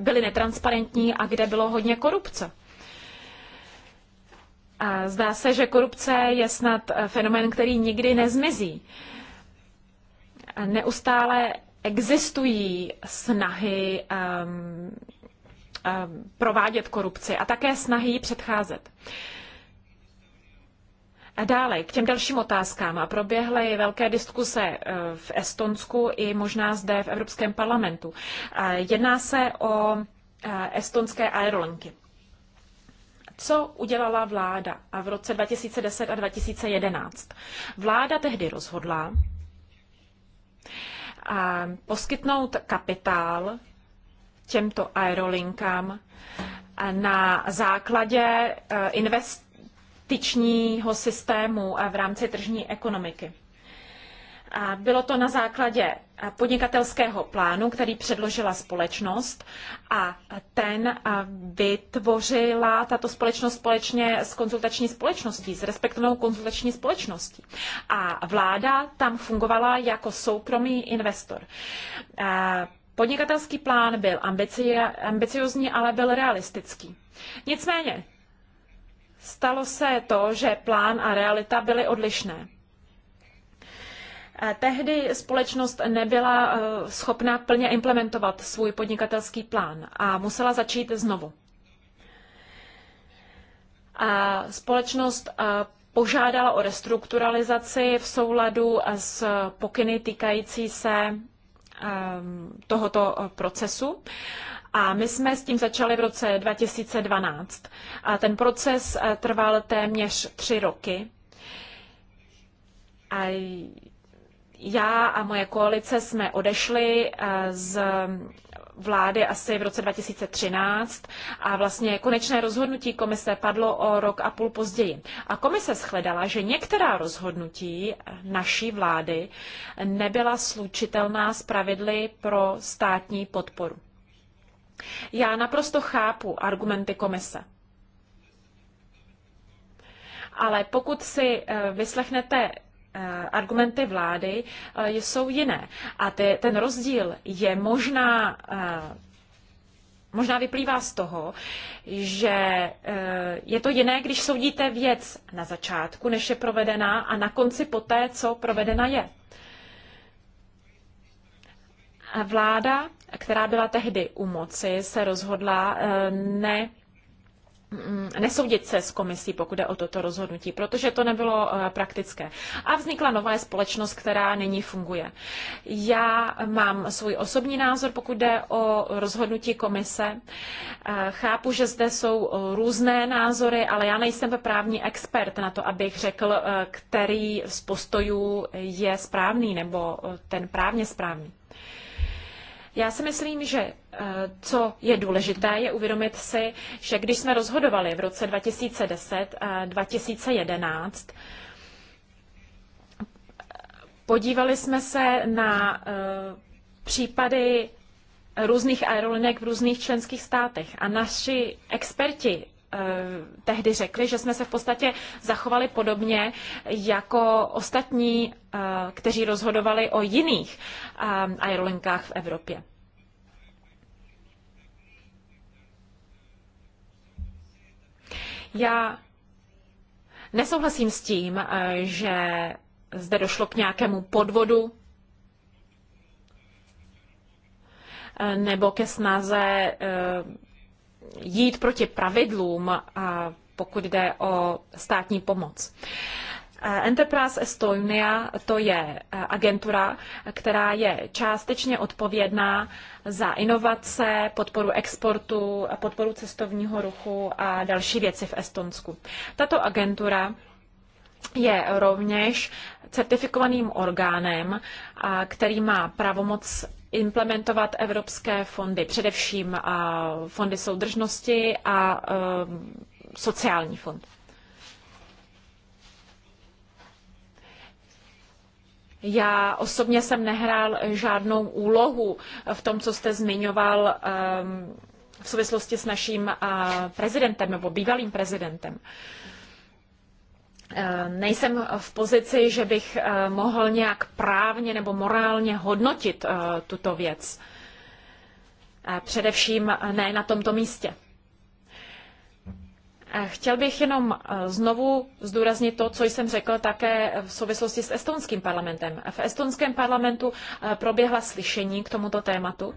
byly netransparentní a kde bylo hodně korupce. A zdá se, že korupce je snad eh, fenomén, který nikdy nezmizí. Neustále existují snahy um, um, provádět korupci a také snahy ji předcházet. Uh, a dále k těm dalším otázkám. a Proběhly velké diskuse eh, v Estonsku i možná zde v Evropském parlamentu. Jedná se o eh, estonské aerolinky. Co udělala vláda v roce 2010 a 2011? Vláda tehdy rozhodla eh, poskytnout kapitál těmto aerolinkám na základě invest styčního systému eh, v rámci tržní ekonomiky. A bylo to na základě eh, podnikatelského plánu, který předložila společnost a ten eh, vytvořila tato společnost společně s konzultační společností, s respektovanou konzultační společností. A vláda tam fungovala jako soukromý investor. Podnikatelský plán byl ambiciozní, ale byl realistický. Nicméně Stalo se to, že plán a realita byly odlišné. Eh, tehdy společnost nebyla eh, schopna plně implementovat svůj podnikatelský plán a musela začít znovu. A společnost eh, požádala o restrukturalizaci v souladu s pokyny týkající se ehm, tohoto procesu a my jsme s tím začali v roce 2012. A ten proces eh, trval téměř tři roky. A já a moje koalice jsme odešli eh, z vlády asi v roce 2013 a vlastně konečné rozhodnutí komise padlo o rok a půl později. A komise shledala, že některá rozhodnutí naší vlády nebyla slučitelná s pravidly pro státní podporu. Já naprosto chápu argumenty komise. Ale pokud si eh, vyslechnete eh, argumenty vlády, eh, jsou jiné. A ty, ten rozdíl je možná možná vyplývá z toho, že je to jiné, když soudíte věc na začátku, než je provedená a na konci poté, co provedena je. A vláda která byla tehdy u moci, se rozhodla eh, ne mm, nesoudit se s komisí, pokud je o toto rozhodnutí, protože to nebylo eh, praktické. A vznikla nová společnost, která nyní funguje. Já mám svůj osobní názor, pokud jde o rozhodnutí komise. Eh, chápu, že zde jsou různé názory, ale já nejsem právní expert na to, abych řekl, který z postojů je správný nebo ten právně správný. Já si myslím, že eh, co je důležité, je uvědomit si, že když jsme rozhodovali v roce 2010 a 2011, podívali jsme se na eh, případy různých aerolinek v různých členských státech a naši experti Eh, tehdy řekli, že jsme se v podstatě zachovali podobně jako ostatní, eh, kteří rozhodovali o jiných eh, aerolinkách v Evropě. Já nesouhlasím s tím, že zde došlo k nějakému podvodu nebo ke snaze jít proti pravidlům, pokud jde o státní pomoc. Enterprise Estonia to je e, agentura, která je částečně odpovědná za inovace, podporu exportu, podporu cestovního ruchu a další věci v Estonsku. Tato agentura je rovněž certifikovaným orgánem, který má pravomoc implementovat evropské fondy, především fondy soudržnosti a e, sociální fond. Já osobně jsem nehrál žádnou úlohu v tom, co jste zmiňoval e, v souvislosti s naším prezidentem nebo bývalým prezidentem. Eh, nejsem v pozici, že bych eh, mohl nějak právně nebo morálně hodnotit eh, tuto věc. Především ne na tomto místě. Chtěl bych jenom znovu zdůraznit to, co jsem řekl také v souvislosti s estonským parlamentem. V estonském parlamentu proběhla slyšení k tomuto tématu.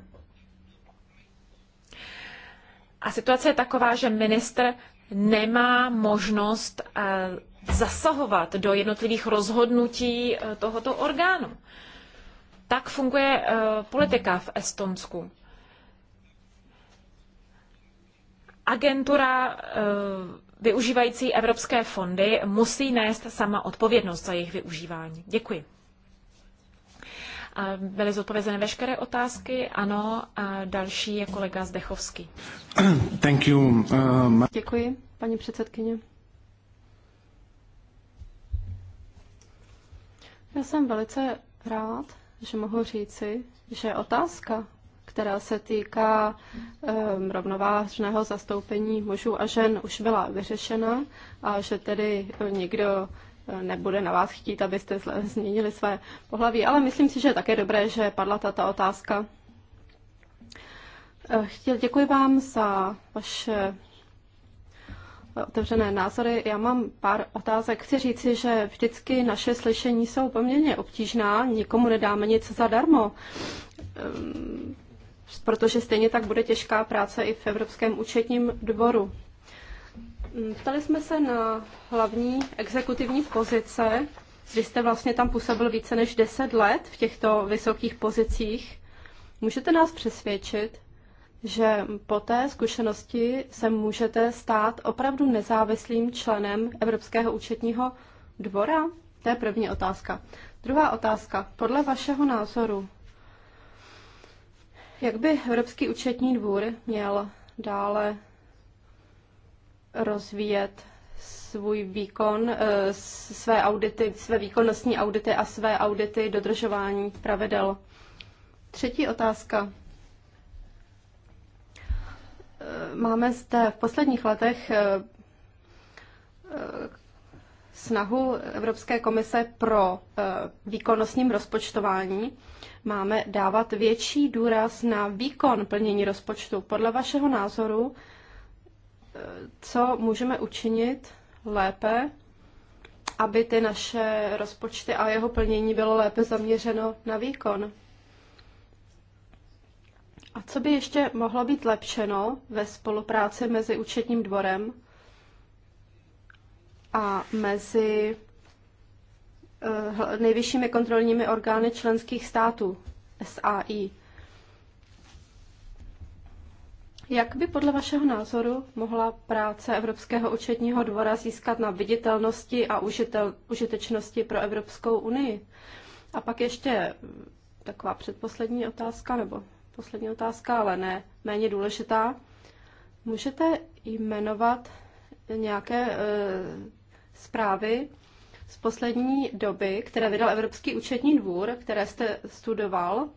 A situace je taková, že ministr nemá možnost zasahovat do jednotlivých rozhodnutí eh, tohoto orgánu. Tak funguje eh, politika v Estonsku. Agentura eh, využívající evropské fondy musí nést sama odpovědnost za jejich využívání. Děkuji. Byly zodpovězeny veškeré otázky. Ano, a další je kolega Zdechovský. Thank you, Děkuji, paní předsedkyně. Já jsem velice rád, že mohu říci, že otázka, která se týká um, rovnovážného zastoupení mužů a žen, už byla vyřešena a že tedy eh, někdo eh, nebude na vás chtít, abyste změnili své pohlaví, ale myslím si, že je také dobré, že padla tato otázka. Eh, chtěl, děkuji vám za vaše otevřené názory. Já mám pár otázek. Chci říci, že vždycky naše slyšení jsou poměrně obtížná, nikomu nedáme nic zadarmo, ehm, protože stejně tak bude těžká práce i v Evropském účetním dvoru. Ehm, ptali jsme se na hlavní exekutivní pozice. Vy jste vlastně tam působil více než 10 let v těchto vysokých pozicích. Můžete nás přesvědčit, že po té zkušenosti se můžete stát opravdu nezávislým členem Evropského účetního dvora? To je první otázka. Druhá otázka. Podle vašeho názoru, jak by Evropský účetní dvůr měl dále rozvíjet svůj výkon, eh, své audity, své výkonnostní audity a své audity dodržování pravidel? Třetí otázka. Eh, máme zde v posledních letech eh, eh, snahu Evropské komise pro výkonnostním rozpočtování. Máme dávat větší důraz na výkon plnění rozpočtu. Podle vašeho názoru, co můžeme učinit lépe, aby ty naše rozpočty a jeho plnění bylo lépe zaměřeno na výkon? A co by ještě mohlo být lepšeno ve spolupráci mezi účetním dvorem a mezi eh, nejvyššími kontrolními orgány členských států, SAI? Jak by podle vašeho názoru mohla práce Evropského účetního dvora získat na viditelnosti a užitel, užitečnosti pro Evropskou unii? A pak ještě taková předposlední otázka, nebo poslední otázka, ale ne méně důležitá. Můžete jmenovat nějaké e, zprávy z poslední doby, které vydal Evropský účetní dvůr, které jste studoval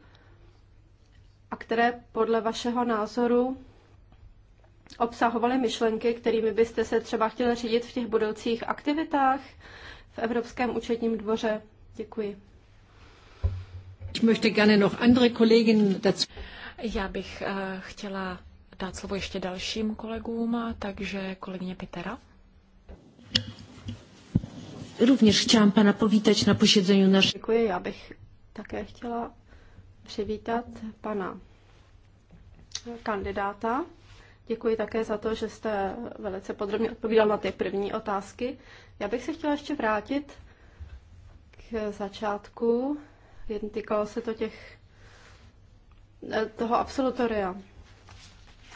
a které podle vašeho názoru obsahovaly myšlenky, kterými byste se třeba chtěli řídit v těch budoucích aktivitách v Evropském účetním dvoře? Děkuji. Já bych eh, chtěla dát slovo ještě dalším kolegům, takže kolegyně Pitera. Rovněž chtěla pana povítat na posiedzeniu našeho. Děkuji, já bych také chtěla přivítat pana eh, kandidáta. Děkuji také za to, že jste velice podrobně odpovídal na ty první otázky. Já bych se chtěla ještě vrátit k začátku týkalo se to těch, eh, toho absolutoria.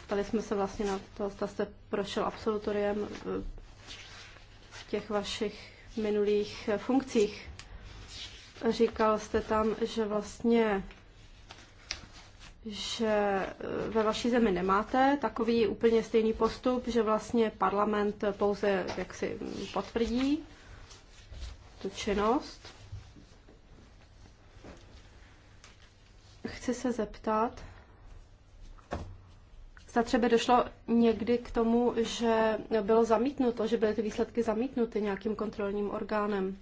Tady jsme se vlastně na to, ta jste prošel absolutoriem eh, v těch vašich minulých eh, funkcích. Říkal jste tam, že vlastně že ve vaší zemi nemáte takový úplně stejný postup, že vlastně parlament pouze jaksi potvrdí tu činnost. chci se zeptat, zda třeba došlo někdy k tomu, že bylo zamítnuto, že byly ty výsledky zamítnuty nějakým kontrolním orgánem.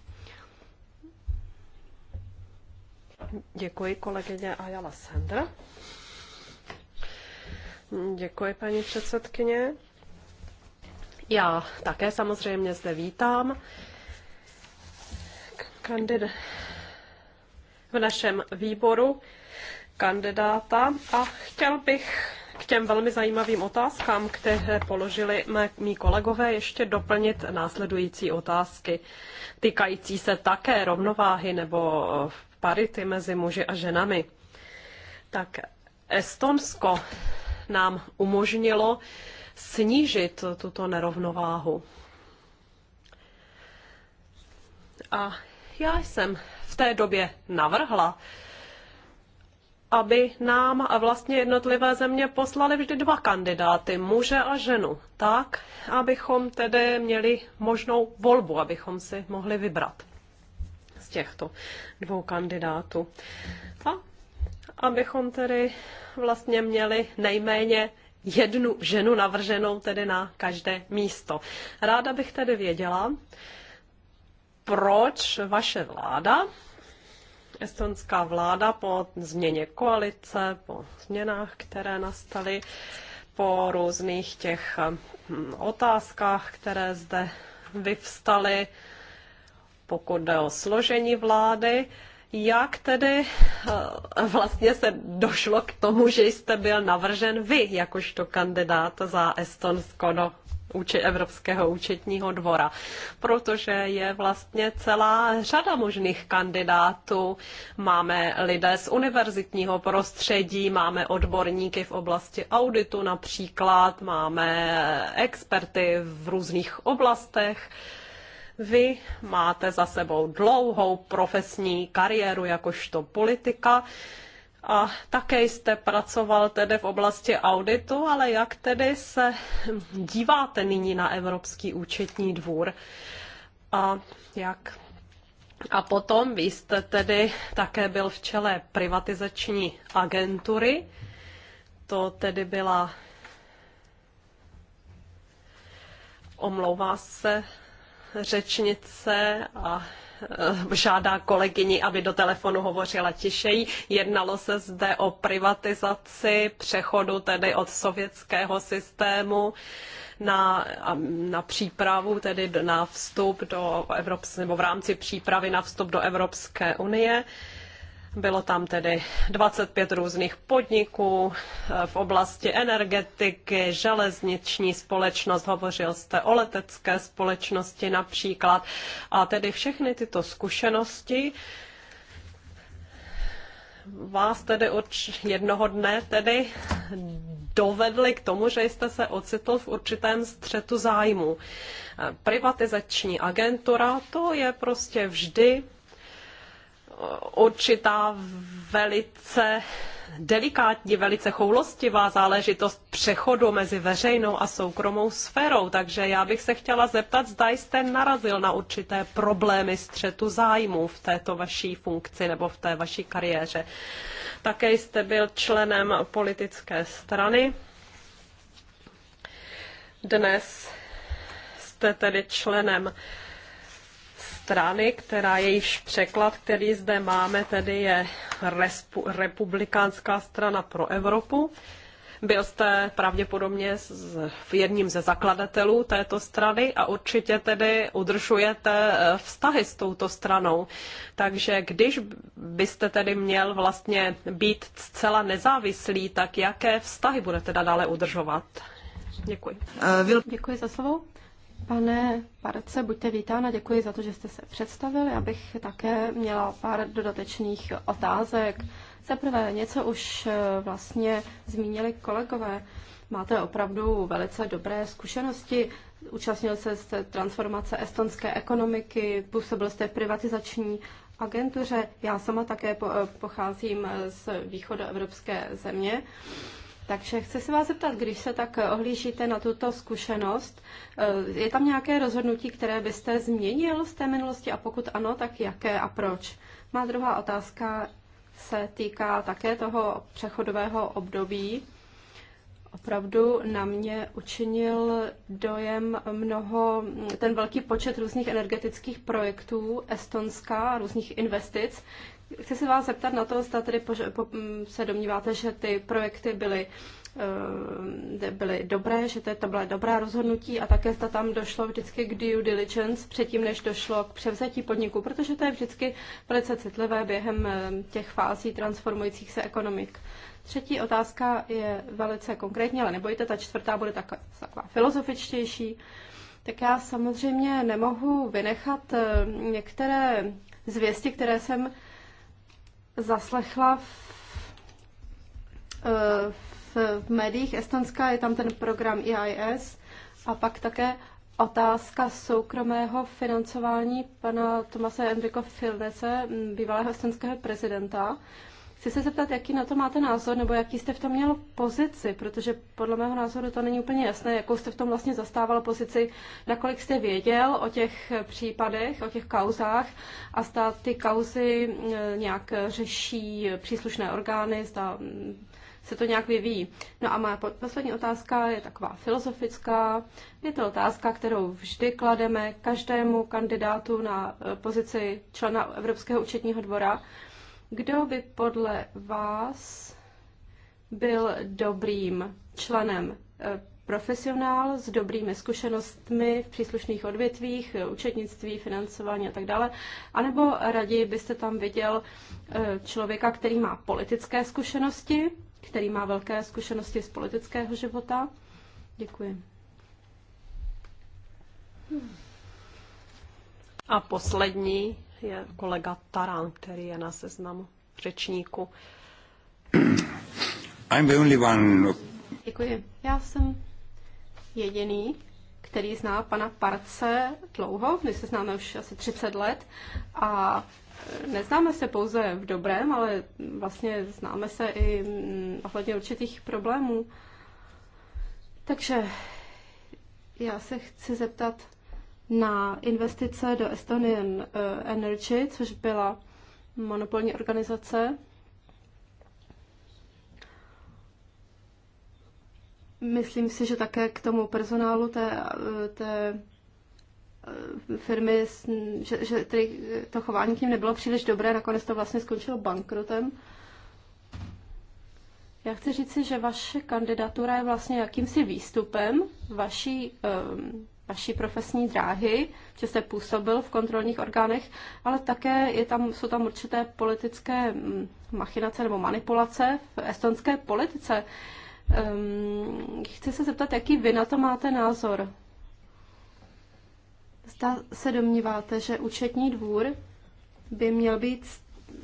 Děkuji kolegyně Ajala Sender. Děkuji paní předsedkyně. Já také samozřejmě zde vítám kandid- v našem výboru kandidáta a chtěl bych k těm velmi zajímavým otázkám, které položili mé, mý kolegové, ještě doplnit následující otázky týkající se také rovnováhy nebo parity mezi muži a ženami. Tak Estonsko nám umožnilo snížit tuto nerovnováhu. A já jsem té době navrhla, aby nám a vlastně jednotlivé země poslali vždy dva kandidáty, muže a ženu, tak, abychom tedy měli možnou volbu, abychom si mohli vybrat z těchto dvou kandidátů. A abychom tedy vlastně měli nejméně jednu ženu navrženou tedy na každé místo. Ráda bych tedy věděla, proč vaše vláda estonská vláda po změně koalice, po změnách, které nastaly, po různých těch hm, otázkách, které zde vyvstaly, pokud jde o složení vlády, jak tedy eh, vlastně se došlo k tomu, že jste byl navržen vy jakožto kandidát za Estonsko do no, Evropského účetního dvora, protože je vlastně celá řada možných kandidátů. Máme lidé z univerzitního prostředí, máme odborníky v oblasti auditu například, máme experty v různých oblastech. Vy máte za sebou dlouhou profesní kariéru jakožto politika. A také jste pracoval tedy v oblasti auditu, ale jak tedy se díváte nyní na Evropský účetní dvůr? A jak a potom vy jste tedy také byl v čele privatizační agentury. To tedy byla. Omlouvá se řečnice a Eh, žádá kolegyni, aby do telefonu hovořila tišeji. Jednalo se zde o privatizaci přechodu tedy od sovětského systému na, na přípravu, tedy na vstup do Evropské, nebo v rámci přípravy na vstup do Evropské unie. Uh, bylo tam tedy 25 různých podniků eh, v oblasti energetiky, železniční společnost, hovořil jste o letecké společnosti například. A tedy všechny tyto zkušenosti vás tedy od jednoho dne tedy dovedly k tomu, že jste se ocitl v určitém střetu zájmu. Eh, privatizační agentura, to je prostě vždy určitá velice delikátní, velice choulostivá záležitost přechodu mezi veřejnou a soukromou sférou. Takže já bych se chtěla zeptat, zda jste narazil na určité problémy střetu zájmů v této vaší funkci nebo v té vaší kariéře. Také jste byl členem politické strany. Dnes jste tedy členem strany, která jejíž překlad, který zde máme, tedy je Republikánská strana pro Evropu. Byl jste pravděpodobně jedním ze zakladatelů této strany a určitě tedy udržujete e, vztahy s touto stranou. Takže když byste tedy měl vlastně být zcela nezávislý, tak jaké vztahy budete nadále udržovat? Děkuji. Uh, Děkuji za slovo. Pane Parce, buďte vítána, děkuji za to, že jste se představili. Abych také měla pár dodatečných otázek. Zaprvé něco už eh, vlastně zmínili kolegové. Máte opravdu velice dobré zkušenosti. Účastnil se, z transformace estonské ekonomiky, působil jste v privatizační agentuře. Já sama také eh, pocházím z východoevropské země. evropské země. Takže chci se vás zeptat, když se tak ohlížíte na tuto zkušenost, eh, je tam nějaké rozhodnutí, které byste změnil z té minulosti a pokud ano, tak jaké a proč? Má druhá otázka se týká také toho přechodového období. Opravdu na mě učinil dojem mnoho, ten velký počet různých energetických projektů Estonska, různých investic. Chci se vás zeptat na to, zda tedy po, po, mm, se domníváte, že ty projekty byly, eh, byly dobré, že to, to byla dobrá rozhodnutí a také zda tam došlo vždycky k due diligence předtím, než došlo k převzetí podniku, protože to je vždycky velice citlivé během eh, těch fází transformujících se ekonomik. Třetí otázka je velice konkrétní, ale nebojte, ta čtvrtá bude taková, taková filozofičtější. Tak já samozřejmě nemohu vynechat eh, některé zvěsti, které jsem zaslechla v, v, eh, v médiích Estonska, je tam ten program EIS a pak také otázka soukromého financování pana Tomase Enrico Filnese, bývalého estonského prezidenta. Chci se zeptat, jaký na to máte názor, nebo jaký jste v tom měl pozici, protože podle mého názoru to není úplně jasné, jakou jste v tom vlastně zastával pozici, nakolik jste věděl o těch případech, o těch kauzách a zda ty kauzy eh, nějak řeší příslušné orgány, zda mm, se to nějak vyvíjí. No a má poslední otázka je taková filozofická. Je to otázka, kterou vždy klademe každému kandidátu na eh, pozici člena Evropského účetního dvora. Kdo by podle vás byl dobrým členem? Eh, profesionál s dobrými zkušenostmi v příslušných odvětvích, účetnictví, financování a tak dále, anebo raději byste tam viděl eh, člověka, který má politické zkušenosti, který má velké zkušenosti z politického života? Děkuji. A poslední je kolega Taran, který je na seznamu řečníku. I'm the only one. Děkuji. Já jsem jediný, který zná pana Parce dlouho, my se známe už asi 30 let a e, neznáme se pouze v dobrém, ale vlastně známe se i mm, ohledně určitých problémů. Takže já se chci zeptat, na investice do Estonian eh, Energy, což byla monopolní organizace. Myslím si, že také k tomu personálu té, eh, té eh, firmy, že, že tedy to chování k ním nebylo příliš dobré, nakonec to vlastně skončilo bankrotem. Já chci říci, že vaše kandidatura je vlastně jakýmsi výstupem vaší um, vaší profesní dráhy, že jste působil v kontrolních orgánech, ale také je tam, jsou tam určité politické mm, machinace nebo manipulace v estonské politice. Um, chci se zeptat, jaký vy na to máte názor? Zda se domníváte, že účetní dvůr by měl být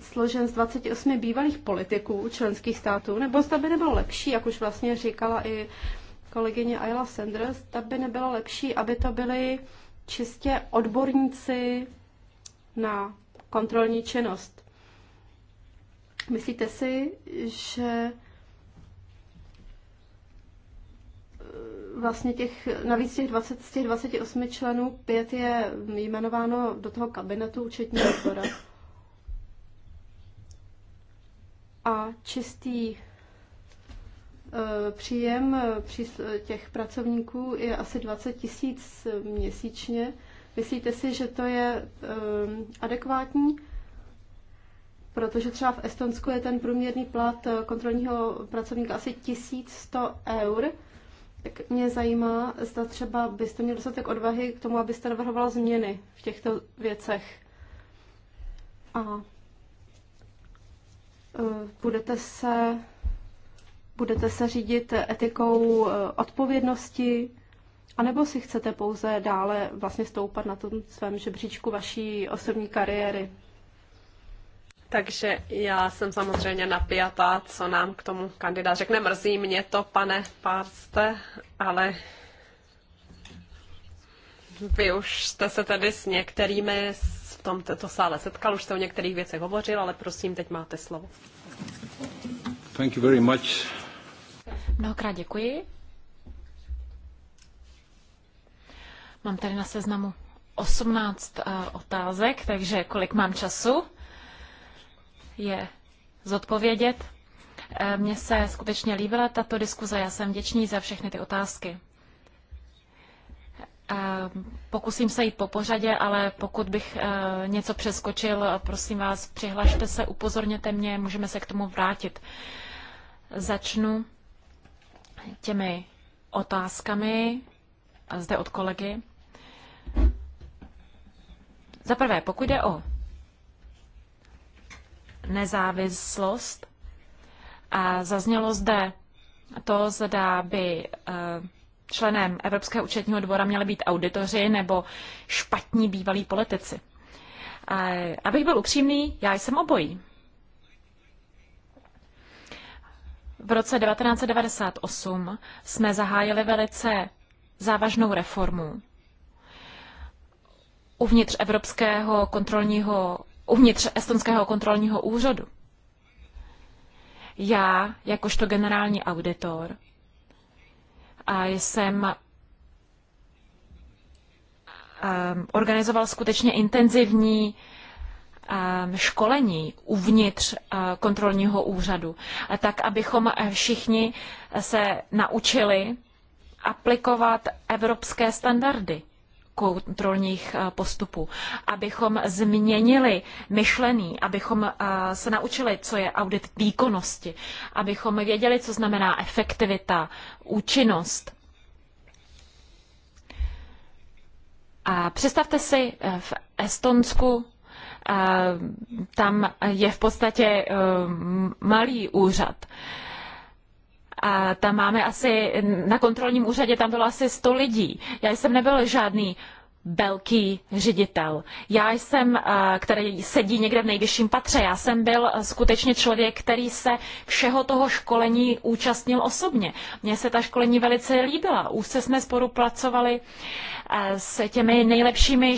složen z 28 bývalých politiků členských států, nebo zda by nebylo lepší, jak už vlastně říkala i kolegyně Ayla Sanders, ta by nebylo lepší, aby to byli čistě odborníci na kontrolní činnost. Myslíte si, že eh, vlastně těch, navíc těch 20, z těch 28 členů, pět je jmenováno do toho kabinetu účetního odbora. A čistý Eh, příjem eh, eh, těch pracovníků je asi 20 tisíc měsíčně. Myslíte si, že to je adekvátní? Protože třeba v Estonsku je ten průměrný plat kontrolního pracovníka asi 1100 eur. Tak mě zajímá, zda třeba byste měl dostatek odvahy k tomu, abyste navrhovala změny v těchto věcech. A budete se Budete se řídit etikou eh, odpovědnosti, anebo si chcete pouze dále vlastně stoupat na tom svém žebříčku vaší osobní kariéry? Takže já jsem samozřejmě napjatá, co nám k tomu kandidát řekne. Mrzí mě to, pane Párste, ale vy už jste se tady s některými v tomto sále setkal, už jste o některých věcech hovořil, ale prosím, teď máte slovo. Thank you very much. Mnohokrát děkuji. Mám tady na seznamu 18 eh, otázek, takže kolik mám času je zodpovědět. Eh, mně se skutečně líbila tato diskuze, já jsem vděčný za všechny ty otázky. Eh, pokusím se jít po pořadě, ale pokud bych něco přeskočil, prosím vás, přihlašte se, upozorněte mě, můžeme se k tomu vrátit. Začnu těmi otázkami zde od kolegy. Za prvé, pokud jde o nezávislost, a zaznělo zde to, zda by eh, členem Evropského účetního dvora měli být auditoři nebo špatní bývalí politici. Eh, abych byl upřímný, já jsem obojí. V roce 1998 jsme zahájili velice závažnou reformu uvnitř Evropského kontrolního, uvnitř Estonského kontrolního úřadu. Já, jakožto generální auditor, a jsem organizoval skutečně intenzivní Um, školení uvnitř uh, kontrolního úřadu, tak abychom uh, všichni se naučili aplikovat evropské standardy kontrolních uh, postupů, abychom změnili myšlení, abychom se naučili, co je audit výkonnosti, abychom věděli, co znamená efektivita, účinnost. A představte si v Estonsku tam je v podstatě eh, malý úřad. A tam máme asi, na kontrolním úřadě tam bylo asi 100 lidí. Já jsem nebyl žádný velký ředitel. Já jsem, eh, který sedí někde v nejvyšším patře, já jsem byl eh, skutečně člověk, který se všeho toho školení účastnil osobně. Mně se ta školení velice líbila. se jsme spolupracovali s eh, těmi nejlepšími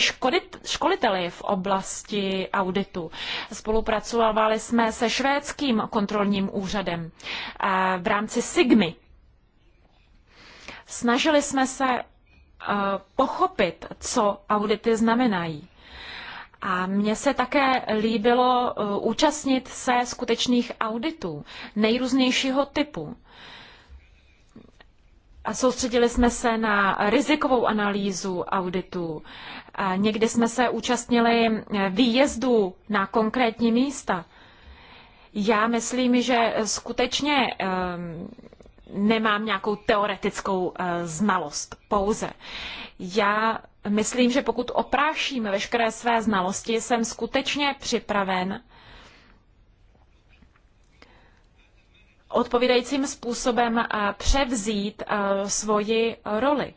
školiteli v oblasti auditu. Spolupracovali jsme se švédským kontrolním úřadem v rámci SIGMY. Snažili jsme se pochopit, co audity znamenají. A mně se také líbilo e, účastnit se skutečných auditů nejrůznějšího typu. A soustředili jsme se na rizikovou analýzu auditu. A někdy jsme se účastnili výjezdu na konkrétní místa. Já myslím, že skutečně nemám nějakou teoretickou eh, znalost pouze. Já myslím, že pokud opráším veškeré své znalosti, jsem skutečně připraven odpovídajícím způsobem eh, převzít eh, svoji roli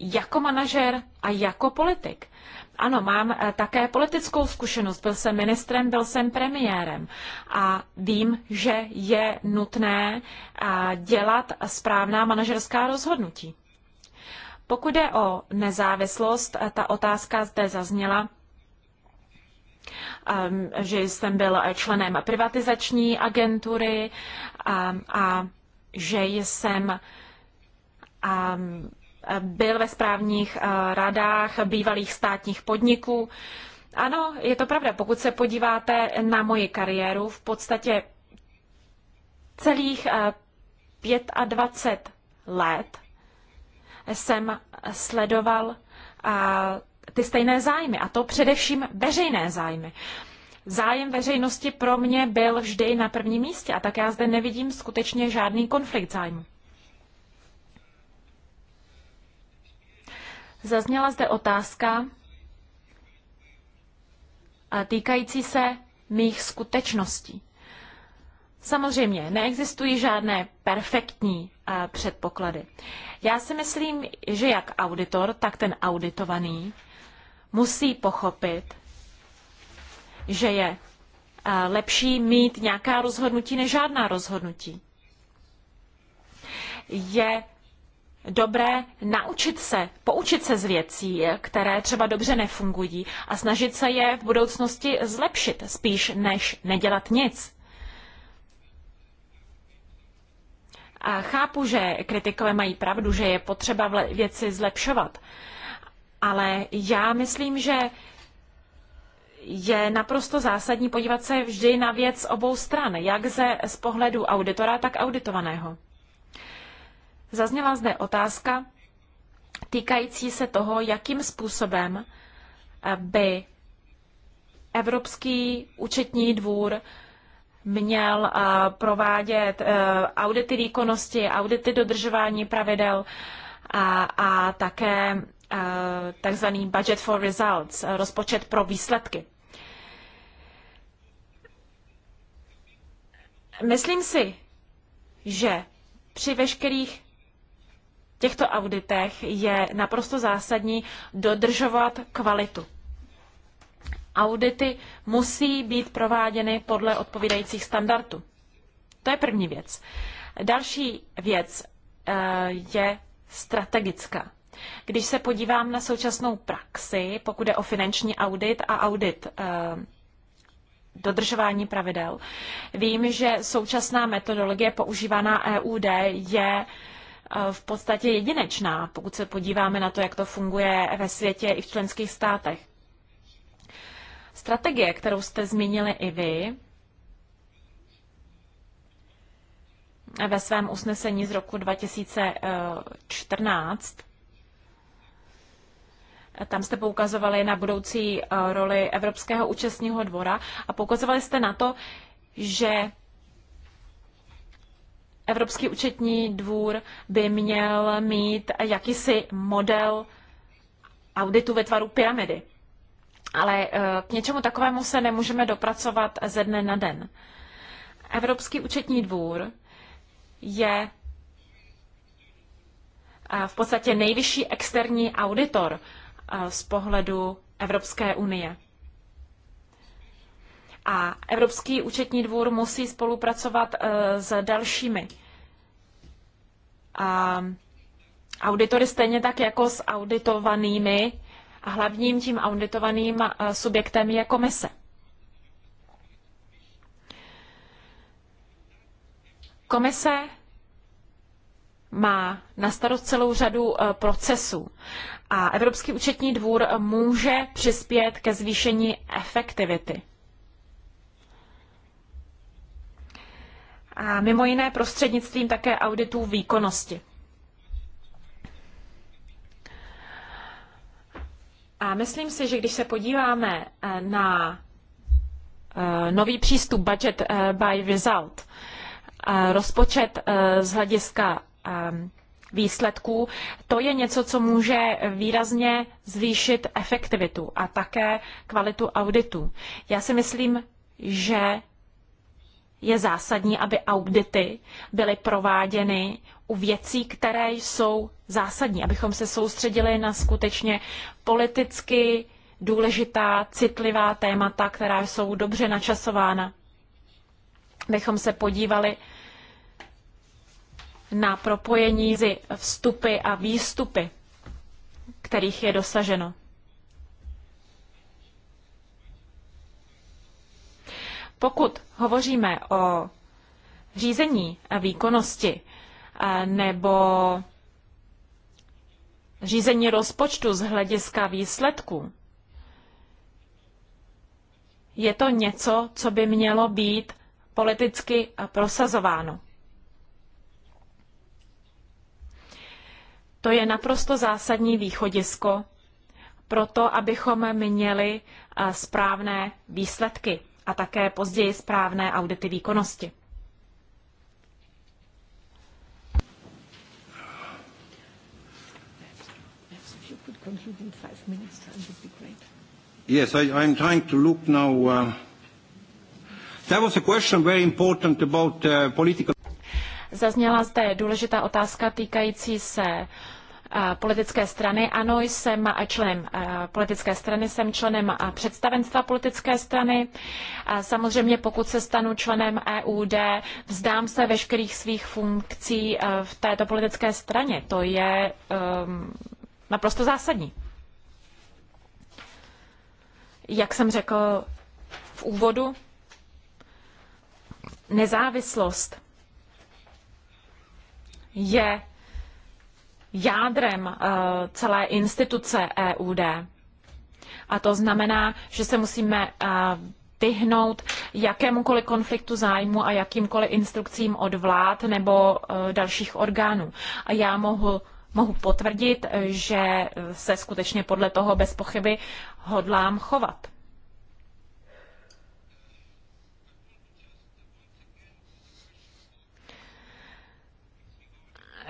jako manažer a jako politik. Ano, mám eh, také politickou zkušenost. Byl jsem ministrem, byl jsem premiérem a vím, že je nutné eh, dělat správná manažerská rozhodnutí. Pokud je o nezávislost, eh, ta otázka zde zazněla, ehm, že jsem byl členem privatizační agentury a, ehm, a že jsem a, ehm, byl ve správních eh, radách bývalých státních podniků. Ano, je to pravda. Pokud se podíváte na moji kariéru, v podstatě celých 25 eh, let jsem sledoval eh, ty stejné zájmy, a to především veřejné zájmy. Zájem veřejnosti pro mě byl vždy na prvním místě a tak já zde nevidím skutečně žádný konflikt zájmu. Zazněla zde otázka týkající se mých skutečností. Samozřejmě, neexistují žádné perfektní předpoklady. Já si myslím, že jak auditor, tak ten auditovaný musí pochopit, že je lepší mít nějaká rozhodnutí než žádná rozhodnutí. Je dobré naučit se, poučit se z věcí, které třeba dobře nefungují a snažit se je v budoucnosti zlepšit, spíš než nedělat nic. A chápu, že kritikové mají pravdu, že je potřeba věci zlepšovat, ale já myslím, že je naprosto zásadní podívat se vždy na věc obou stran, jak ze z pohledu auditora, tak auditovaného. Zazněla zde otázka týkající se toho, jakým způsobem eh, by Evropský účetní dvůr měl eh, provádět eh, audity výkonnosti, audity dodržování pravidel a, a také takzvaný budget for results, rozpočet pro výsledky. Myslím si, že při veškerých těchto auditech je naprosto zásadní dodržovat kvalitu. Audity musí být prováděny podle odpovídajících standardů. To je první věc. Další věc eh, je strategická. Když se podívám na současnou praxi, pokud je o finanční audit a audit eh, dodržování pravidel, vím, že současná metodologie používaná EUD je v podstatě jedinečná, pokud se podíváme na to, jak to funguje ve světě i v členských státech. Strategie, kterou jste zmínili i vy, ve svém usnesení z roku 2014, tam jste poukazovali na budoucí eh, roli Evropského účastního dvora a poukazovali jste na to, že Evropský účetní dvůr by měl mít jakýsi model auditu ve tvaru pyramidy. Ale eh, k něčemu takovému se nemůžeme dopracovat ze dne na den. Evropský účetní dvůr je eh, v podstatě nejvyšší externí auditor eh, z pohledu Evropské unie. A Evropský účetní dvůr musí spolupracovat s dalšími a auditory stejně tak jako s auditovanými a hlavním tím auditovaným eh, subjektem je komise. Komise má na starost celou řadu eh, procesů a Evropský účetní dvůr může přispět ke zvýšení efektivity. a mimo jiné prostřednictvím také auditů výkonnosti. A myslím si, že když se podíváme eh, na eh, nový přístup budget eh, by result, rozpočet z hlediska výsledků, to je něco, co může výrazně zvýšit efektivitu a také kvalitu auditu. Já si myslím, že je zásadní, aby audity byly prováděny u věcí, které jsou zásadní, abychom se soustředili na skutečně politicky důležitá, citlivá témata, která jsou dobře načasována. Bychom se podívali na propojení vstupy a výstupy, kterých je dosaženo. Pokud hovoříme o řízení a výkonnosti nebo řízení rozpočtu z hlediska výsledků, je to něco, co by mělo být politicky prosazováno. To je naprosto zásadní východisko pro to, abychom měli správné výsledky a také později správné audity výkonnosti. Yes, I, I'm trying to look now. Uh, there was a question very important about uh, political. Zazněla zde důležitá otázka týkající se uh, politické strany. Ano, jsem členem politické strany, jsem členem představenstva politické strany. Samozřejmě pokud se stanu členem EUD, vzdám se veškerých svých funkcí e, v této politické straně. To je ehm, naprosto zásadní. Jak jsem řekl v úvodu, nezávislost je jádrem eh, celé instituce EUD. A to znamená, že se musíme eh, vyhnout jakémukoliv konfliktu zájmu a jakýmkoliv instrukcím od vlád nebo eh, dalších orgánů. A já mohu, mohu potvrdit, že se skutečně podle toho bez pochyby hodlám chovat.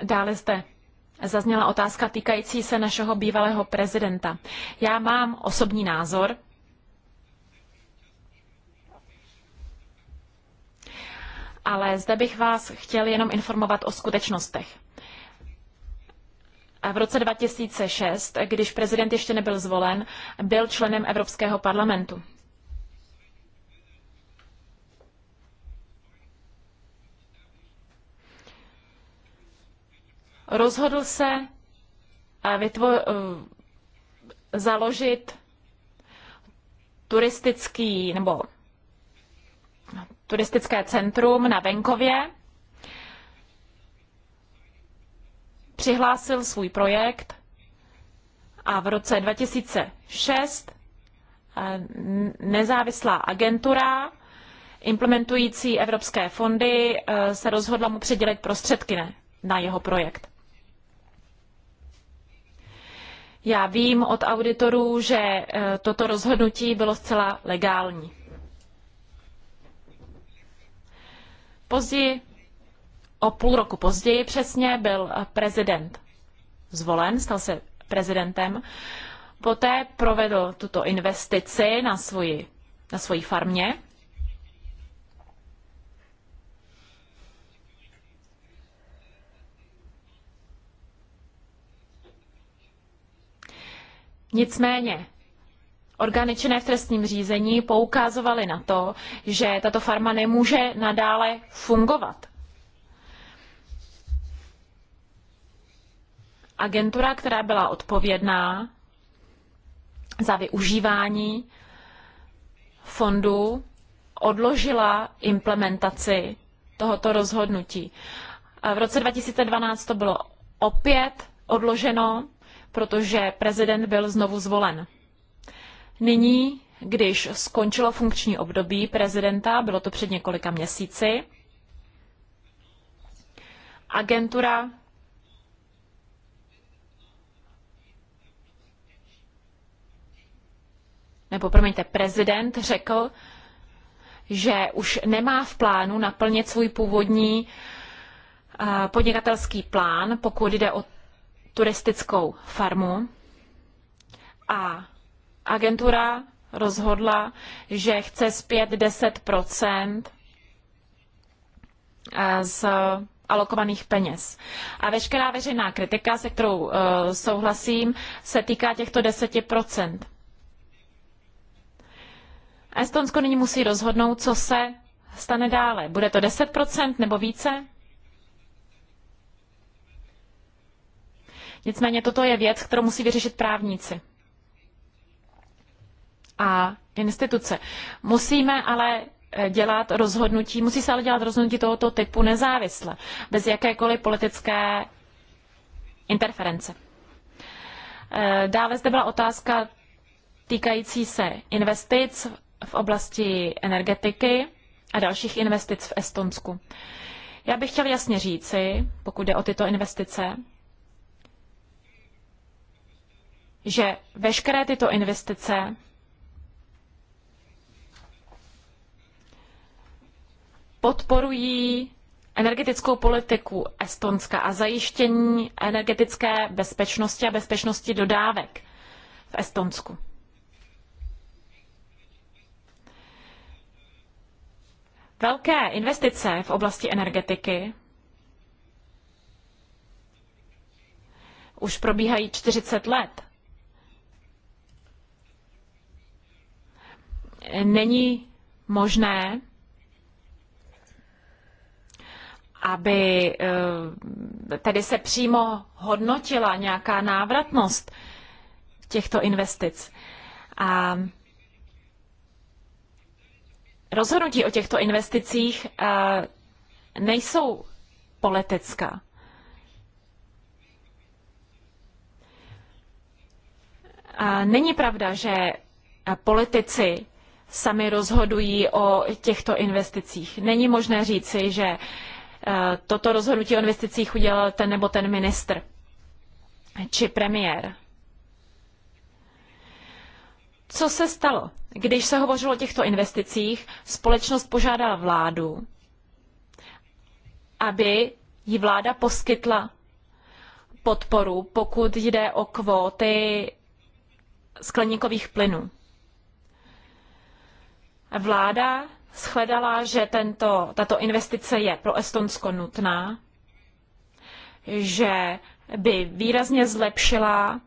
Dále jste zazněla otázka týkající se našeho bývalého prezidenta. Já mám osobní názor. Ale zde bych vás chtěl jenom informovat o skutečnostech. A v roce 2006, když prezident ještě nebyl zvolen, byl členem Evropského parlamentu. rozhodl se eh, vytvo- eh, založit turistický nebo turistické centrum na venkově. Přihlásil svůj projekt a v roce 2006 eh, nezávislá agentura implementující evropské fondy se rozhodla mu přidělit prostředky na jeho projekt. Já vím od auditorů, že eh, toto rozhodnutí bylo zcela legální. Později, o půl roku později přesně, byl eh, prezident zvolen, stal se prezidentem. Poté provedl tuto investici na svoji, na svoji farmě Nicméně orgány činné v trestním řízení poukazovaly na to, že tato farma nemůže nadále fungovat. Agentura, která byla odpovědná za využívání fondu, odložila implementaci tohoto rozhodnutí. V roce 2012 to bylo opět odloženo protože prezident byl znovu zvolen. Nyní, když skončilo funkční období prezidenta, bylo to před několika měsíci, agentura nebo promiňte, prezident řekl, že už nemá v plánu naplnit svůj původní eh, podnikatelský plán, pokud jde o turistickou farmu a agentura rozhodla, že chce zpět 10 eh, z alokovaných peněz. A veškerá veřejná kritika, se kterou eh, souhlasím, se týká těchto 10 Estonsko nyní musí rozhodnout, co se stane dále. Bude to 10 nebo více? Nicméně toto je věc, kterou musí vyřešit právníci a instituce. Musíme ale eh, dělat rozhodnutí, musí se ale dělat rozhodnutí tohoto typu nezávisle, bez jakékoliv politické interference. Eh, dále zde byla otázka týkající se investic v oblasti energetiky a dalších investic v Estonsku. Já bych chtěl jasně říci, pokud jde o tyto investice, že veškeré tyto investice podporují energetickou politiku Estonska a zajištění energetické bezpečnosti a bezpečnosti dodávek v Estonsku. Velké investice v oblasti energetiky už probíhají 40 let. není možné, aby eh, tedy se přímo hodnotila nějaká návratnost těchto investic. A rozhodnutí o těchto investicích eh, nejsou politická. A není pravda, že politici sami rozhodují o těchto investicích. Není možné říci, že eh, toto rozhodnutí o investicích udělal ten nebo ten ministr či premiér. Co se stalo? Když se hovořilo o těchto investicích, společnost požádala vládu, aby jí vláda poskytla podporu, pokud jde o kvóty skleníkových plynů. Vláda shledala, že tento, tato investice je pro Estonsko nutná, že by výrazně zlepšila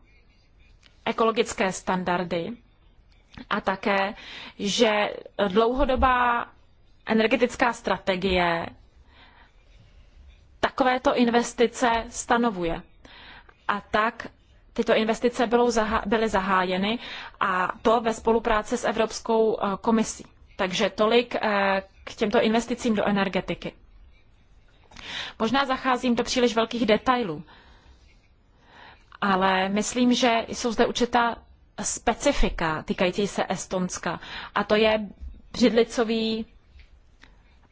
ekologické standardy a také, že dlouhodobá energetická strategie takovéto investice stanovuje. A tak tyto investice byly zahájeny a to ve spolupráci s Evropskou eh, komisí. Takže tolik eh, k těmto investicím do energetiky. Možná zacházím do příliš velkých detailů, ale myslím, že jsou zde určitá specifika týkající se Estonska a to je břidlicový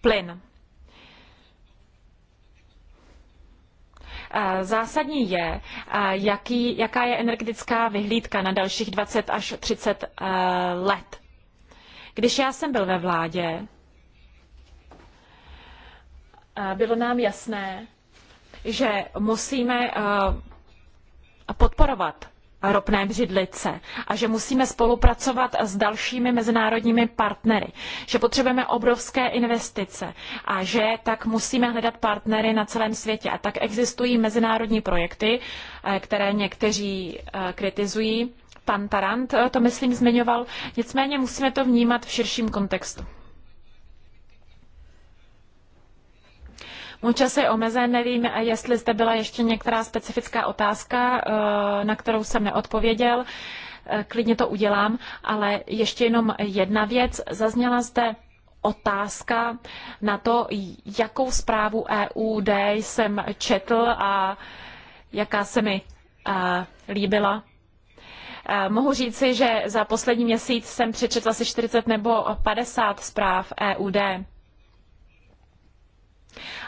plyn. Eh, zásadní je, eh, jaký, jaká je energetická vyhlídka na dalších 20 až 30 let. Když já jsem byl ve vládě, eh, bylo nám jasné, že musíme eh, podporovat ropné břidlice a že musíme spolupracovat s dalšími mezinárodními partnery, že potřebujeme obrovské investice a že tak musíme hledat partnery na celém světě. A tak existují mezinárodní projekty, eh, které někteří kritizují, pan Tarant eh, to, myslím, zmiňoval. Nicméně musíme to vnímat v širším kontextu. Můj čas je omezen, nevím, jestli zde byla ještě některá specifická otázka, eh, na kterou jsem neodpověděl. Eh, klidně to udělám, ale ještě jenom jedna věc. Zazněla zde otázka na to, jakou zprávu EUD jsem četl a jaká se mi líbila. Mohu říci, že za poslední měsíc jsem přečetla asi 40 nebo 50 zpráv EUD.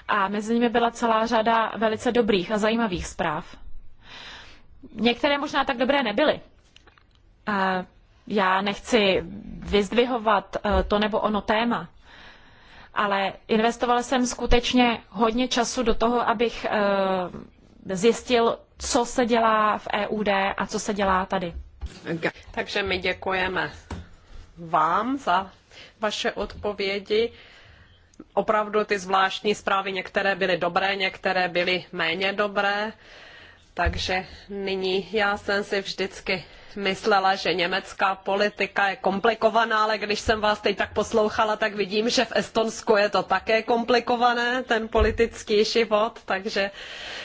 A mezi nimi byla celá řada velice dobrých a zajímavých zpráv. Některé možná tak dobré nebyly. Já nechci vyzdvihovat e, to nebo ono téma, ale investovala jsem skutečně hodně času do toho, abych e, zjistil, co se dělá v EUD a co se dělá tady. Takže my děkujeme vám za vaše odpovědi. Opravdu ty zvláštní zprávy, některé byly dobré, některé byly méně dobré. Takže nyní já jsem si vždycky myslela, že německá politika je komplikovaná, ale když jsem vás teď tak poslouchala, tak vidím, že v Estonsku je to také komplikované, ten politický život, takže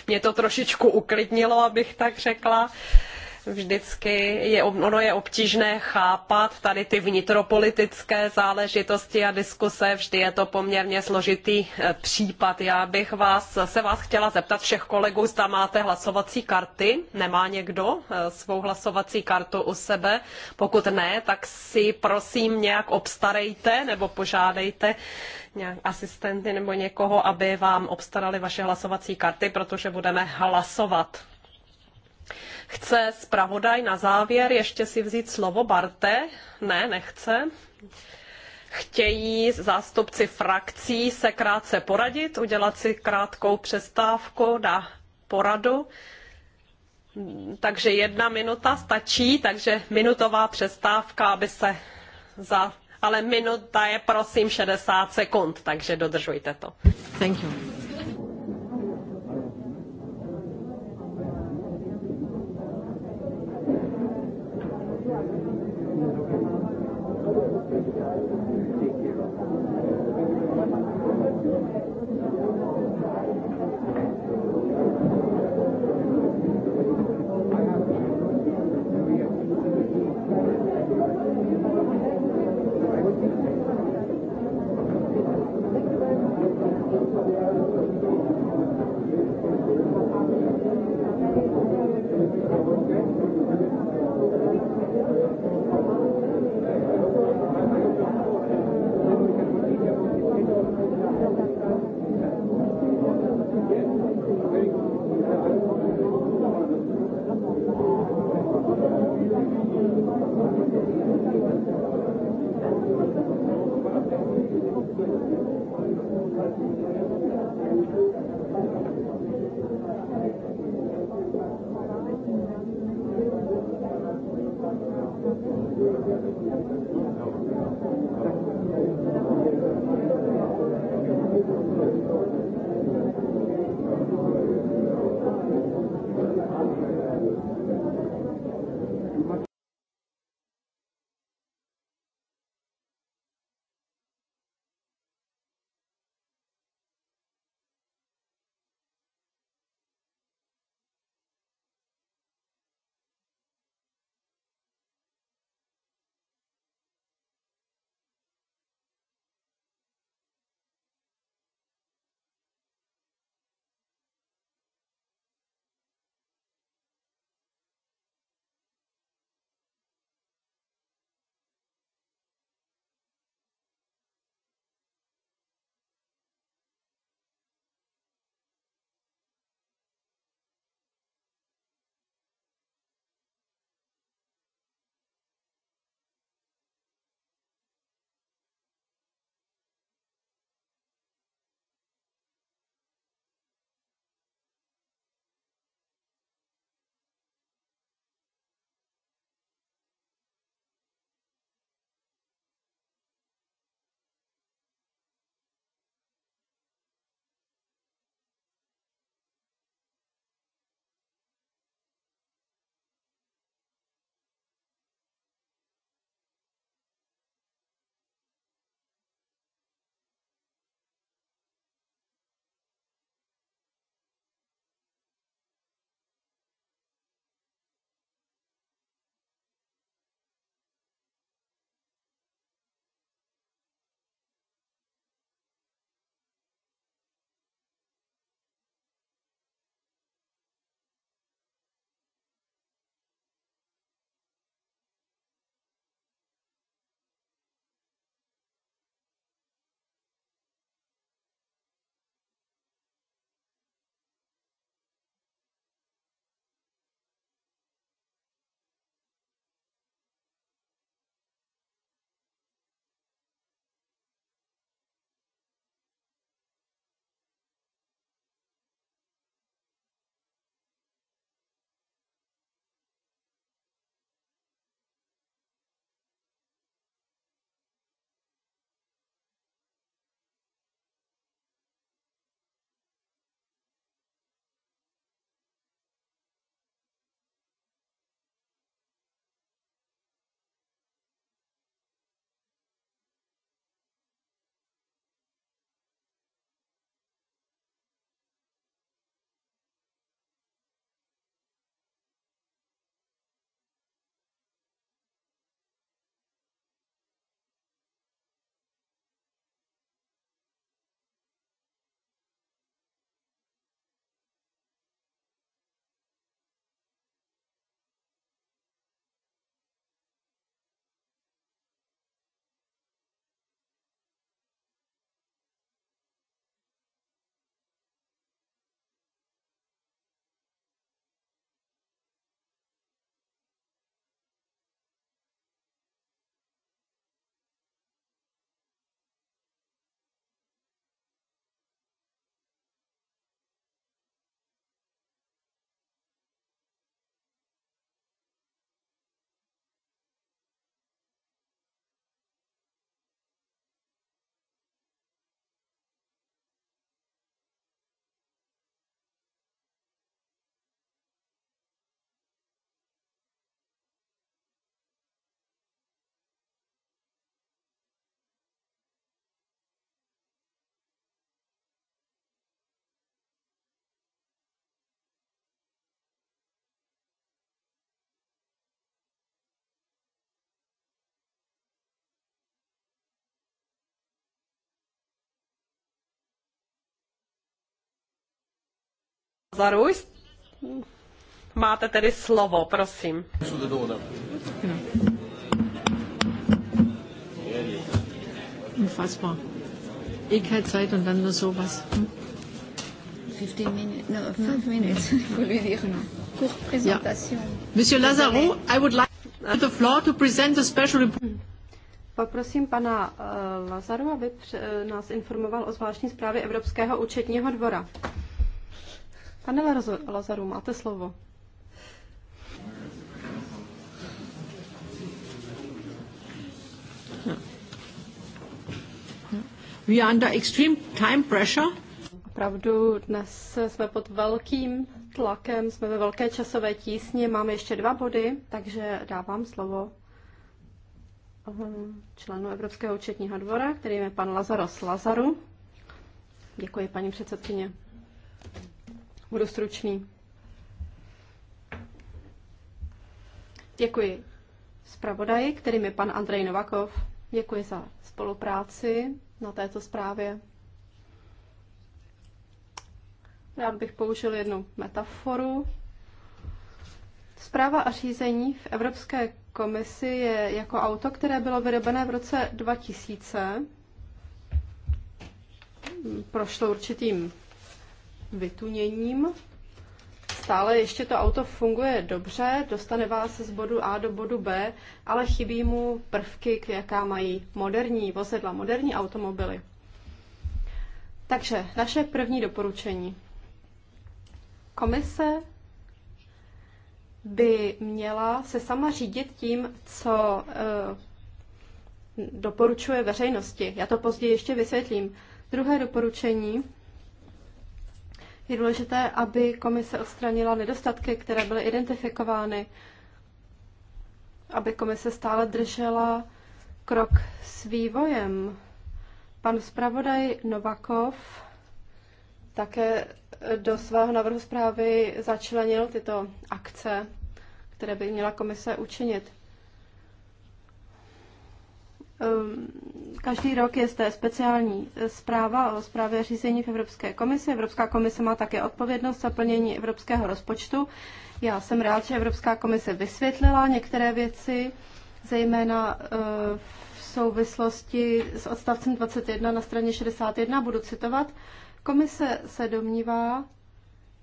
mě to trošičku uklidnilo, abych tak řekla vždycky je, ono je obtížné chápat tady ty vnitropolitické záležitosti a diskuse, vždy je to poměrně složitý eh, případ. Já bych vás, se vás chtěla zeptat všech kolegů, zda máte hlasovací karty, nemá někdo eh, svou hlasovací kartu u sebe, pokud ne, tak si prosím nějak obstarejte nebo požádejte nějak asistenty nebo někoho, aby vám obstarali vaše hlasovací karty, protože budeme hlasovat. Chce zpravodaj na závěr ještě si vzít slovo Barte? Ne, nechce. Chtějí zástupci frakcí se krátce poradit, udělat si krátkou přestávku na poradu. Takže jedna minuta stačí, takže minutová přestávka, aby se za... Ale minuta je prosím 60 sekund, takže dodržujte to. Thank you. Zaruj, máte tedy slovo, prosím. Unfassbar. Ich hätte Zeit und dann nur sowas. Hm? 15 no, minutes, no, 5 minutes, ich wollte Ja. Monsieur Lazaro, I would like the floor to present a special report. Hmm. Poprosím pana uh, Lazaru, aby eh, nás informoval o zvláštní zprávě Evropského účetního dvora. Pane Lazaru, máte slovo. We are under extreme time pressure. Opravdu dnes jsme pod velkým tlakem, jsme ve velké časové tísni, máme ještě dva body, takže dávám slovo ehm, členu Evropského účetního dvora, kterým je pan Lazaros Lazaru. Děkuji, paní předsedkyně. Budu stručný. Děkuji zpravodaji, kterým je pan Andrej Novakov. Děkuji za spolupráci na této zprávě. Rád bych použil jednu metaforu. Zpráva a řízení v Evropské komisi je jako auto, které bylo vyrobené v roce 2000. Prošlo určitým vytuněním. Stále ještě to auto funguje dobře, dostane vás z bodu A do bodu B, ale chybí mu prvky, jaká mají moderní vozidla, moderní automobily. Takže naše první doporučení. Komise by měla se sama řídit tím, co eh, doporučuje veřejnosti. Já to později ještě vysvětlím. Druhé doporučení je důležité, aby komise odstranila nedostatky, které byly identifikovány, aby komise stále držela krok s vývojem. Pan zpravodaj Novakov také do svého návrhu zprávy začlenil tyto akce, které by měla komise učinit. Ehm, každý rok je zde speciální zpráva o zprávě řízení v Evropské komisi. Evropská komise má také odpovědnost za plnění evropského rozpočtu. Já jsem rád, že Evropská komise vysvětlila některé věci, zejména ehm, v souvislosti s odstavcem 21 na straně 61. Budu citovat. Komise se domnívá,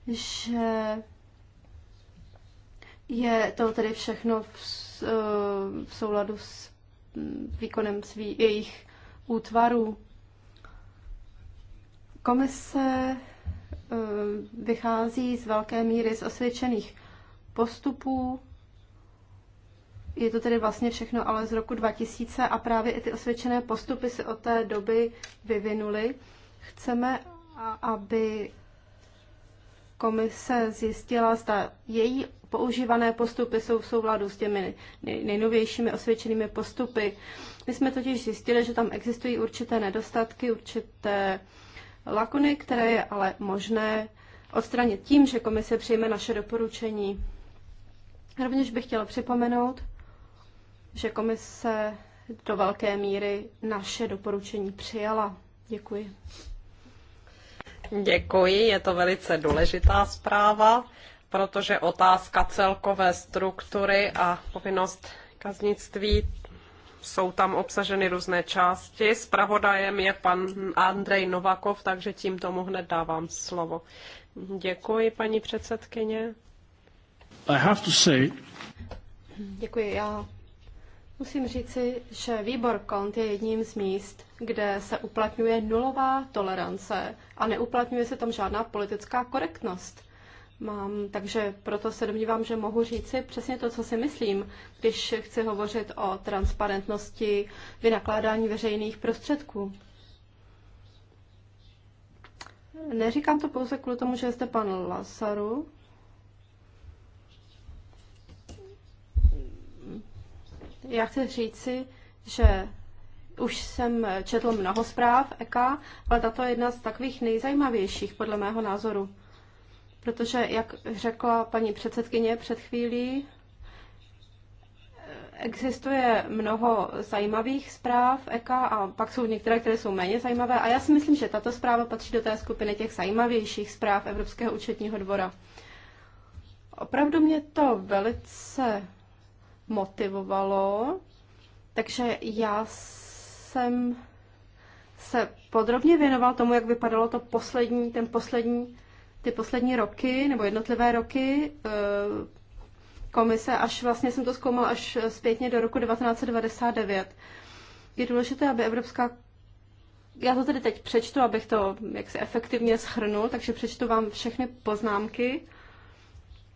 že je to tedy všechno v, ehm, v souladu s výkonem svých jejich útvarů. Komise eh, vychází z velké míry z osvědčených postupů. Je to tedy vlastně všechno ale z roku 2000 a právě i ty osvědčené postupy se od té doby vyvinuly. Chceme, aby komise zjistila, zda její používané postupy jsou v souladu s těmi nejnovějšími osvědčenými postupy. My jsme totiž zjistili, že tam existují určité nedostatky, určité lakuny, které je ale možné odstranit tím, že komise přijme naše doporučení. Rovněž bych chtěla připomenout, že komise do velké míry naše doporučení přijala. Děkuji. Děkuji, je to velice důležitá zpráva protože otázka celkové struktury a povinnost kaznictví jsou tam obsaženy různé části. Spravodajem je pan Andrej Novakov, takže tím tomu hned dávám slovo. Děkuji, paní předsedkyně. I have to say... Děkuji, já musím říci, že výbor kont je jedním z míst, kde se uplatňuje nulová tolerance a neuplatňuje se tam žádná politická korektnost mám, takže proto se domnívám, že mohu říci přesně to, co si myslím, když chci hovořit o transparentnosti vynakládání veřejných prostředků. Neříkám to pouze kvůli tomu, že jste pan Lasaru. Já chci říci, že už jsem četl mnoho zpráv EK, ale tato je jedna z takových nejzajímavějších, podle mého názoru protože, jak řekla paní předsedkyně před chvílí, existuje mnoho zajímavých zpráv EKA a pak jsou některé, které jsou méně zajímavé. A já si myslím, že tato zpráva patří do té skupiny těch zajímavějších zpráv Evropského účetního dvora. Opravdu mě to velice motivovalo, takže já jsem se podrobně věnoval tomu, jak vypadalo to poslední, ten poslední ty poslední roky nebo jednotlivé roky eh, komise, až vlastně jsem to zkoumal až zpětně do roku 1999. Je důležité, aby Evropská já to tedy teď přečtu, abych to jaksi efektivně schrnul, takže přečtu vám všechny poznámky,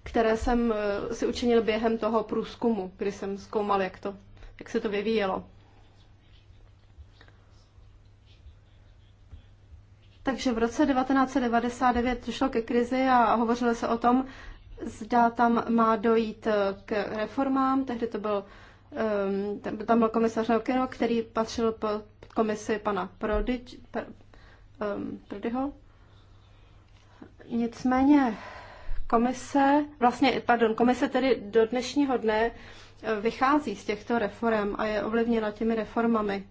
které jsem eh, si učinil během toho průzkumu, kdy jsem zkoumal, jak, to, jak se to vyvíjelo. Takže v roce 1999 došlo ke krizi a hovořilo se o tom, zda tam má dojít eh, k reformám. Tehdy to byl, ehm, tam byl komisař Naukino, který patřil pod komisi pana Prody, pr, um, ehm, Prodyho. Nicméně komise, vlastně, pardon, komise tedy do dnešního dne eh, vychází z těchto reform a je ovlivněna těmi reformami.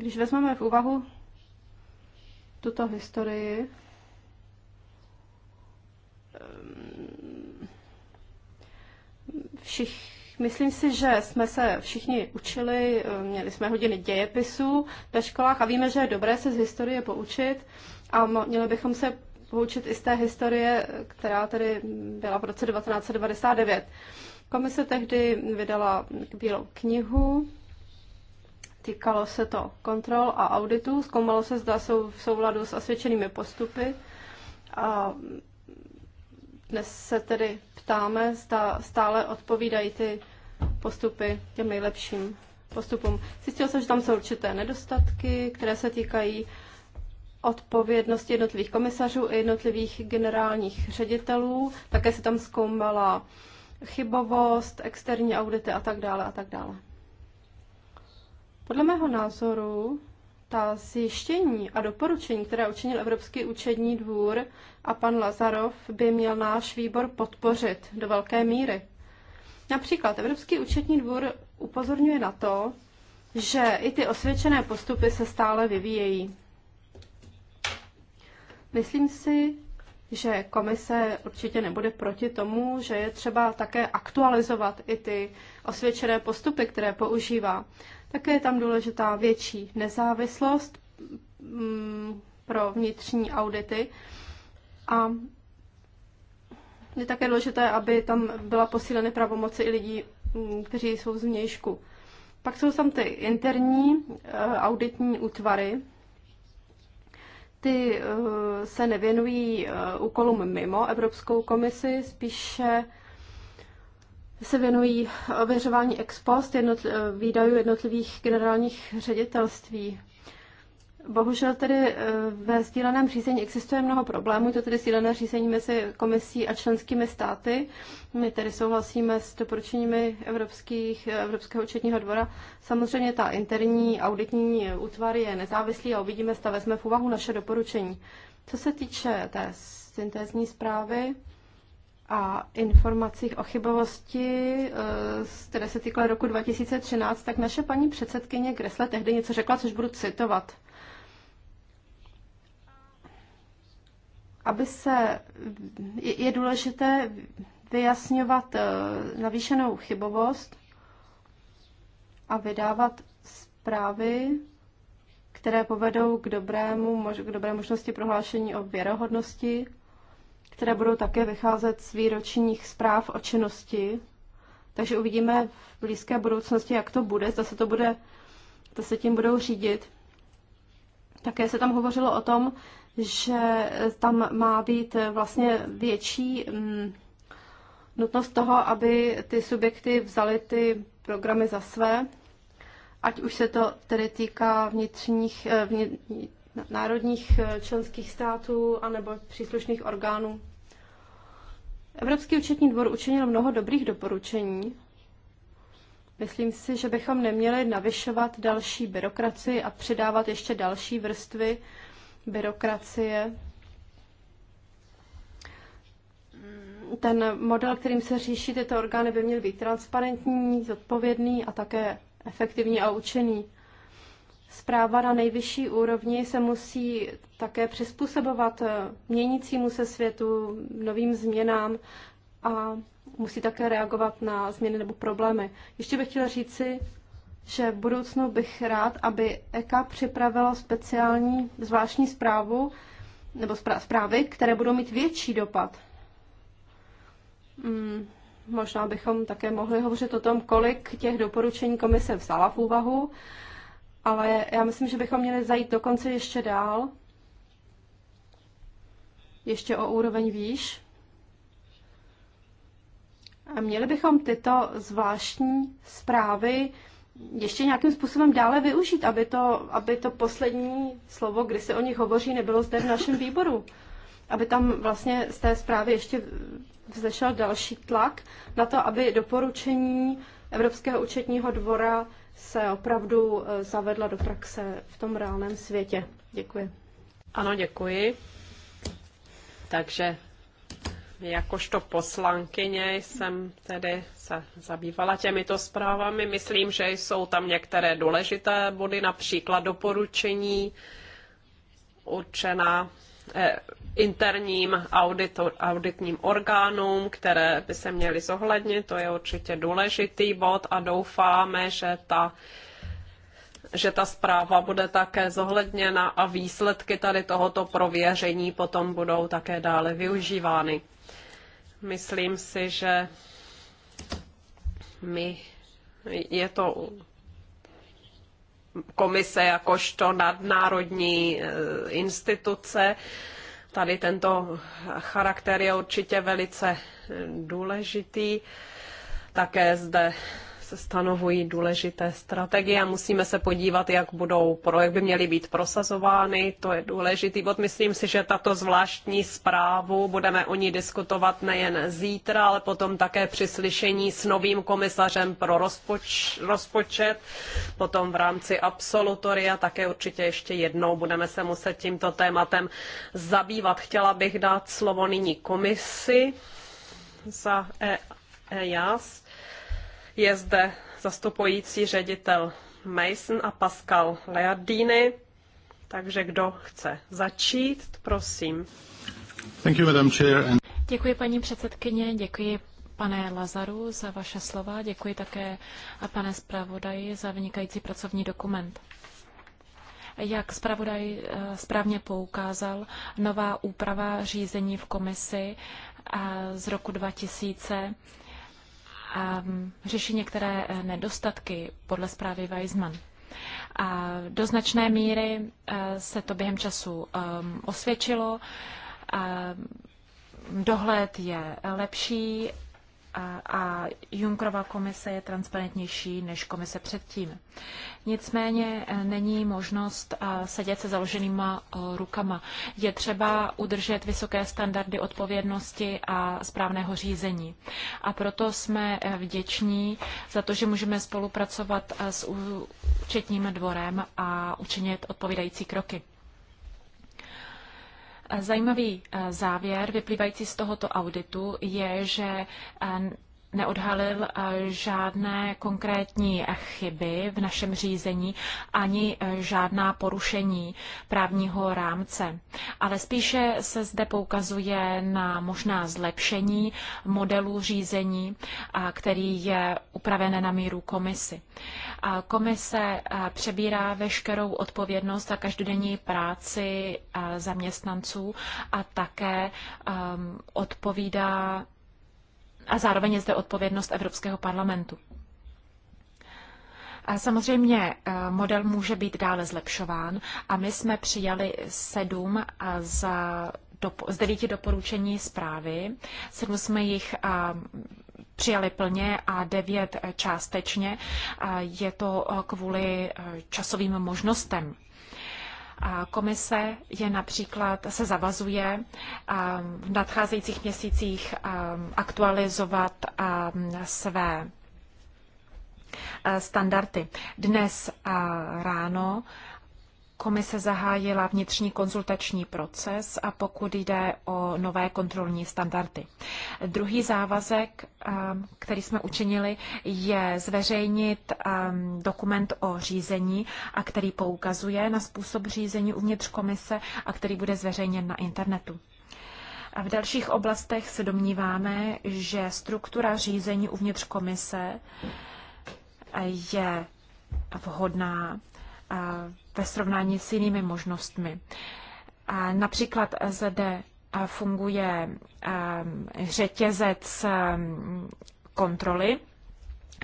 Když vezmeme v úvahu tuto historii, ehm, všich, myslím si, že jsme se všichni učili, eh, měli jsme hodiny dějepisů ve školách a víme, že je dobré se z historie poučit a měli bychom se poučit i z té historie, která tedy byla v roce 1999. Komise tehdy vydala bílou knihu Týkalo se to kontrol a auditů, zkoumalo se, zda jsou v souladu s osvědčenými postupy. A dnes se tedy ptáme, zda stále odpovídají ty postupy těm nejlepším postupům. Zjistil jsem, že tam jsou určité nedostatky, které se týkají odpovědnosti jednotlivých komisařů i jednotlivých generálních ředitelů. Také se tam zkoumala chybovost, externí audity a tak dále a tak dále. Podle mého názoru ta zjištění a doporučení, které učinil Evropský účetní dvůr a pan Lazarov, by měl náš výbor podpořit do velké míry. Například Evropský účetní dvůr upozorňuje na to, že i ty osvědčené postupy se stále vyvíjejí. Myslím si, že komise určitě nebude proti tomu, že je třeba také aktualizovat i ty osvědčené postupy, které používá. Také je tam důležitá větší nezávislost mm, pro vnitřní audity a je také důležité, aby tam byla posíleny pravomoci i lidí, mm, kteří jsou z vnějšku. Pak jsou tam ty interní eh, auditní útvary, ty eh, se nevěnují eh, úkolům mimo Evropskou komisi, spíše se věnují ověřování ex post jednotl- výdajů jednotlivých generálních ředitelství. Bohužel tedy eh, ve sdíleném řízení existuje mnoho problémů, to tedy sdílené řízení mezi komisí a členskými státy. My tedy souhlasíme s doporučeními Evropských, Evropského účetního dvora. Samozřejmě ta interní auditní útvar je nezávislý a uvidíme, zda vezme v úvahu naše doporučení. Co se týče té syntézní zprávy, a informacích o chybovosti, eh, které se týkaly roku 2013, tak naše paní předsedkyně Gresle tehdy něco řekla, což budu citovat. Aby se, je důležité vyjasňovat eh, navýšenou chybovost a vydávat zprávy, které povedou k, dobrému, k dobré možnosti prohlášení o věrohodnosti které budou také vycházet z výročních zpráv o činnosti. Takže uvidíme v blízké budoucnosti, jak to bude, zda se, to bude, zda se tím budou řídit. Také se tam hovořilo o tom, že tam má být vlastně větší mm, nutnost toho, aby ty subjekty vzaly ty programy za své, ať už se to tedy týká vnitřních, eh, vnitř, národních eh, členských států anebo příslušných orgánů. Evropský účetní dvor učinil mnoho dobrých doporučení. Myslím si, že bychom neměli navyšovat další byrokracii a přidávat ještě další vrstvy byrokracie. Ten model, kterým se říší tyto orgány, by měl být transparentní, zodpovědný a také efektivní a účinný. Zpráva na nejvyšší úrovni se musí také přizpůsobovat eh, měnícímu se světu, novým změnám a musí také reagovat na změny nebo problémy. Ještě bych chtěla říci, že v budoucnu bych rád, aby EKA připravila speciální zvláštní zprávu nebo zprávy, které budou mít větší dopad. Hmm, možná bychom také mohli hovořit o tom, kolik těch doporučení komise vzala v úvahu ale já myslím, že bychom měli zajít dokonce ještě dál, ještě o úroveň výš. A měli bychom tyto zvláštní zprávy ještě nějakým způsobem dále využít, aby to, aby to poslední slovo, kdy se o nich hovoří, nebylo zde v našem výboru. Aby tam vlastně z té zprávy ještě vzešel další tlak na to, aby doporučení Evropského účetního dvora se opravdu eh, zavedla do praxe v tom reálném světě. Děkuji. Ano, děkuji. Takže jakožto poslankyně jsem tedy se zabývala těmito zprávami. Myslím, že jsou tam některé důležité body, například doporučení určená Eh, interním auditor, auditním orgánům, které by se měly zohlednit. To je určitě důležitý bod a doufáme, že ta že ta zpráva bude také zohledněna a výsledky tady tohoto prověření potom budou také dále využívány. Myslím si, že my je to komise jakožto nadnárodní eh, instituce. Tady tento charakter je určitě velice eh, důležitý. Také zde se stanovují důležité strategie a musíme se podívat, jak budou, jak by měly být prosazovány. To je důležitý bod. Myslím si, že tato zvláštní zprávu, budeme o ní diskutovat nejen zítra, ale potom také při slyšení s novým komisařem pro rozpoč, rozpočet, potom v rámci absolutoria, také určitě ještě jednou budeme se muset tímto tématem zabývat. Chtěla bych dát slovo nyní komisi za EAS. E, e, je zde zastupující ředitel Mason a Pascal Leardini. Takže kdo chce začít, prosím. Thank you, Madam Chair. And... Děkuji, paní předsedkyně, děkuji pane Lazaru za vaše slova, děkuji také a pane zpravodaji za vynikající pracovní dokument. Jak zpravodaj eh, správně poukázal, nová úprava řízení v komisi eh, z roku 2000 Mm, řeší některé eh, nedostatky podle zprávy Weizmann. A do značné míry eh, se to během času ehm, osvědčilo. Mm, dohled je lepší, a Junkrova komise je transparentnější než komise předtím. Nicméně eh, není možnost eh, sedět se založenýma eh, rukama. Je třeba udržet vysoké standardy odpovědnosti a správného řízení. A proto jsme vděční za to, že můžeme spolupracovat s účetním dvorem a učinit odpovídající kroky. Zajímavý eh, závěr vyplývající z tohoto auditu je, že eh, neodhalil eh, žádné konkrétní chyby v našem řízení ani eh, žádná porušení právního rámce. Ale spíše se zde poukazuje na možná zlepšení modelu řízení, eh, který je upraven na míru komisy. Komise přebírá veškerou odpovědnost a každodenní práci zaměstnanců a také ehm, odpovídá a zároveň je zde odpovědnost Evropského parlamentu. A samozřejmě eh, model může být dále zlepšován a my jsme přijali sedm eh, z, z devíti doporučení zprávy. Sedm jsme jich eh, přijali plně a devět částečně. Je to kvůli časovým možnostem Komise je například se zavazuje v nadcházejících měsících aktualizovat své standardy. Dnes ráno Komise zahájila vnitřní konzultační proces a pokud jde o nové kontrolní standardy. Druhý závazek, který jsme učinili, je zveřejnit dokument o řízení, a který poukazuje na způsob řízení uvnitř komise a který bude zveřejněn na internetu. A v dalších oblastech se domníváme, že struktura řízení uvnitř komise je vhodná ve srovnání s jinými možnostmi. Například ZD funguje um, řetězec um, kontroly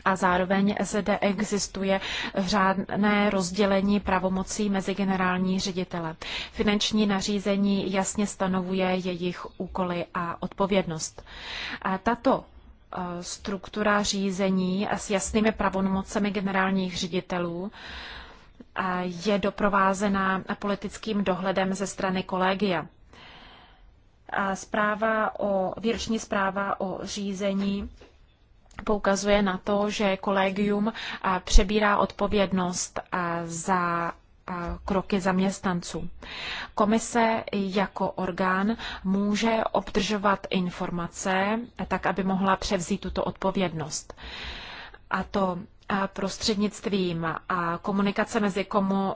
a zároveň ZD existuje řádné rozdělení pravomocí mezi generální ředitele. Finanční nařízení jasně stanovuje jejich úkoly a odpovědnost. tato uh, struktura řízení s jasnými pravomocemi generálních ředitelů je doprovázena politickým dohledem ze strany kolegia. Zpráva o, výroční zpráva o řízení poukazuje na to, že kolegium přebírá odpovědnost za kroky zaměstnanců. Komise jako orgán může obdržovat informace tak, aby mohla převzít tuto odpovědnost. A to prostřednictvím a komunikace mezi komu,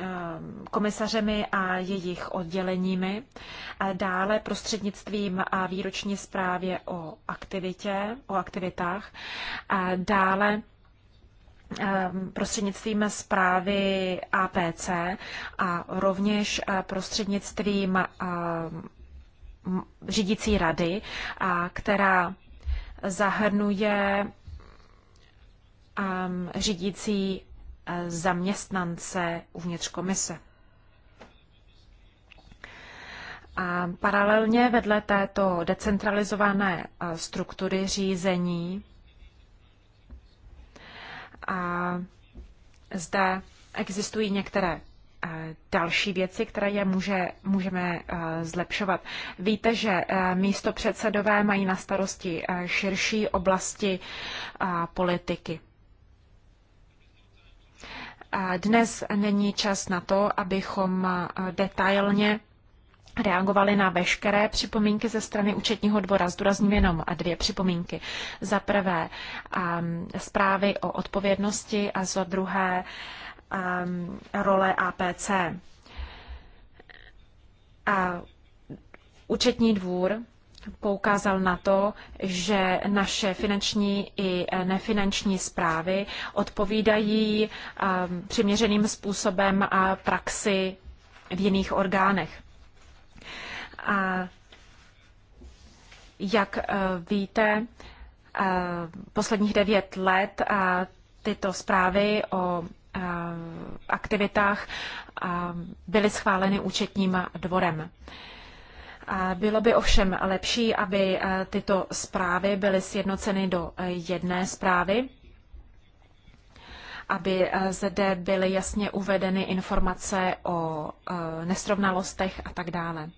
eh, komisařemi a jejich odděleními, dále prostřednictvím a výroční zprávě o aktivitě, o aktivitách, dále ehm, prostřednictvím zprávy APC a rovněž eh, prostřednictvím ehm, řídící rady, která zahrnuje um, řídící eh, zaměstnance uvnitř komise. A paralelně vedle této decentralizované eh, struktury řízení a zde existují některé eh, další věci, které je může, můžeme zlepšovat. Víte, že místo předsedové mají na starosti širší oblasti politiky. Dnes není čas na to, abychom detailně reagovali na veškeré připomínky ze strany účetního dvora. Zdůrazním jenom dvě připomínky. Za prvé um, zprávy o odpovědnosti a za druhé um, role APC. A účetní dvůr poukázal na to, že naše finanční i nefinanční zprávy odpovídají ehm, přiměřeným způsobem a praxi v jiných orgánech. A jak eh, víte, eh, posledních devět let eh, tyto zprávy o aktivitách byly schváleny účetním dvorem. Bylo by ovšem lepší, aby eh, tyto zprávy byly sjednoceny do eh, jedné zprávy, aby eh, zde byly jasně uvedeny informace o nesrovnalostech a tak dále.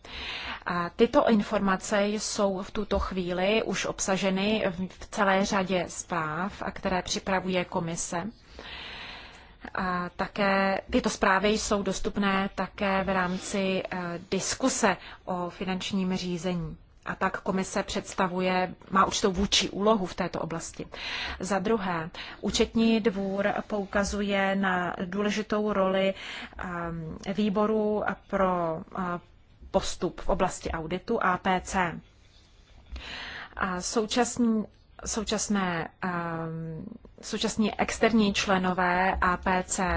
A tyto informace jsou v tuto chvíli už obsaženy v celé řadě zpráv, které připravuje komise. A také tyto zprávy jsou dostupné také v rámci eh, diskuse o finančním řízení. A tak komise představuje, má určitou vůči úlohu v této oblasti. Za druhé, účetní dvůr poukazuje na důležitou roli eh, výboru pro eh, postup v oblasti auditu APC. A současný současné, um, současní externí členové APC um,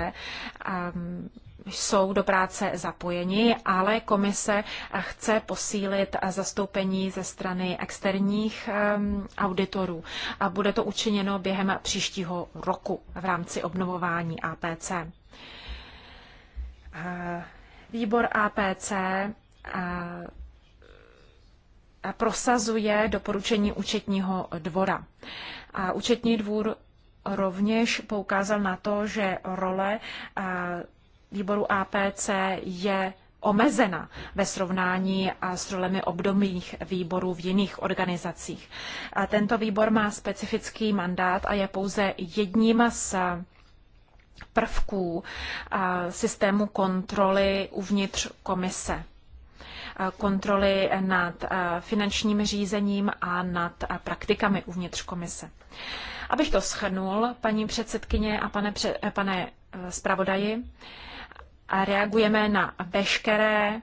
ehm, jsou do práce zapojeni, ale komise chce posílit zastoupení ze strany externích um, auditorů. A bude to učiněno během příštího roku v rámci obnovování APC. Eh, výbor APC eh, prosazuje doporučení účetního dvora. A účetní dvůr rovněž poukázal na to, že role výboru APC je omezena ve srovnání s rolemi obdobných výborů v jiných organizacích. A tento výbor má specifický mandát a je pouze jedním z prvků systému kontroly uvnitř komise. Eh, kontroly nad eh, finančním řízením a nad eh, praktikami uvnitř komise. Abych to schrnul, paní předsedkyně a pane, před, pane zpravodaji, reagujeme na veškeré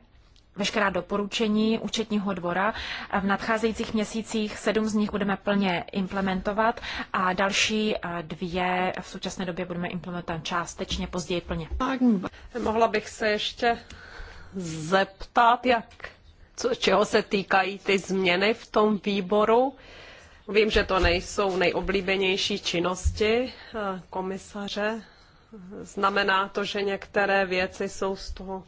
veškerá doporučení účetního dvora. V nadcházejících měsících sedm z nich budeme plně implementovat a další dvě v současné době budeme implementovat částečně, později plně. Mohla bych se ještě zeptat, jak, co, čeho se týkají ty změny v tom výboru. Vím, že to nejsou nejoblíbenější činnosti eh, komisaře. Znamená to, že některé věci jsou z toho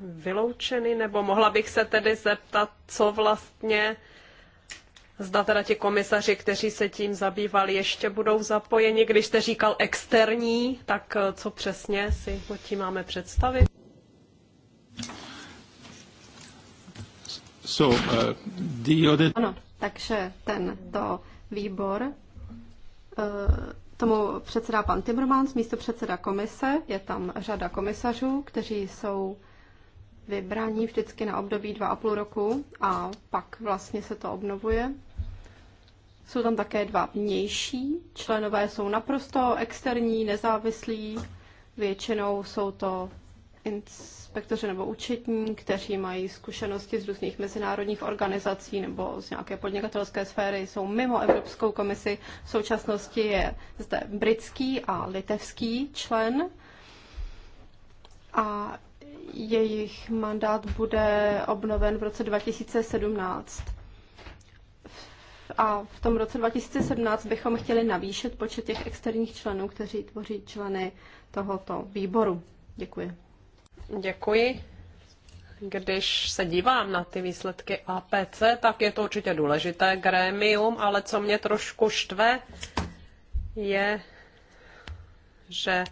vyloučeny, nebo mohla bych se tedy zeptat, co vlastně Zda teda ti komisaři, kteří se tím zabývali, ještě budou zapojeni. Když jste říkal externí, tak eh, co přesně si pod tím máme představit? So, uh, the audit... Ano, takže ten to výbor, uh, tomu předsedá pan Timmermans, místo předseda komise, je tam řada komisařů, kteří jsou vybraní vždycky na období dva a půl roku a pak vlastně se to obnovuje. Jsou tam také dva vnější, členové jsou naprosto externí, nezávislí, většinou jsou to inspektoři nebo účetní, kteří mají zkušenosti z různých mezinárodních organizací nebo z nějaké podnikatelské sféry, jsou mimo Evropskou komisi. V současnosti je zde britský a litevský člen a jejich mandát bude obnoven v roce 2017. A v tom roce 2017 bychom chtěli navýšit počet těch externích členů, kteří tvoří členy tohoto výboru. Děkuji. Děkuji. Když se dívám na ty výsledky APC, tak je to určitě důležité grémium, ale co mě trošku štve, je, že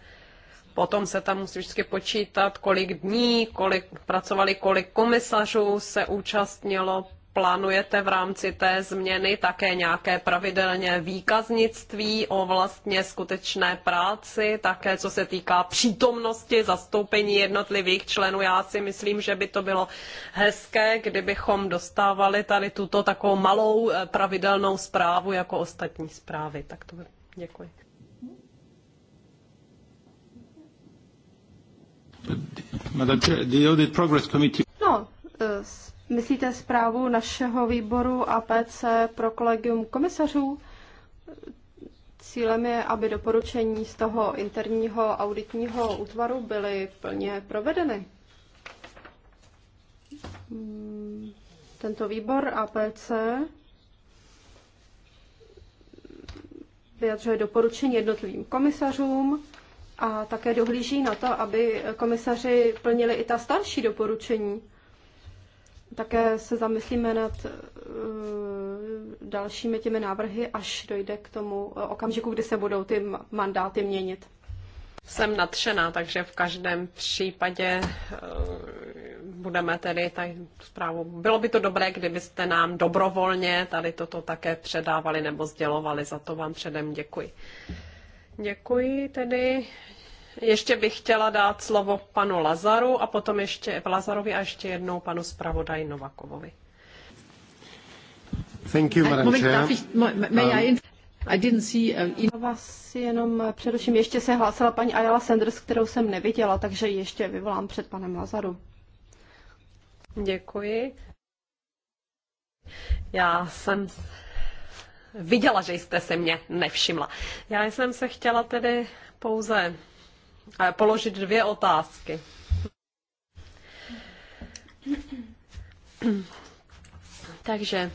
potom se tam musí vždycky počítat, kolik dní, kolik pracovali, kolik komisařů se účastnilo plánujete v rámci té změny také nějaké pravidelně výkaznictví o vlastně skutečné práci, také co se týká přítomnosti, zastoupení jednotlivých členů. Já si myslím, že by to bylo hezké, kdybychom dostávali tady tuto takovou malou eh, pravidelnou zprávu jako ostatní zprávy. Tak to by... děkuji. No, eh, myslíte zprávu našeho výboru APC pro kolegium komisařů? Cílem je, aby doporučení z toho interního auditního útvaru byly plně provedeny. Hmm, tento výbor APC vyjadřuje doporučení jednotlivým komisařům a také dohlíží na to, aby komisaři plnili i ta starší doporučení. Také se zamyslíme nad eh, dalšími těmi návrhy, až dojde k tomu eh, okamžiku, kdy se budou ty mandáty měnit. Jsem nadšená, takže v každém případě eh, budeme tedy tady zprávu. Bylo by to dobré, kdybyste nám dobrovolně tady toto také předávali nebo sdělovali. Za to vám předem děkuji. Děkuji tedy ještě bych chtěla dát slovo panu Lazaru a potom ještě Lazarovi a ještě jednou panu zpravodaji Novakovovi. Thank you, um, I didn't see, uh, in... vás jenom eh, především ještě se hlásila paní Ayala Sanders, kterou jsem neviděla, takže ještě vyvolám před panem Lazaru. Děkuji. Já jsem viděla, že jste se mě nevšimla. Já jsem se chtěla tedy pouze položit dvě otázky. Takže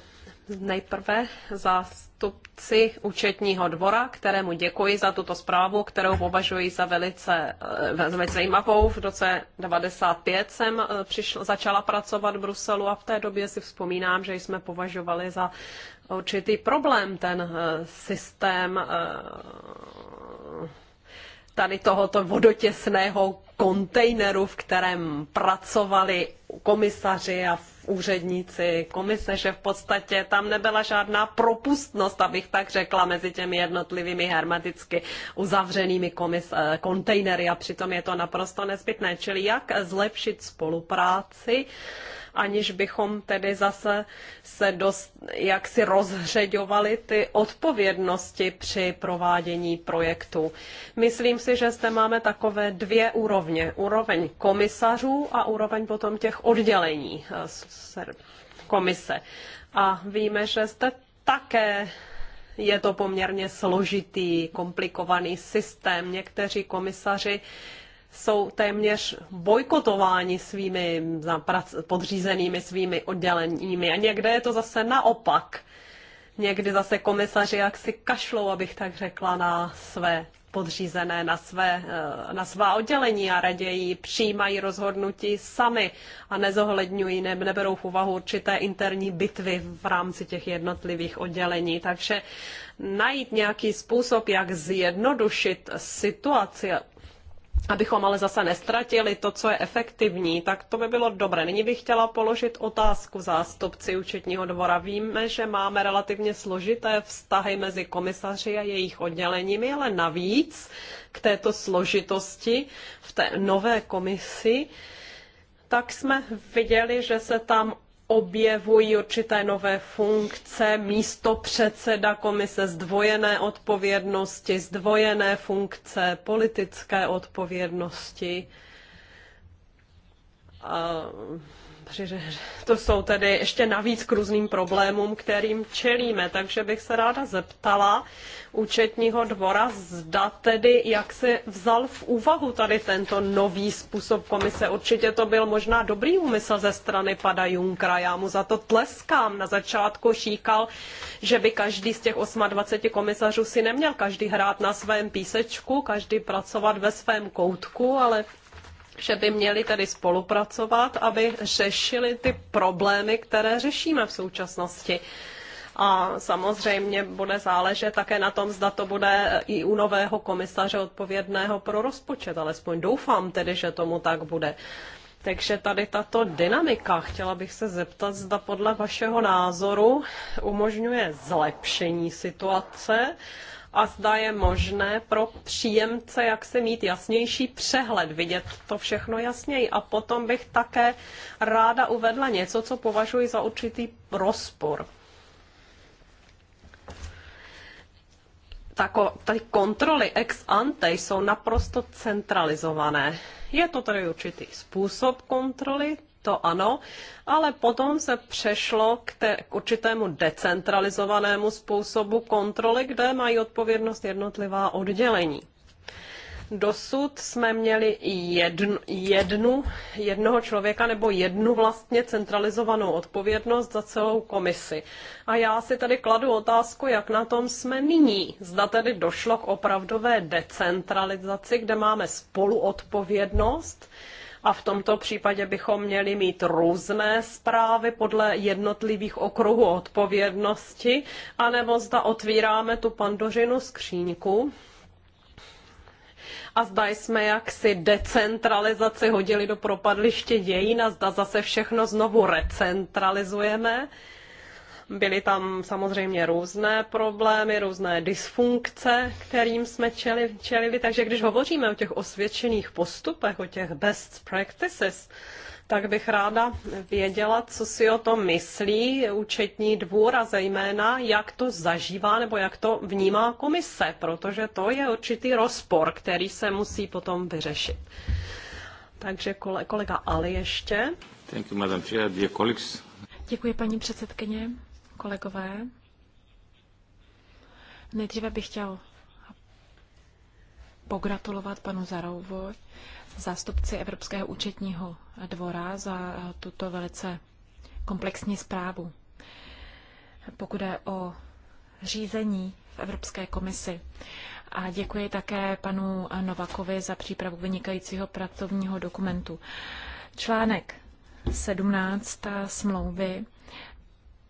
nejprve zástupci účetního dvora, kterému děkuji za tuto zprávu, kterou považuji za velice, eh, velice zajímavou. V roce 95 jsem eh, přišla, začala pracovat v Bruselu a v té době si vzpomínám, že jsme považovali za určitý problém ten eh, systém tady tohoto vodotěsného kontejneru, v kterém pracovali komisaři a úředníci komise, že v podstatě tam nebyla žádná propustnost, abych tak řekla, mezi těmi jednotlivými hermeticky uzavřenými komis, eh, kontejnery a přitom je to naprosto nezbytné. Čili jak zlepšit spolupráci aniž bychom tedy zase se dost jaksi rozhřeďovali ty odpovědnosti při provádění projektu. Myslím si, že zde máme takové dvě úrovně. Úroveň komisařů a úroveň potom těch oddělení eh, komise. A víme, že zde také je to poměrně složitý, komplikovaný systém. Někteří komisaři jsou téměř bojkotováni svými podřízenými svými odděleními. A někde je to zase naopak. Někdy zase komisaři jaksi kašlou, abych tak řekla, na své podřízené na, své, eh, na svá oddělení a raději přijímají rozhodnutí sami a nezohledňují, ne, neberou v úvahu určité interní bitvy v rámci těch jednotlivých oddělení. Takže najít nějaký způsob, jak zjednodušit situaci Abychom ale zase nestratili to, co je efektivní, tak to by bylo dobré. Nyní bych chtěla položit otázku zástupci účetního dvora. Víme, že máme relativně složité vztahy mezi komisaři a jejich odděleními, ale navíc k této složitosti v té nové komisi tak jsme viděli, že se tam objevují určité nové funkce, místo předseda komise zdvojené odpovědnosti, zdvojené funkce, politické odpovědnosti. A to jsou tedy ještě navíc k různým problémům, kterým čelíme. Takže bych se ráda zeptala účetního dvora, zda tedy, jak se vzal v úvahu tady tento nový způsob komise. Určitě to byl možná dobrý úmysl ze strany pada Junkra. Já mu za to tleskám. Na začátku říkal, že by každý z těch 28 komisařů si neměl každý hrát na svém písečku, každý pracovat ve svém koutku, ale že by měli tedy spolupracovat, aby řešili ty problémy, které řešíme v současnosti. A samozřejmě bude záležet také na tom, zda to bude i u nového komisaře odpovědného pro rozpočet. Alespoň doufám tedy, že tomu tak bude. Takže tady tato dynamika, chtěla bych se zeptat, zda podle vašeho názoru umožňuje zlepšení situace, a zda je možné pro příjemce jak si mít jasnější přehled, vidět to všechno jasněji. A potom bych také ráda uvedla něco, co považuji za určitý rozpor. Tako, tady kontroly ex ante jsou naprosto centralizované. Je to tady určitý způsob kontroly, to ano, ale potom se přešlo k, te, k určitému decentralizovanému způsobu kontroly, kde mají odpovědnost jednotlivá oddělení. Dosud jsme měli jednu, jednu, jednoho člověka nebo jednu vlastně centralizovanou odpovědnost za celou komisi. A já si tady kladu otázku, jak na tom jsme nyní. Zda tedy došlo k opravdové decentralizaci, kde máme spoluodpovědnost a v tomto případě bychom měli mít různé zprávy podle jednotlivých okruhů odpovědnosti, anebo zda otvíráme tu pandořinu skříňku a zda jsme jaksi decentralizaci hodili do propadliště dějin a zda zase všechno znovu recentralizujeme. Byly tam samozřejmě různé problémy, různé dysfunkce, kterým jsme čelili, Takže když hovoříme o těch osvědčených postupech, o těch best practices, tak bych ráda věděla, co si o tom myslí účetní dvůr a zejména, jak to zažívá nebo jak to vnímá komise, protože to je určitý rozpor, který se musí potom vyřešit. Takže kolega Ali ještě. Děkuji, paní předsedkyně kolegové. Nejdříve bych chtěl pogratulovat panu Zarouvoj, zástupci Evropského účetního dvora, za eh, tuto velice komplexní zprávu. Pokud je o řízení v Evropské komisi. A děkuji také panu Novakovi za přípravu vynikajícího pracovního dokumentu. Článek 17. smlouvy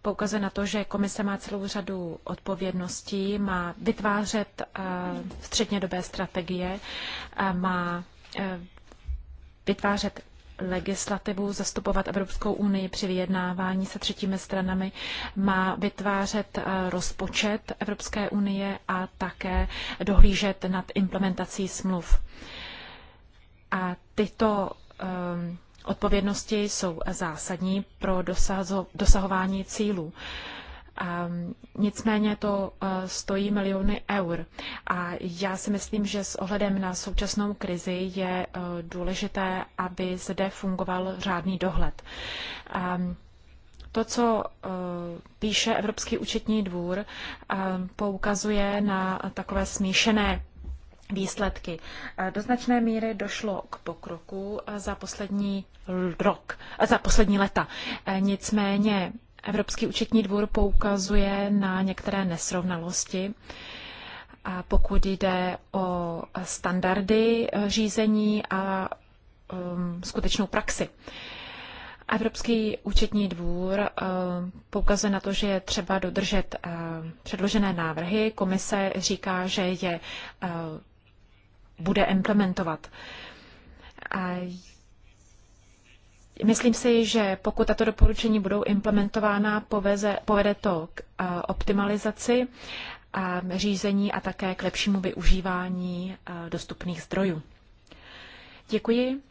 poukazuje na to, že komise má celou řadu odpovědností, má vytvářet eh, střednědobé strategie, eh, má eh, vytvářet legislativu, zastupovat Evropskou unii při vyjednávání se třetími stranami, má vytvářet rozpočet Evropské unie a také dohlížet nad implementací smluv. A tyto um, odpovědnosti jsou zásadní pro dosahování cílů. Nicméně to e, stojí miliony eur. A já si myslím, že s ohledem na současnou krizi je e, důležité, aby zde fungoval řádný dohled. To, co e, píše Evropský účetní dvůr, poukazuje na takové smíšené výsledky. Eh, do značné míry došlo k pokroku eh, za poslední rok, eh, za poslední leta. Nicméně Evropský účetní dvůr poukazuje na některé nesrovnalosti, a pokud jde o standardy řízení a um, skutečnou praxi. Evropský účetní dvůr poukazuje na to, že je třeba dodržet předložené návrhy. Komise říká, že je bude implementovat. A myslím si, že pokud tato doporučení budou implementována, poveze, povede to k optimalizaci a řízení a také k lepšímu využívání dostupných zdrojů. Děkuji.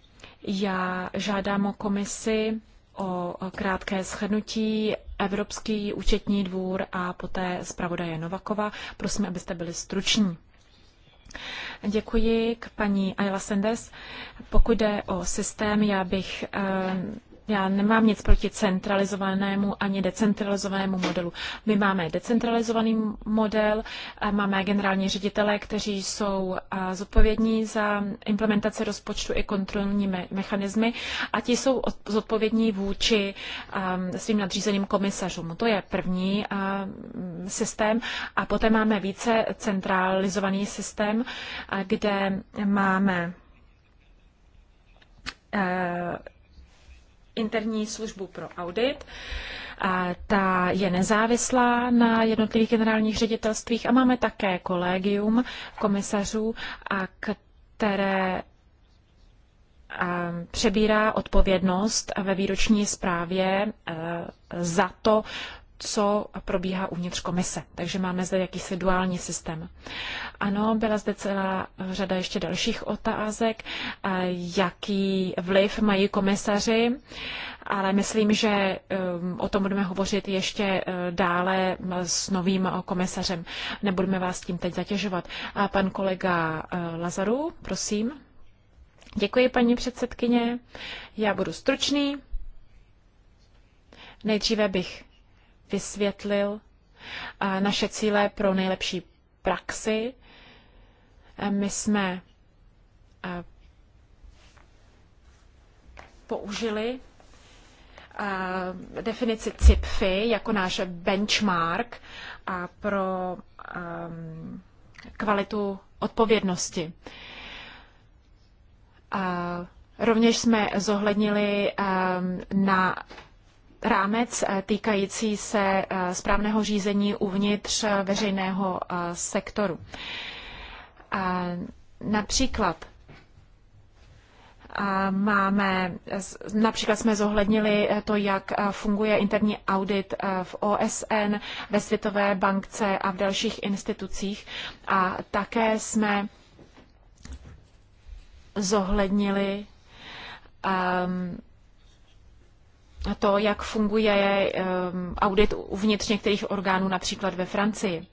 Já žádám o komisi o krátké shrnutí Evropský účetní dvůr a poté zpravodaje Novakova. Prosím, abyste byli struční. Děkuji k paní Ayla Sanders. Pokud jde o systém, já bych eh, já nemám nic proti centralizovanému ani decentralizovanému modelu. My máme decentralizovaný model, máme generální ředitele, kteří jsou zodpovědní za implementaci rozpočtu i kontrolní me- mechanismy a ti jsou zodpovědní vůči svým nadřízeným komisařům. To je první systém. A poté máme více centralizovaný systém, kde máme interní službu pro audit. A ta je nezávislá na jednotlivých generálních ředitelstvích a máme také kolegium komisařů, a které přebírá odpovědnost ve výroční zprávě e, za to, co probíhá uvnitř komise. Takže máme zde jakýsi duální systém. Ano, byla zde celá řada ještě dalších otázek, jaký vliv mají komisaři, ale myslím, že um, o tom budeme hovořit ještě uh, dále uh, s novým komisařem. Nebudeme vás tím teď zatěžovat. A pan kolega uh, Lazaru, prosím. Děkuji, paní předsedkyně. Já budu stručný. Nejdříve bych vysvětlil naše cíle pro nejlepší praxi. My jsme použili definici CIPFI jako náš benchmark pro um, kvalitu odpovědnosti. Rovněž jsme zohlednili um, na rámec eh, týkající se eh, správného řízení uvnitř eh, veřejného sektoru. Například máme, například jsme zohlednili to, jak funguje interní audit v OSN, ve Světové bankce a v dalších institucích a také jsme zohlednili um, to, jak funguje ehm, audit uvnitř některých orgánů, například ve Francii.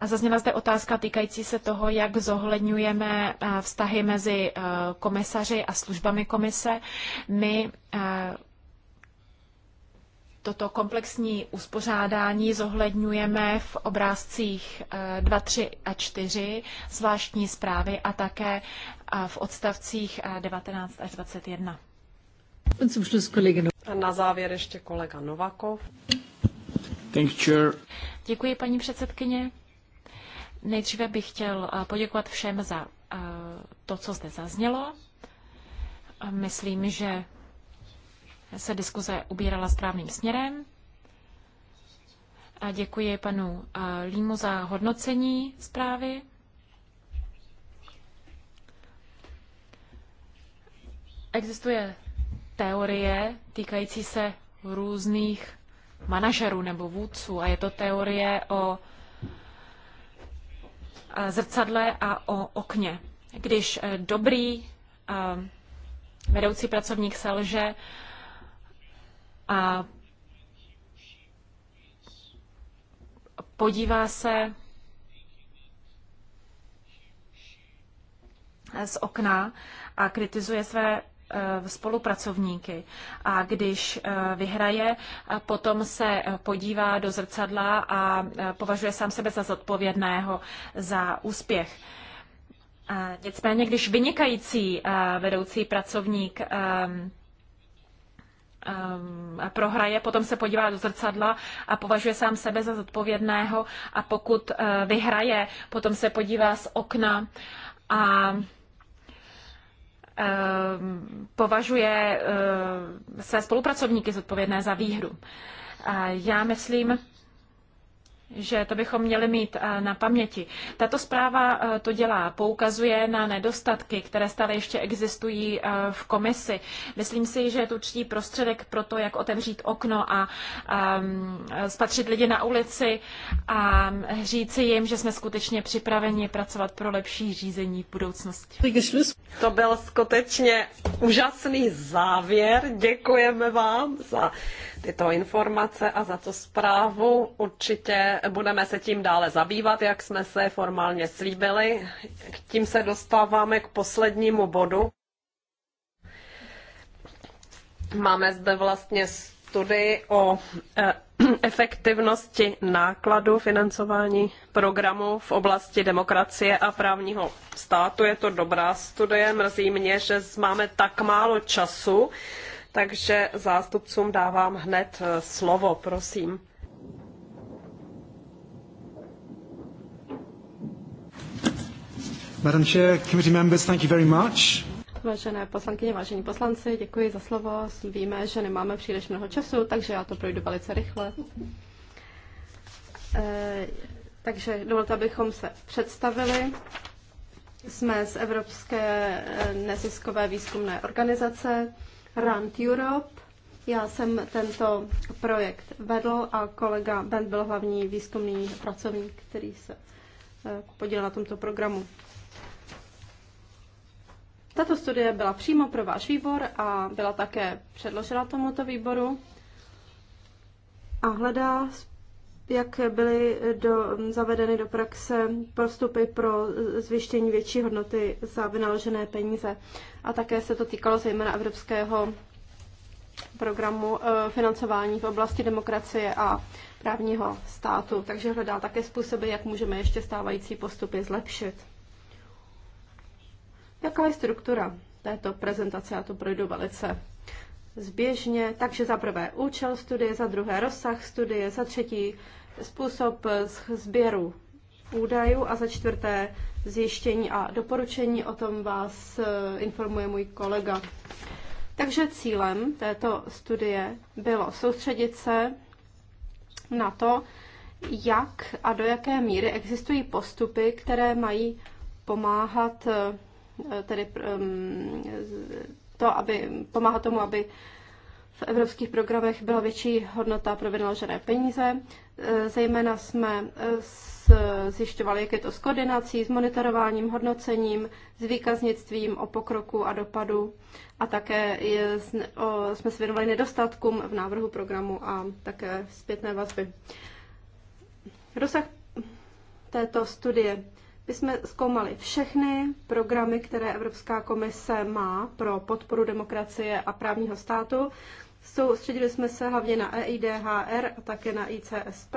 A zazněla zde otázka týkající se toho, jak zohledňujeme eh, vztahy mezi eh, komisaři a službami komise. My eh, toto komplexní uspořádání zohledňujeme v obrázcích 2, 3 a 4 zvláštní zprávy a také v odstavcích 19 eh, až 21. A na závěr ještě kolega Novakov. Thank you, Děkuji, paní předsedkyně. Nejdříve bych chtěl eh, poděkovat všem za eh, to, co zde zaznělo. Myslím, že se diskuze ubírala správným směrem. A děkuji panu Límu za hodnocení zprávy. Existuje teorie týkající se různých manažerů nebo vůdců a je to teorie o zrcadle a o okně. Když e, dobrý vedoucí pracovník selže a podívá se z okna a kritizuje své Eh, spolupracovníky. A když eh, vyhraje, potom se eh, podívá do zrcadla a považuje sám sebe za zodpovědného za úspěch. Nicméně, když vynikající vedoucí pracovník ehm, ehm, prohraje, potom se podívá do zrcadla a považuje sám sebe za zodpovědného a pokud vyhraje, potom se podívá z okna a Eh, považuje eh, své spolupracovníky zodpovědné za výhru. Já myslím, že to bychom měli mít eh, na paměti. Tato zpráva eh, to dělá, poukazuje na nedostatky, které stále ještě existují eh, v komisi. Myslím si, že je to určitý prostředek pro to, jak otevřít okno a um, spatřit lidi na ulici a říci jim, že jsme skutečně připraveni pracovat pro lepší řízení v budoucnosti. To byl skutečně úžasný závěr. Děkujeme vám za tyto informace a za to zprávu. Určitě Budeme, se tím dále zabývat, jak jsme se formálně slíbili. Tím se dostáváme k poslednímu bodu. Máme zde vlastně studii o eh, efektivnosti nákladů financování programů v oblasti demokracie a právního státu. Je to dobrá studie, mrzí mě, že máme tak málo času, takže zástupcům dávám hned eh, slovo, prosím. Madam Chair, committee members, thank you very much. Vážené poslankyně, vážení poslanci, děkuji za slovo. Víme, že nemáme příliš mnoho času, takže já to projdu velice rychle. E, takže dovolte, abychom se představili. Jsme z Evropské eh, neziskové výzkumné organizace Rand Europe. Já jsem tento projekt vedl a kolega Ben byl hlavní výzkumný pracovník, který se eh, podílel na tomto programu. Tato studie byla přímo pro váš výbor a byla také předložena tomuto výboru a hledá, jak byly do, zavedeny do praxe postupy pro zjištění větší hodnoty za vynaložené peníze. A také se to týkalo zejména evropského programu eh, financování v oblasti demokracie a právního státu, takže hledá také způsoby, jak můžeme ještě stávající postupy zlepšit. Jaká je struktura této prezentace? Já to projdu velice zběžně. Takže za prvé účel studie, za druhé rozsah studie, za třetí způsob sběru údajů a za čtvrté zjištění a doporučení. O tom vás eh, informuje můj kolega. Takže cílem této studie bylo soustředit se na to, jak a do jaké míry existují postupy, které mají pomáhat eh, Eh, tedy to, aby pomáhá tomu, aby v evropských programech byla větší hodnota pro vynaložené peníze. Eh, zejména jsme eh, zjišťovali, jak je to s koordinací, s monitorováním, hodnocením, s výkaznictvím o pokroku a dopadu a také je, o, jsme se věnovali nedostatkům v návrhu programu a také zpětné vazby. Rozsah této studie my jsme zkoumali všechny programy, které Evropská komise má pro podporu demokracie a právního státu. Soustředili jsme se hlavně na EIDHR a také na ICSP,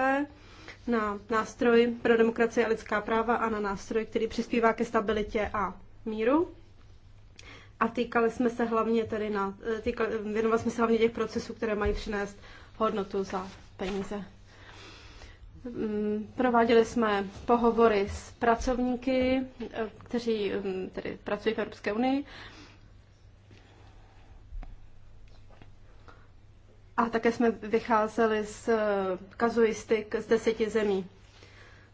na nástroj pro demokracii a lidská práva a na nástroj, který přispívá ke stabilitě a míru. A týkali jsme se hlavně tedy na, e, týkali, věnovali jsme se hlavně těch procesů, které mají přinést hodnotu za peníze. Mm, prováděli jsme pohovory s pracovníky, eh, kteří mm, tedy pracují v Evropské unii. A také jsme vycházeli z eh, kazuistik z deseti zemí.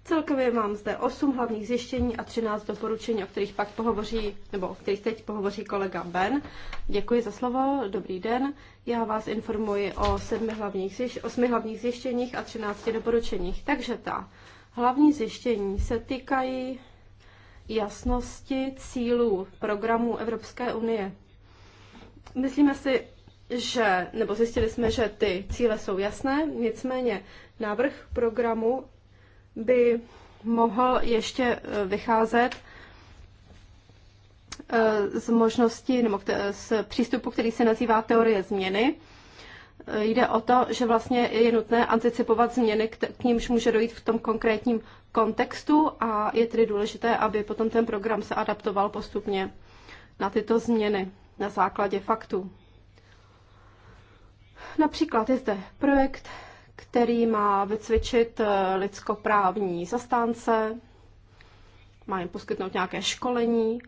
Celkově mám zde 8 hlavních zjištění a 13 doporučení, o kterých pak pohovoří, nebo o kterých teď pohovoří kolega Ben. Děkuji za slovo, dobrý den. Já vás informuji o 7 hlavních, 8 hlavních zjištěních a 13 doporučeních. Takže ta hlavní zjištění se týkají jasnosti cílů programů Evropské unie. Myslíme si, že, nebo zjistili jsme, že ty cíle jsou jasné, nicméně návrh programu by mohl ještě eh, vycházet eh, z možnosti nebo z přístupu, který se nazývá teorie změny. Eh, jde o to, že vlastně je nutné anticipovat změny, k nímž může dojít v tom konkrétním kontextu a je tedy důležité, aby potom ten program se adaptoval postupně na tyto změny na základě faktů. Například je zde projekt který má vycvičit eh, lidskoprávní zastánce, má jim poskytnout nějaké školení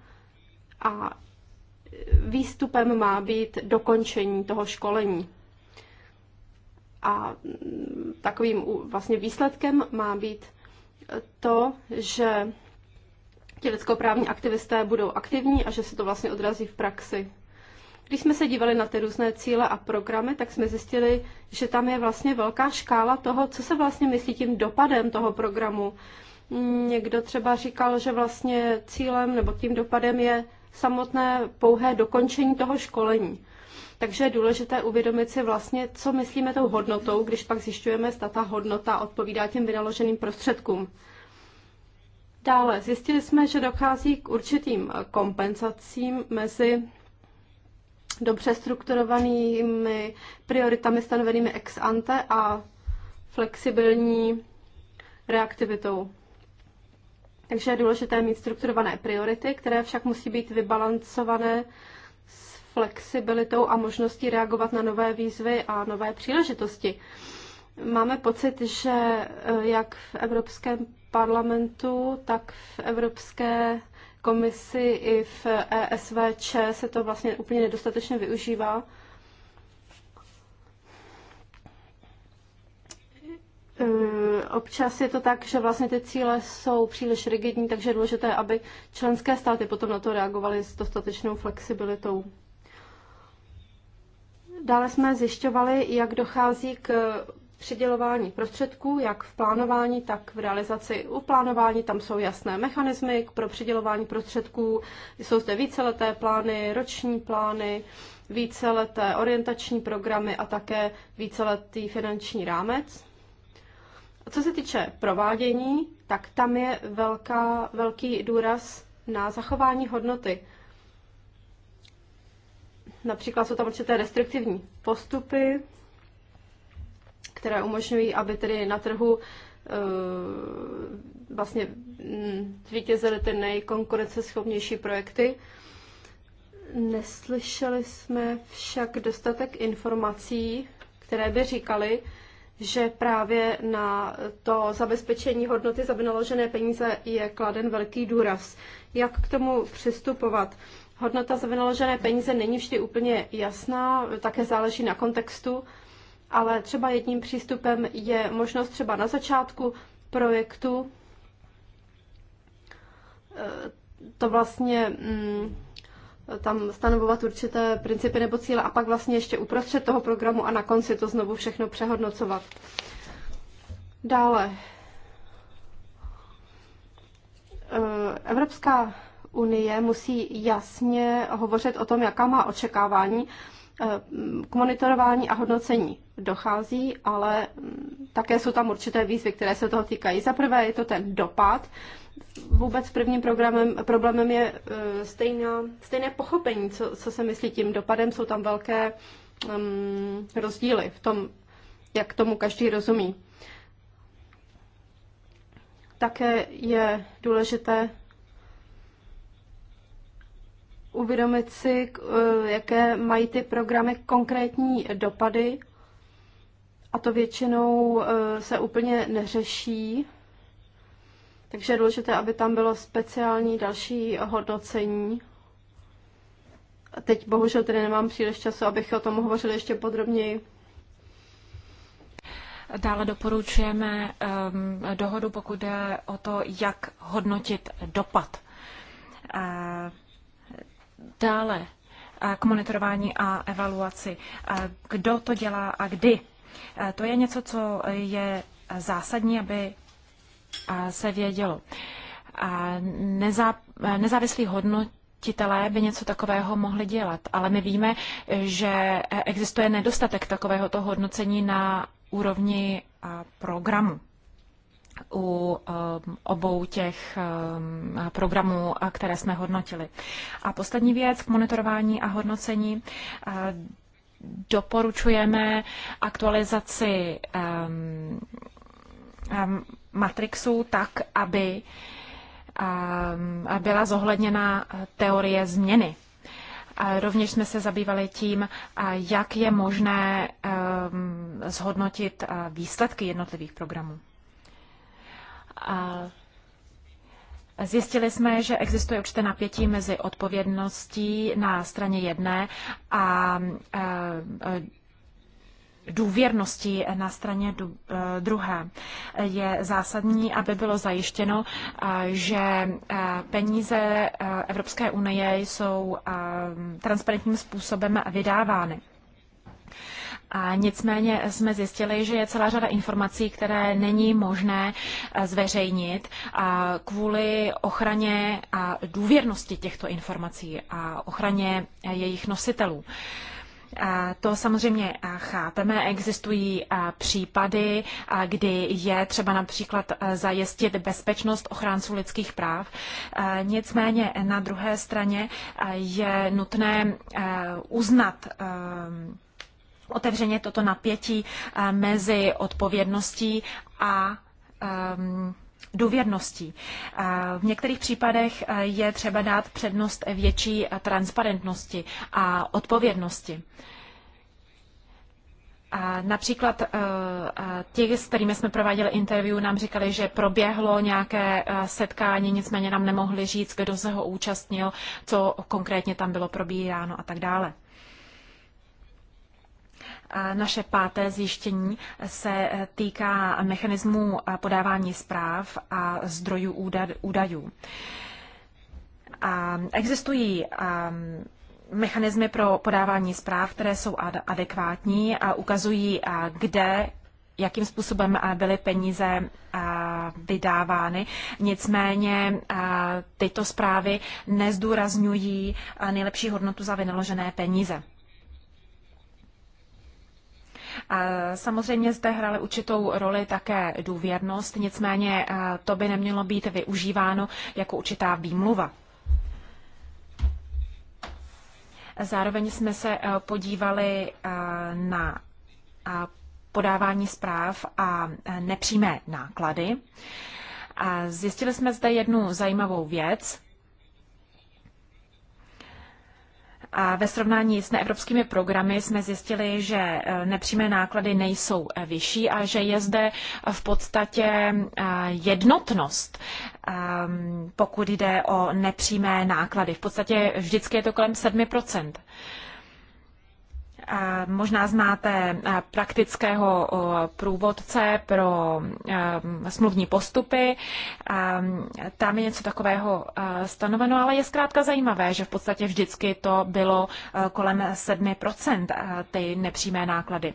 a výstupem má být dokončení toho školení. A mm, takovým vlastně výsledkem má být eh, to, že ti lidskoprávní aktivisté budou aktivní a že se to vlastně odrazí v praxi. Když jsme se dívali na ty různé cíle a programy, tak jsme zjistili, že tam je vlastně velká škála toho, co se vlastně myslí tím dopadem toho programu. Někdo třeba říkal, že vlastně cílem nebo tím dopadem je samotné pouhé dokončení toho školení. Takže je důležité uvědomit si vlastně, co myslíme tou hodnotou, když pak zjišťujeme, zda ta hodnota odpovídá těm vynaloženým prostředkům. Dále zjistili jsme, že dochází k určitým kompenzacím mezi dobře strukturovanými prioritami stanovenými ex ante a flexibilní reaktivitou. Takže je důležité mít strukturované priority, které však musí být vybalancované s flexibilitou a možností reagovat na nové výzvy a nové příležitosti. Máme pocit, že eh, jak v Evropském parlamentu, tak v Evropské komisi i v ESVČ se to vlastně úplně nedostatečně využívá. E, občas je to tak, že vlastně ty cíle jsou příliš rigidní, takže je důležité, aby členské státy potom na to reagovaly s dostatečnou flexibilitou. Dále jsme zjišťovali, jak dochází k přidělování prostředků, jak v plánování, tak v realizaci. U plánování tam jsou jasné mechanismy pro přidělování prostředků, jsou zde víceleté plány, roční plány, víceleté orientační programy a také víceletý finanční rámec. A co se týče provádění, tak tam je velká, velký důraz na zachování hodnoty. Například jsou tam určité restriktivní postupy, které umožňují, aby tedy na trhu eh, vlastně mm, zvítězily ty nejkonkurenceschopnější projekty. Neslyšeli jsme však dostatek informací, které by říkali, že právě na to zabezpečení hodnoty za vynaložené peníze je kladen velký důraz. Jak k tomu přistupovat? Hodnota za vynaložené peníze není vždy úplně jasná, také záleží na kontextu ale třeba jedním přístupem je možnost třeba na začátku projektu eh, to vlastně mm, tam stanovovat určité principy nebo cíle a pak vlastně ještě uprostřed toho programu a na konci to znovu všechno přehodnocovat. Dále. Eh, Evropská unie musí jasně hovořit o tom, jaká má očekávání Eh, k monitorování a hodnocení dochází, ale mm, také jsou tam určité výzvy, které se toho týkají. Za prvé je to ten dopad. Vůbec prvním programem, problémem je eh, stejná, stejné pochopení, co, co se myslí tím dopadem. Jsou tam velké um, rozdíly v tom, jak tomu každý rozumí. Také je důležité uvědomit si, eh, jaké mají ty programy konkrétní dopady. A to většinou eh, se úplně neřeší. Takže je důležité, aby tam bylo speciální další hodnocení. A teď bohužel tedy nemám příliš času, abych o tom hovořil ještě podrobněji. Dále doporučujeme um, dohodu, pokud jde o to, jak hodnotit dopad. Uh, Dále k monitorování a evaluaci. Kdo to dělá a kdy? To je něco, co je zásadní, aby se vědělo. Nezá, nezávislí hodnotitelé by něco takového mohli dělat, ale my víme, že existuje nedostatek takovéhoto hodnocení na úrovni programu u um, obou těch um, programů, které jsme hodnotili. A poslední věc k monitorování a hodnocení. Doporučujeme aktualizaci um, matrixu tak, aby byla zohledněna teorie změny. rovněž jsme se zabývali tím, jak je možné zhodnotit výsledky jednotlivých programů. A Zjistili jsme, že existuje určité napětí mezi odpovědností na straně jedné a důvěrností na straně e, druhé. Je zásadní, aby bylo zajištěno, e, že e, peníze Evropské unie jsou transparentním způsobem vydávány. A nicméně jsme zjistili, že je celá řada informací, které není možné eh, zveřejnit a kvůli ochraně a důvěrnosti těchto informací a ochraně eh, jejich nositelů. A to samozřejmě eh, chápeme. Existují případy, kdy je třeba například zajistit bezpečnost ochránců lidských práv. Nicméně na druhé straně je nutné uznat otevřeně toto napětí eh, mezi odpovědností a um, důvěrností. Eh, v některých případech eh, je třeba dát přednost větší transparentnosti a odpovědnosti. A například ti, s kterými jsme prováděli interview, nám říkali, že proběhlo nějaké setkání, nicméně nám nemohli říct, kdo se ho účastnil, co konkrétně tam bylo probíráno a tak dále. Naše páté zjištění se týká mechanismu podávání zpráv a zdrojů údajů. Existují um, mechanismy pro podávání zpráv, které jsou adekvátní a ukazují, kde jakým způsobem byly peníze vydávány. Nicméně tyto zprávy nezdůrazňují nejlepší hodnotu za vynaložené peníze. Samozřejmě zde hrály určitou roli také důvěrnost, nicméně eh, to by nemělo být využíváno jako určitá výmluva. Zároveň jsme se eh, podívali eh, na podávání zpráv a nepřímé náklady. Zjistili jsme zde jednu zajímavou věc. A ve srovnání s neevropskými programy jsme zjistili, že e, nepřímé náklady nejsou e, vyšší a že je zde v podstatě e, jednotnost, pokud jde o nepřímé náklady. V podstatě vždycky je to kolem 7 Možná znáte eh, praktického eh, průvodce pro eh, smluvní postupy. Tam je něco takového stanoveno, ale je zkrátka zajímavé, že v podstatě vždycky to bylo kolem 7% ty nepřímé náklady.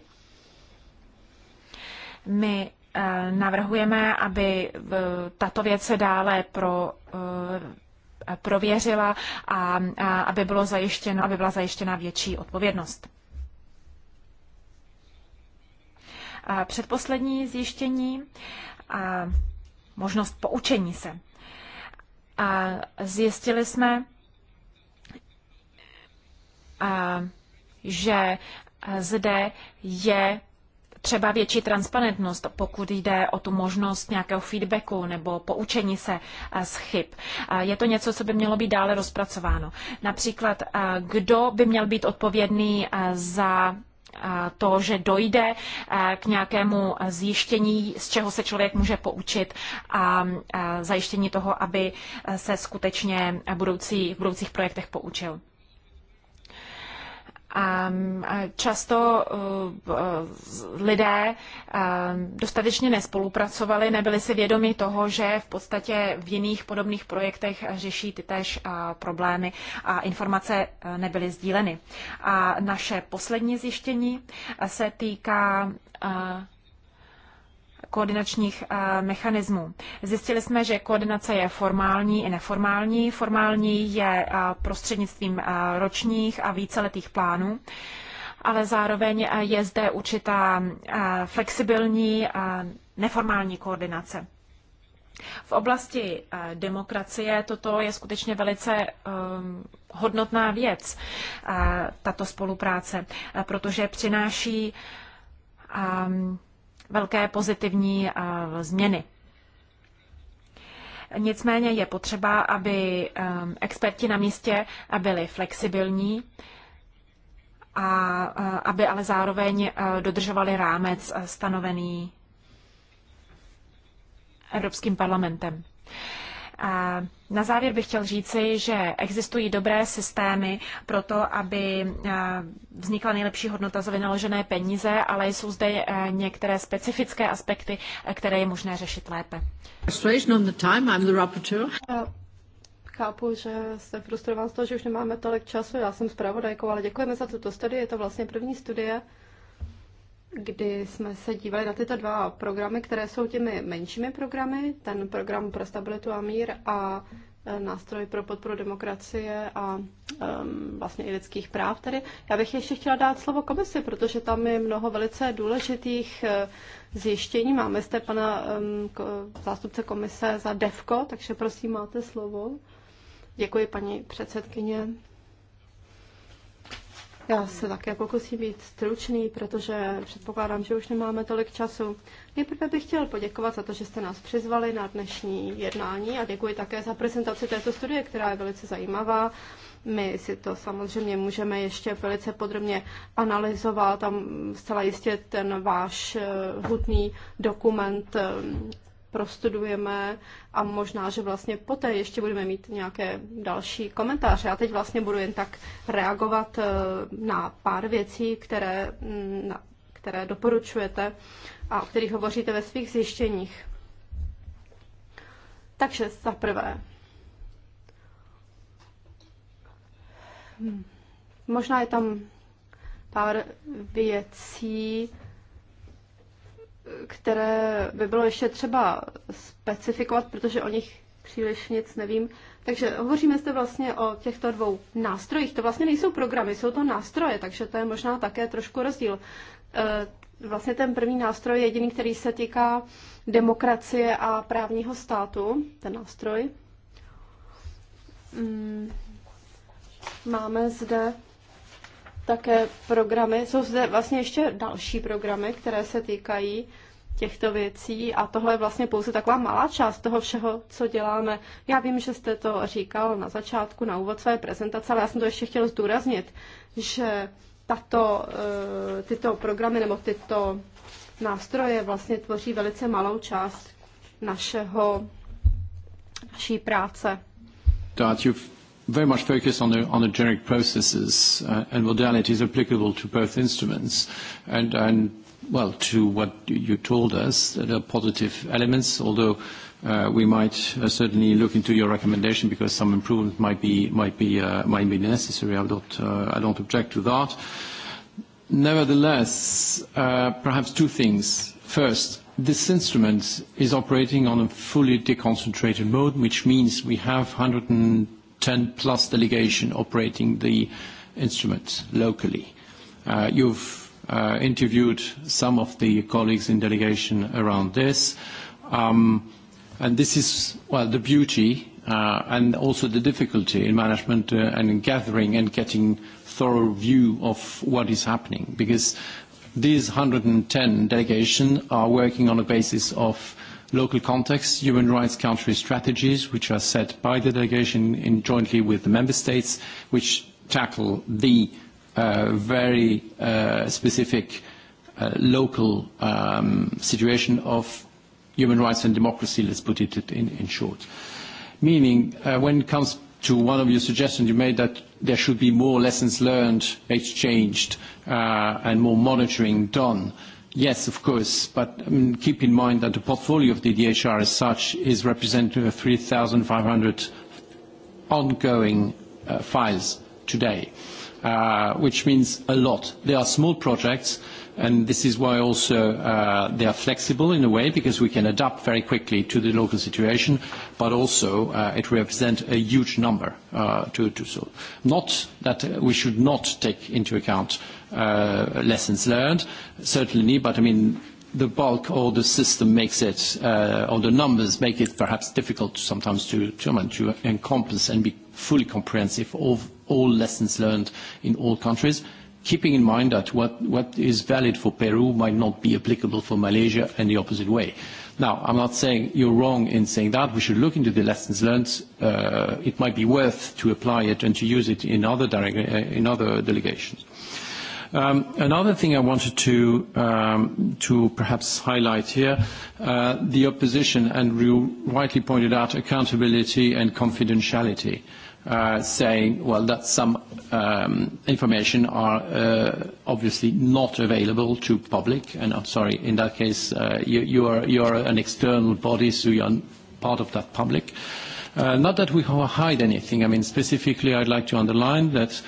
My navrhujeme, aby tato věc se dále pro prověřila a, a aby, bylo zajištěno, aby byla zajištěna větší odpovědnost. předposlední zjištění a možnost poučení se. A zjistili jsme, a, že zde je třeba větší transparentnost, pokud jde o tu možnost nějakého feedbacku nebo poučení se z chyb. Je to něco, co by mělo být dále rozpracováno. Například, kdo by měl být odpovědný za to, že dojde eh, k nějakému zjištění, z čeho se člověk může poučit a eh, zajištění toho, aby se skutečně v budoucích projektech poučil. Ehm, často eh, eh, lidé ehm, dostatečně nespolupracovali, nebyli si vědomi toho, že v podstatě v jiných podobných projektech řeší ty tež eh, problémy a informace nebyly sdíleny. A naše poslední zjištění se týká koordinačních eh, mechanismů. Zjistili jsme, že koordinace je formální i neformální. Formální je eh, prostřednictvím eh, ročních a víceletých plánů ale zároveň je zde určitá flexibilní neformální koordinace. V oblasti demokracie toto je skutečně velice ehm, hodnotná věc, tato spolupráce, protože přináší ehm, velké pozitivní eh, změny. Nicméně je potřeba, aby eh, experti na místě byli flexibilní a eh, aby ale zároveň dodržovali rámec stanovený Evropským parlamentem. Na závěr bych chtěl říci, že existují dobré systémy pro to, aby eh, vznikla nejlepší hodnota za vynaložené peníze, ale jsou zde eh, některé specifické aspekty, eh, které je možné řešit lépe. Chápu, že jste frustrován z toho, že už nemáme tolik času. Já jsem zpravodajkou, ale děkujeme za tuto studii. Je to vlastně první studie, kdy jsme se dívali na tyto dva programy, které jsou těmi menšími programy, ten program pro stabilitu a mír a e, nástroj pro podporu demokracie a um, vlastně i lidských práv tady. Já bych ještě chtěla dát slovo komisi, protože tam je mnoho velice důležitých uh, zjištění. Máme zde pana um, zástupce komise za DEVKO, takže prosím, máte slovo. Děkuji, paní předsedkyně. Já se také pokusím být stručný, protože předpokládám, že už nemáme tolik času. Nejprve bych chtěl poděkovat za to, že jste nás přizvali na dnešní jednání a děkuji také za prezentaci této studie, která je velice zajímavá. My si to samozřejmě můžeme ještě velice podrobně analyzovat. Tam zcela jistě ten váš eh, hutný dokument eh, prostudujeme a možná, že vlastně poté ještě budeme mít nějaké další komentáře. Já teď vlastně budu jen tak reagovat eh, na pár věcí, které, mm, na, které doporučujete a o kterých hovoříte ve svých zjištěních. Takže za prvé. Hm. Možná je tam pár věcí, které by bylo ještě třeba specifikovat, protože o nich příliš nic nevím. Takže hovoříme zde vlastně o těchto dvou nástrojích. To vlastně nejsou programy, jsou to nástroje, takže to je možná také trošku rozdíl. E, vlastně ten první nástroj je jediný, který se týká demokracie a právního státu, ten nástroj. Mm, máme zde také programy, jsou zde vlastně ještě další programy, které se týkají těchto věcí a tohle je vlastně pouze taková malá část toho všeho, co děláme. Já vím, že jste to říkal na začátku, na úvod své prezentace, ale já jsem to ještě chtěl zdůraznit, že tato, eh, tyto programy nebo tyto nástroje vlastně tvoří velice malou část našeho, naší práce very much focused on the, generic processes uh, and modalities applicable to both instruments. And, well, to what you told us, there are positive elements, although uh, we might uh, certainly look into your recommendation because some improvement might be, might be, might be necessary. I don't, I don't object to that. Nevertheless, perhaps two things. First, this instrument is operating on a fully deconcentrated mode, which means we have 100 10-plus delegation operating the instruments locally. Uh, you've uh, interviewed some of the colleagues in delegation around this. Um, and this is, well, the beauty uh, and also the difficulty in management and in gathering and getting thorough view of what is happening because these 110 delegation are working on a basis of local context, human rights country strategies, which are set by the delegation in jointly with the member states, which tackle the uh, very uh, specific uh, local um, situation of human rights and democracy, let's put it in, in short. Meaning, uh, when it comes to one of your suggestions you made that there should be more lessons learned exchanged uh, and more monitoring done. Uh, Yes, of course. But um, keep in mind that the portfolio of the DHR as such is representative of 3,500 ongoing uh, files today, uh, which means a lot. They are small projects, and this is why also uh, they are flexible in a way, because we can adapt very quickly to the local situation, but also it represents a huge number to, solve. Not that we should not take into account Uh, lessons learned, certainly, but I mean, the bulk or the system makes it, uh, or the numbers make it perhaps difficult sometimes to, to, to encompass and be fully comprehensive of all lessons learned in all countries, keeping in mind that what, what is valid for Peru might not be applicable for Malaysia and the opposite way. Now, I'm not saying you're wrong in saying that. We should look into the lessons learned. Uh, it might be worth to apply it and to use it in other, in other delegations. Um, another thing I wanted to, um, to perhaps highlight here, uh, the opposition, and you rightly pointed out accountability and confidentiality, uh, saying, well, that some um, information are uh, obviously not available to public. And I'm sorry, in that case, uh, you, you, are, you are an external body, so you are part of that public. Uh, not that we hide anything. I mean, specifically, I'd like to underline that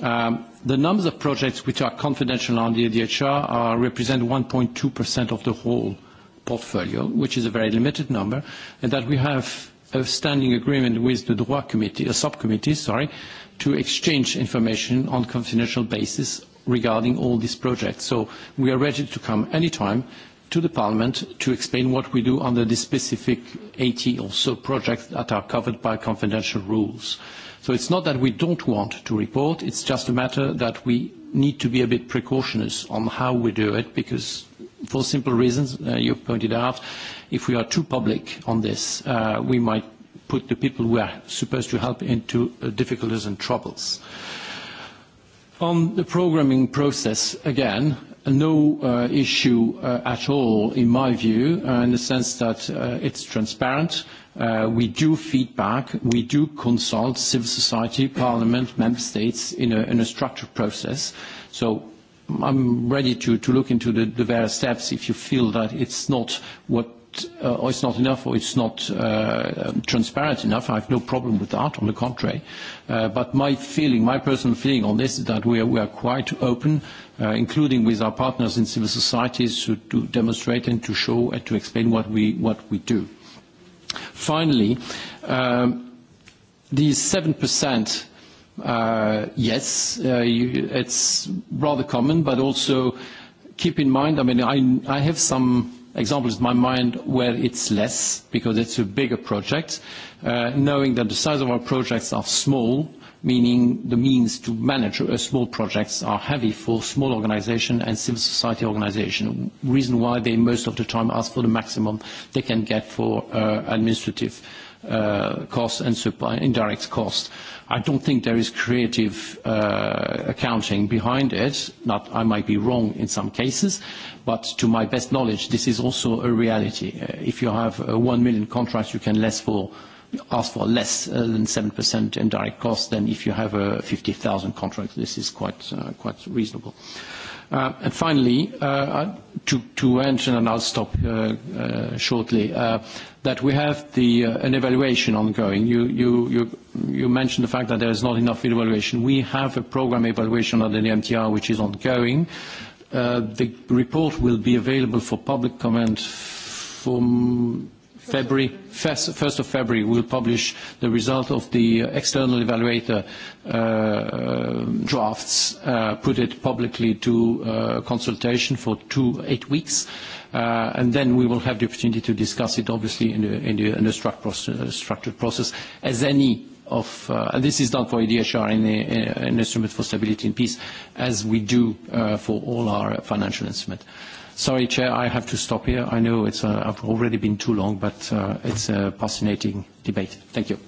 um, The numbers of projects which are confidential on the ADHR are, represent 1.2% of the whole portfolio, which is a very limited number, and that we have a standing agreement with the Droit Committee, a subcommittee, sorry, to exchange information on confidential basis regarding all these projects. So we are ready to come anytime to the Parliament to explain what we do under the specific 80 or so projects that are covered by confidential rules. So it's not that we don't want to report, it's just a matter that we need to be a bit precautious on how we do it because for simple reasons uh, you pointed out, if we are too public on this, uh, we might put the people we are supposed to help into uh, difficulties and troubles. On the programming process, again, no uh, issue uh, at all in my view, uh, in the sense that uh, it's transparent. Uh, we do feedback, we do consult civil society, parliament, member states in a, in a structured process. So I'm ready to, to look into the, the various steps if you feel that it's not what uh, or it's not enough or it's not uh, transparent enough. I have no problem with that, on the contrary. Uh, but my feeling, my personal feeling on this is that we are, we are quite open, uh, including with our partners in civil societies, to, to demonstrate and to show and to explain what we, what we do. Finally, um, the these 7%, uh, yes, uh, it's rather common, but also keep in mind, I mean, I, have some examples in my mind where it's less because it's a bigger project. Uh, knowing that the size of our projects are small, meaning the means to manage uh, small projects are heavy for small organization and civil society organization. Reason why they most of the time ask for the maximum they can get for uh, administrative uh, costs and supply, indirect costs. I don't think there is creative uh, accounting behind it. Not, I might be wrong in some cases, but to my best knowledge, this is also a reality. Uh, if you have uh, 1 million contracts, you can less for ask for less uh, than 7% in direct cost than if you have a 50,000 contract. This is quite, uh, quite reasonable. Uh, and finally, to, to mention, and I'll stop shortly, that we have the, an evaluation ongoing. You, you, you, you mentioned the fact that there is not enough evaluation. We have a program evaluation under the MTR, which is ongoing. The report will be available for public comment from February, first, of February, we'll publish the result of the external evaluator uh, drafts, uh, put it publicly to uh, consultation for two, eight weeks, uh, and then we will have the opportunity to discuss it, obviously, in the, in the, in the struct process, structured process, as any of, uh, this is done for ADHR e in an instrument for stability and peace, as we do uh, for all our financial instruments. Sorry, Chair, I have to stop here. I know it's, uh, I've already been too long, but uh, it's a fascinating debate. Thank you.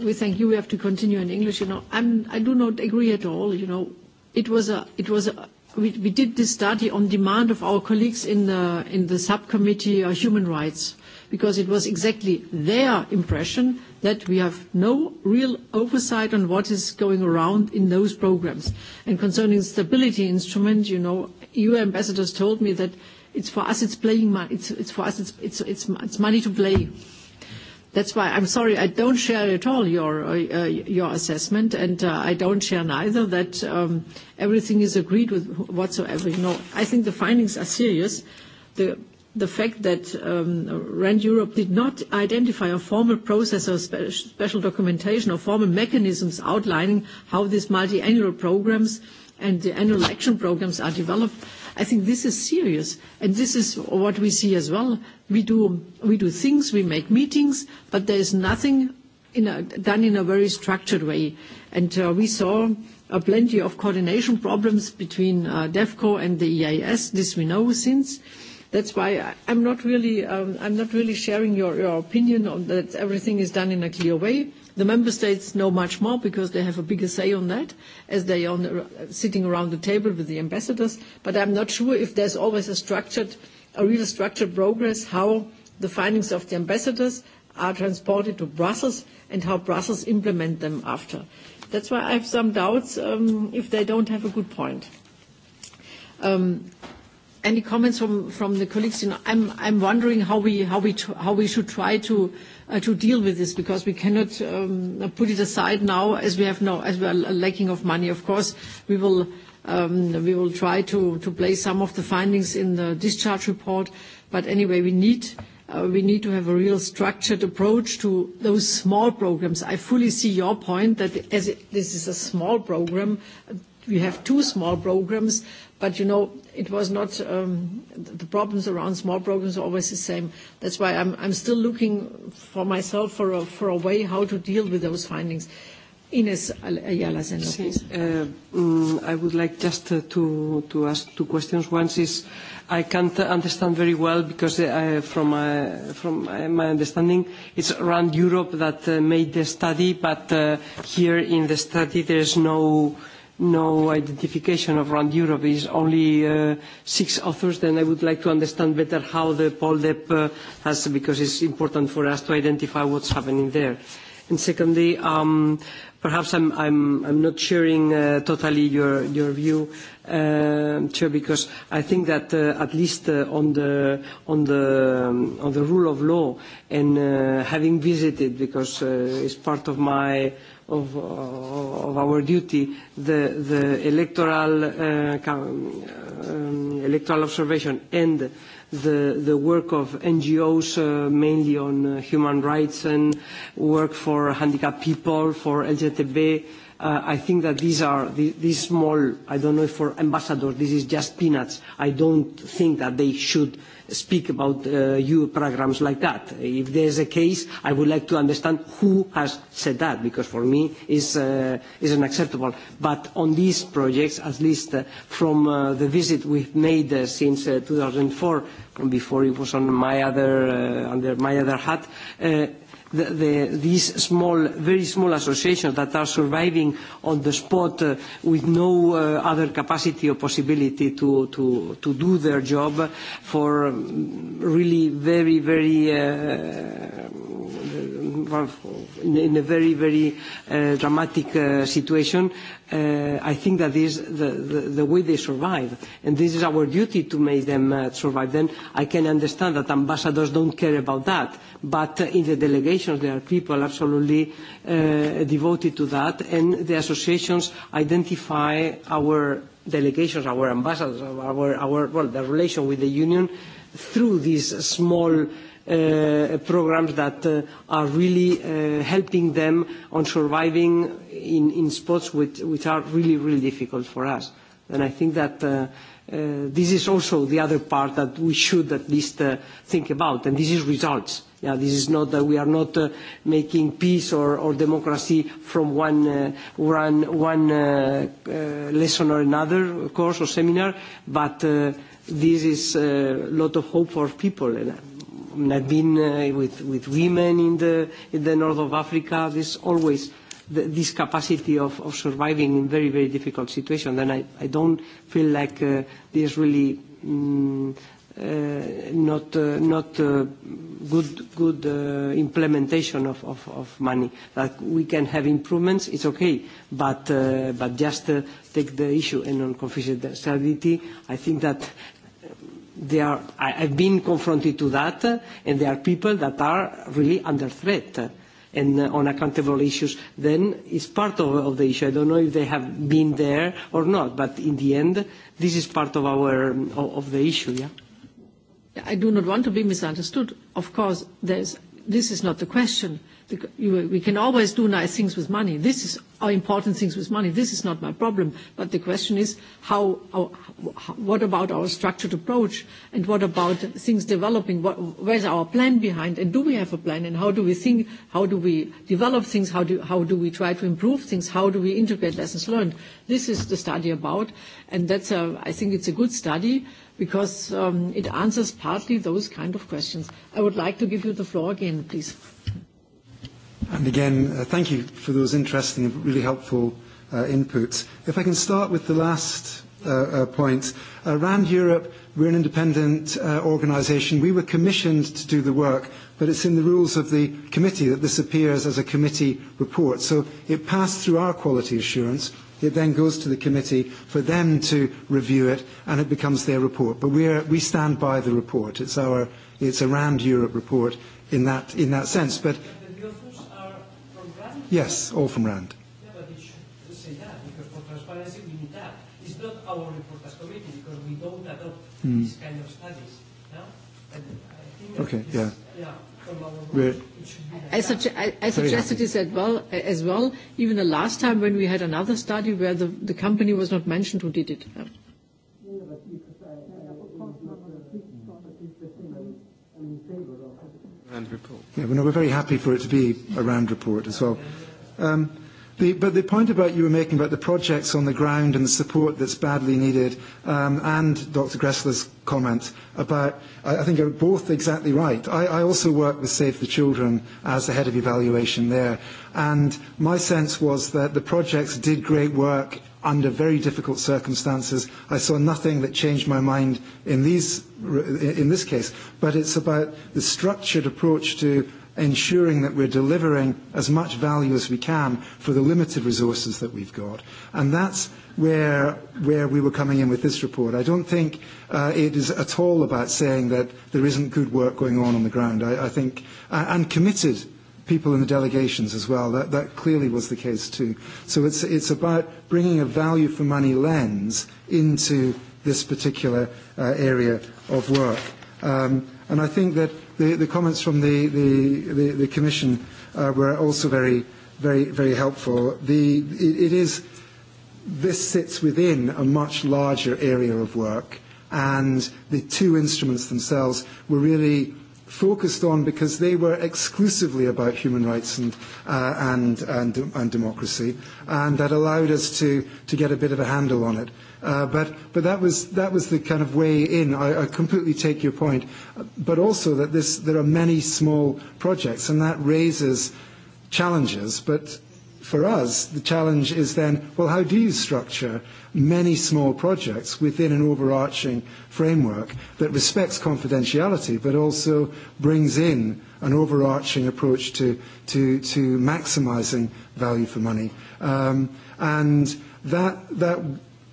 We thank you. We have to continue in English. You know, I'm, I do not agree at all. You know, it was a, it was a, we, we did this study on demand of our colleagues in the, in the subcommittee on uh, human rights because it was exactly their impression that we have no real oversight on what is going around in those programs. And concerning stability instrument, you know, EU ambassadors told me that it's for us it's playing money it's, it's for us it's, it's, it's, it's money to play that's why I'm sorry I don't share at all your uh, uh your assessment and uh, I don't share neither that um, everything is agreed with whatsoever you know I think the findings are serious the the fact that um, RAND Europe did not identify a formal process or spe special documentation or formal mechanisms outlining how these multi-annual programs and the annual action programs are developed. I think this is serious, and this is what we see as well. We do, we do things, we make meetings, but there is nothing in a, done in a very structured way. And uh, we saw uh, plenty of coordination problems between uh, DEFCO and the EIS. This we know since. That's why I'm not really, um, I'm not really sharing your, your opinion on that everything is done in a clear way. The member states know much more because they have a bigger say on that, as they are uh, sitting around the table with the ambassadors. But I'm not sure if there's always a structured, a real structured progress how the findings of the ambassadors are transported to Brussels and how Brussels implement them after. That's why I have some doubts um, if they don't have a good point. Um, any comments from, from the colleagues? You know, I'm, I'm wondering how we, how, we how we should try to Uh, to deal with this because we cannot um, put it aside now as we have no, as we are lacking of money. Of course, we will, um, we will try to, to place some of the findings in the discharge report, but anyway, we need uh, we need to have a real structured approach to those small programs. I fully see your point that as this is a small program, we have two small programs, But you know, it was not um, the problems around small programs are always the same. That's why I'm, I'm still looking for myself for a, for a way how to deal with those findings. Ines Ayala Sender, please. Uh, um, I would like just uh, to, to ask two questions. One is, I can't understand very well because uh, from, uh, from my understanding, it's around Europe that uh, made the study, but uh, here in the study there is no no identification of Round Europe. is only uh, six authors. Then I would like to understand better how the Poldep uh, has, because it's important for us to identify what's happening there. And secondly, um, perhaps I'm, not sharing uh, totally your, view, um, Chair, because I think that at least on the, um, on the rule of law and having visited, because it's part of my of, of our duty the, the electoral, uh, um, electoral observation and the, the work of NGOs, uh, mainly on uh, human rights and work for handicapped people, for LGTB. Uh, I think that these are these, these small, I don't know if for ambassadors, this is just peanuts. I don't think that they should speak about uh, EU programs like that. If there is a case, I would like to understand who has said that, because for me is uh, is unacceptable. But on these projects, at least uh, from uh, the visit we've made uh, since uh, 2004, before it was on my other uh, under my other hat. Uh, the, these small, very small associations that are surviving on the spot uh, with no uh, other capacity or possibility to, to, to do their job for um, really very, very, uh, in a very, very uh, dramatic uh, situation Uh, I think that is the, the, the way they survive. And this is our duty to make them uh, survive. Then I can understand that ambassadors don't care about that. But uh, in the delegations, there are people absolutely uh, devoted to that. And the associations identify our delegations, our ambassadors, our, our well, the relation with the union through these small Uh, programs that uh, are really uh, helping them on surviving in, in spots which, which are really, really difficult for us. And I think that uh, uh, this is also the other part that we should at least uh, think about, and this is results. Yeah, this is not that we are not uh, making peace or, or democracy from one, uh, one, one uh, uh, lesson or another course or seminar, but uh, this is a uh, lot of hope for people. And uh, I've been uh, with, with women in the, in the north of Africa. There's always the, this capacity of, of surviving in very, very difficult situations. And I, I don't feel like uh, there's really um, uh, not, uh, not uh, good, good uh, implementation of, of, of money. Like we can have improvements, it's okay, but, uh, but just uh, take the issue and on confidentiality, I think that they are, I, I've been confronted to that, and there are people that are really under threat and uh, on accountable issues, then it's part of, of the issue. I don't know if they have been there or not, but in the end, this is part of our of, of the issue. Yeah. I do not want to be misunderstood. Of course, there's this is not the question. we can always do nice things with money. This is our important things with money. This is not my problem. But the question is, how, how, what about our structured approach? And what about things developing? What, where's our plan behind? And do we have a plan? And how do we think? How do we develop things? How do, how do we try to improve things? How do we integrate lessons learned? This is the study about. And that's a, I think it's a good study because um, it answers partly those kind of questions. I would like to give you the floor again, please. And again, uh, thank you for those interesting and really helpful uh, inputs. If I can start with the last uh, uh, point. Uh, around Europe, we're an independent uh, organisation. We were commissioned to do the work, but it's in the rules of the committee that this appears as a committee report. So it passed through our quality assurance. It then goes to the committee for them to review it, and it becomes their report. But we're, we stand by the report. It's our it's a Rand Europe report in that in that sense. But, but the authors are from Rand. Yes, all from Rand. Yeah, but it should say that because for transparency we need that. It's not our report as committee because we don't adopt mm. these kind of studies. Yeah? No? And I think okay. yeah. Yeah. From our We're, i, suggested this as well, even the last time when we had another study where the, company was not mentioned who did it. Yeah. report. Yeah, no, we're very happy for it to be a round report as well. Um, The, but the point about you were making about the projects on the ground and the support that's badly needed, um, and Dr. Gressler's comment about, I, I think are both exactly right. I, I also work with Save the Children as the head of evaluation there, and my sense was that the projects did great work under very difficult circumstances. I saw nothing that changed my mind in, these, in this case, but it's about the structured approach to ensuring that we're delivering as much value as we can for the limited resources that we've got. And that's where, where we were coming in with this report. I don't think uh, it is at all about saying that there isn't good work going on on the ground. I, I think, uh, and committed people in the delegations as well. That, that clearly was the case too. So it's, it's about bringing a value for money lens into this particular uh, area of work. Um, and I think that the, the comments from the, the, the, the Commission uh, were also very, very, very helpful. The, it, it is, this sits within a much larger area of work, and the two instruments themselves were really focused on because they were exclusively about human rights and, uh, and, and, and democracy, and that allowed us to, to get a bit of a handle on it. Uh, but but that was that was the kind of way in. I, I completely take your point, but also that this there are many small projects, and that raises challenges. But for us, the challenge is then, well, how do you structure many small projects within an overarching framework that respects confidentiality but also brings in an overarching approach to, to, to maximizing value for money? Um, and that, that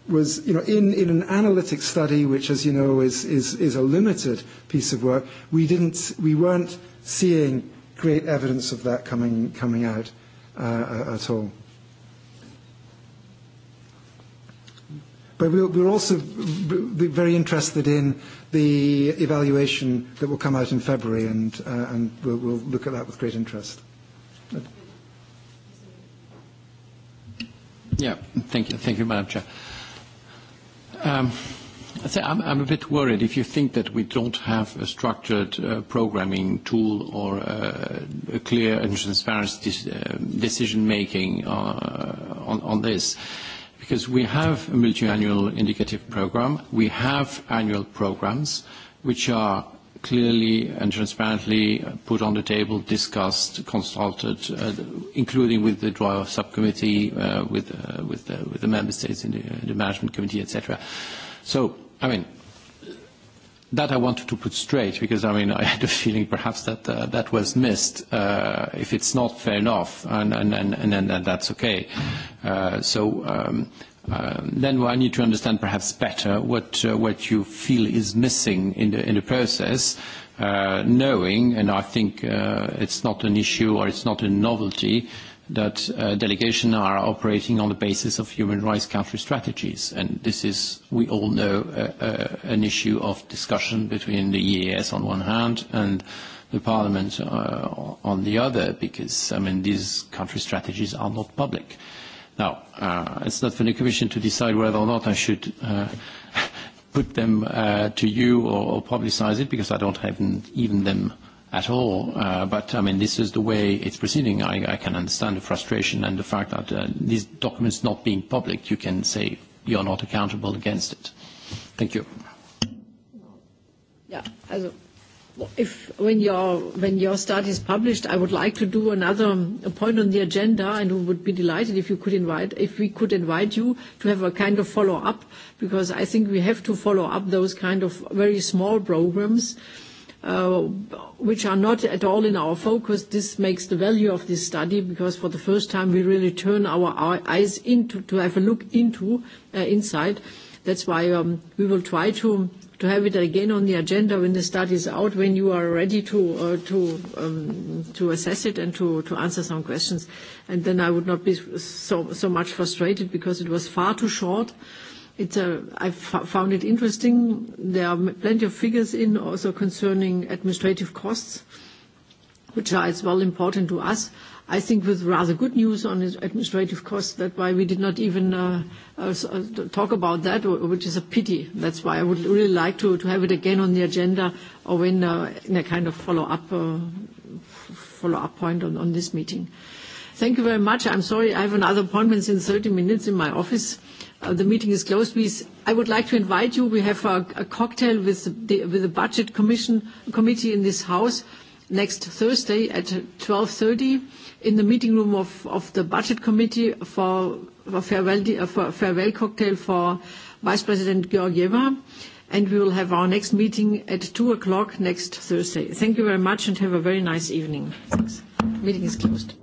was, you know, in, in an analytic study, which, as you know, is, is, is a limited piece of work, we, didn't, we weren't seeing great evidence of that coming, coming out uh, at all. But we're also very interested in the evaluation that will come out in February, and, uh, and we'll, we'll look at that with great interest. Yeah, thank you, thank you, Madam Chair. Um, say I'm, a bit worried if you think that we don't have a structured uh, programming tool or uh, a clear and transparent uh, decision-making on this. Because we have a multi-annual indicative program, we have annual programs, which are clearly and transparently put on the table, discussed, consulted, uh, including with the draw subcommittee, uh, with, uh, with, the, with the member states in the, uh, the management committee, etc. So, I mean, that I wanted to put straight because, I mean, I had a feeling perhaps that uh, that was missed. Uh, if it's not fair enough, and, and, and, and, and that's okay. Uh, so um, Uh, then I need to understand perhaps better what, uh, what you feel is missing in the, in the process, uh, knowing, and I think uh, it's not an issue or it's not a novelty, that uh, delegation are operating on the basis of human rights country strategies. and This is, we all know, uh, an issue of discussion between the EAS on one hand and the parliament on the other, because, I mean, these country strategies are not public. Now, uh, it's not for the Commission to decide whether or not I should uh, put them uh, to you or, or publicize it, because I don't have even them at all. Uh, but I mean, this is the way it's proceeding. I, I can understand the frustration and the fact that uh, these documents not being public, you can say you're not accountable against it. Thank you. Yeah, also if when your when your study is published, I would like to do another point on the agenda, and we would be delighted if you could invite if we could invite you to have a kind of follow up, because I think we have to follow up those kind of very small programs. Uh, which are not at all in our focus. This makes the value of this study because for the first time we really turn our, our eyes into to have a look into uh, inside. That's why um, we will try to to have it again on the agenda when the study is out, when you are ready to uh, to um, to assess it and to to answer some questions. And then I would not be so so much frustrated because it was far too short. It's a, I found it interesting. There are plenty of figures in also concerning administrative costs, which are as well important to us. I think with rather good news on administrative costs. That's why we did not even uh, uh, uh, talk about that, which is a pity. That's why I would really like to, have it again on the agenda or in a kind of follow-up follow point on, this meeting. Thank you very much. I'm sorry, I have another appointment in 30 minutes in my office. the meeting is closed. please. I would like to invite you. We have a, cocktail with the, with the Budget Commission Committee in this house next Thursday at 12:30 in the meeting room of, of the budget committee for a farewell, uh, for farewell cocktail for Vice President Georgieva, and we will have our next meeting at 2 o'clock next Thursday. Thank you very much and have a very nice evening. Thanks. Meeting is closed.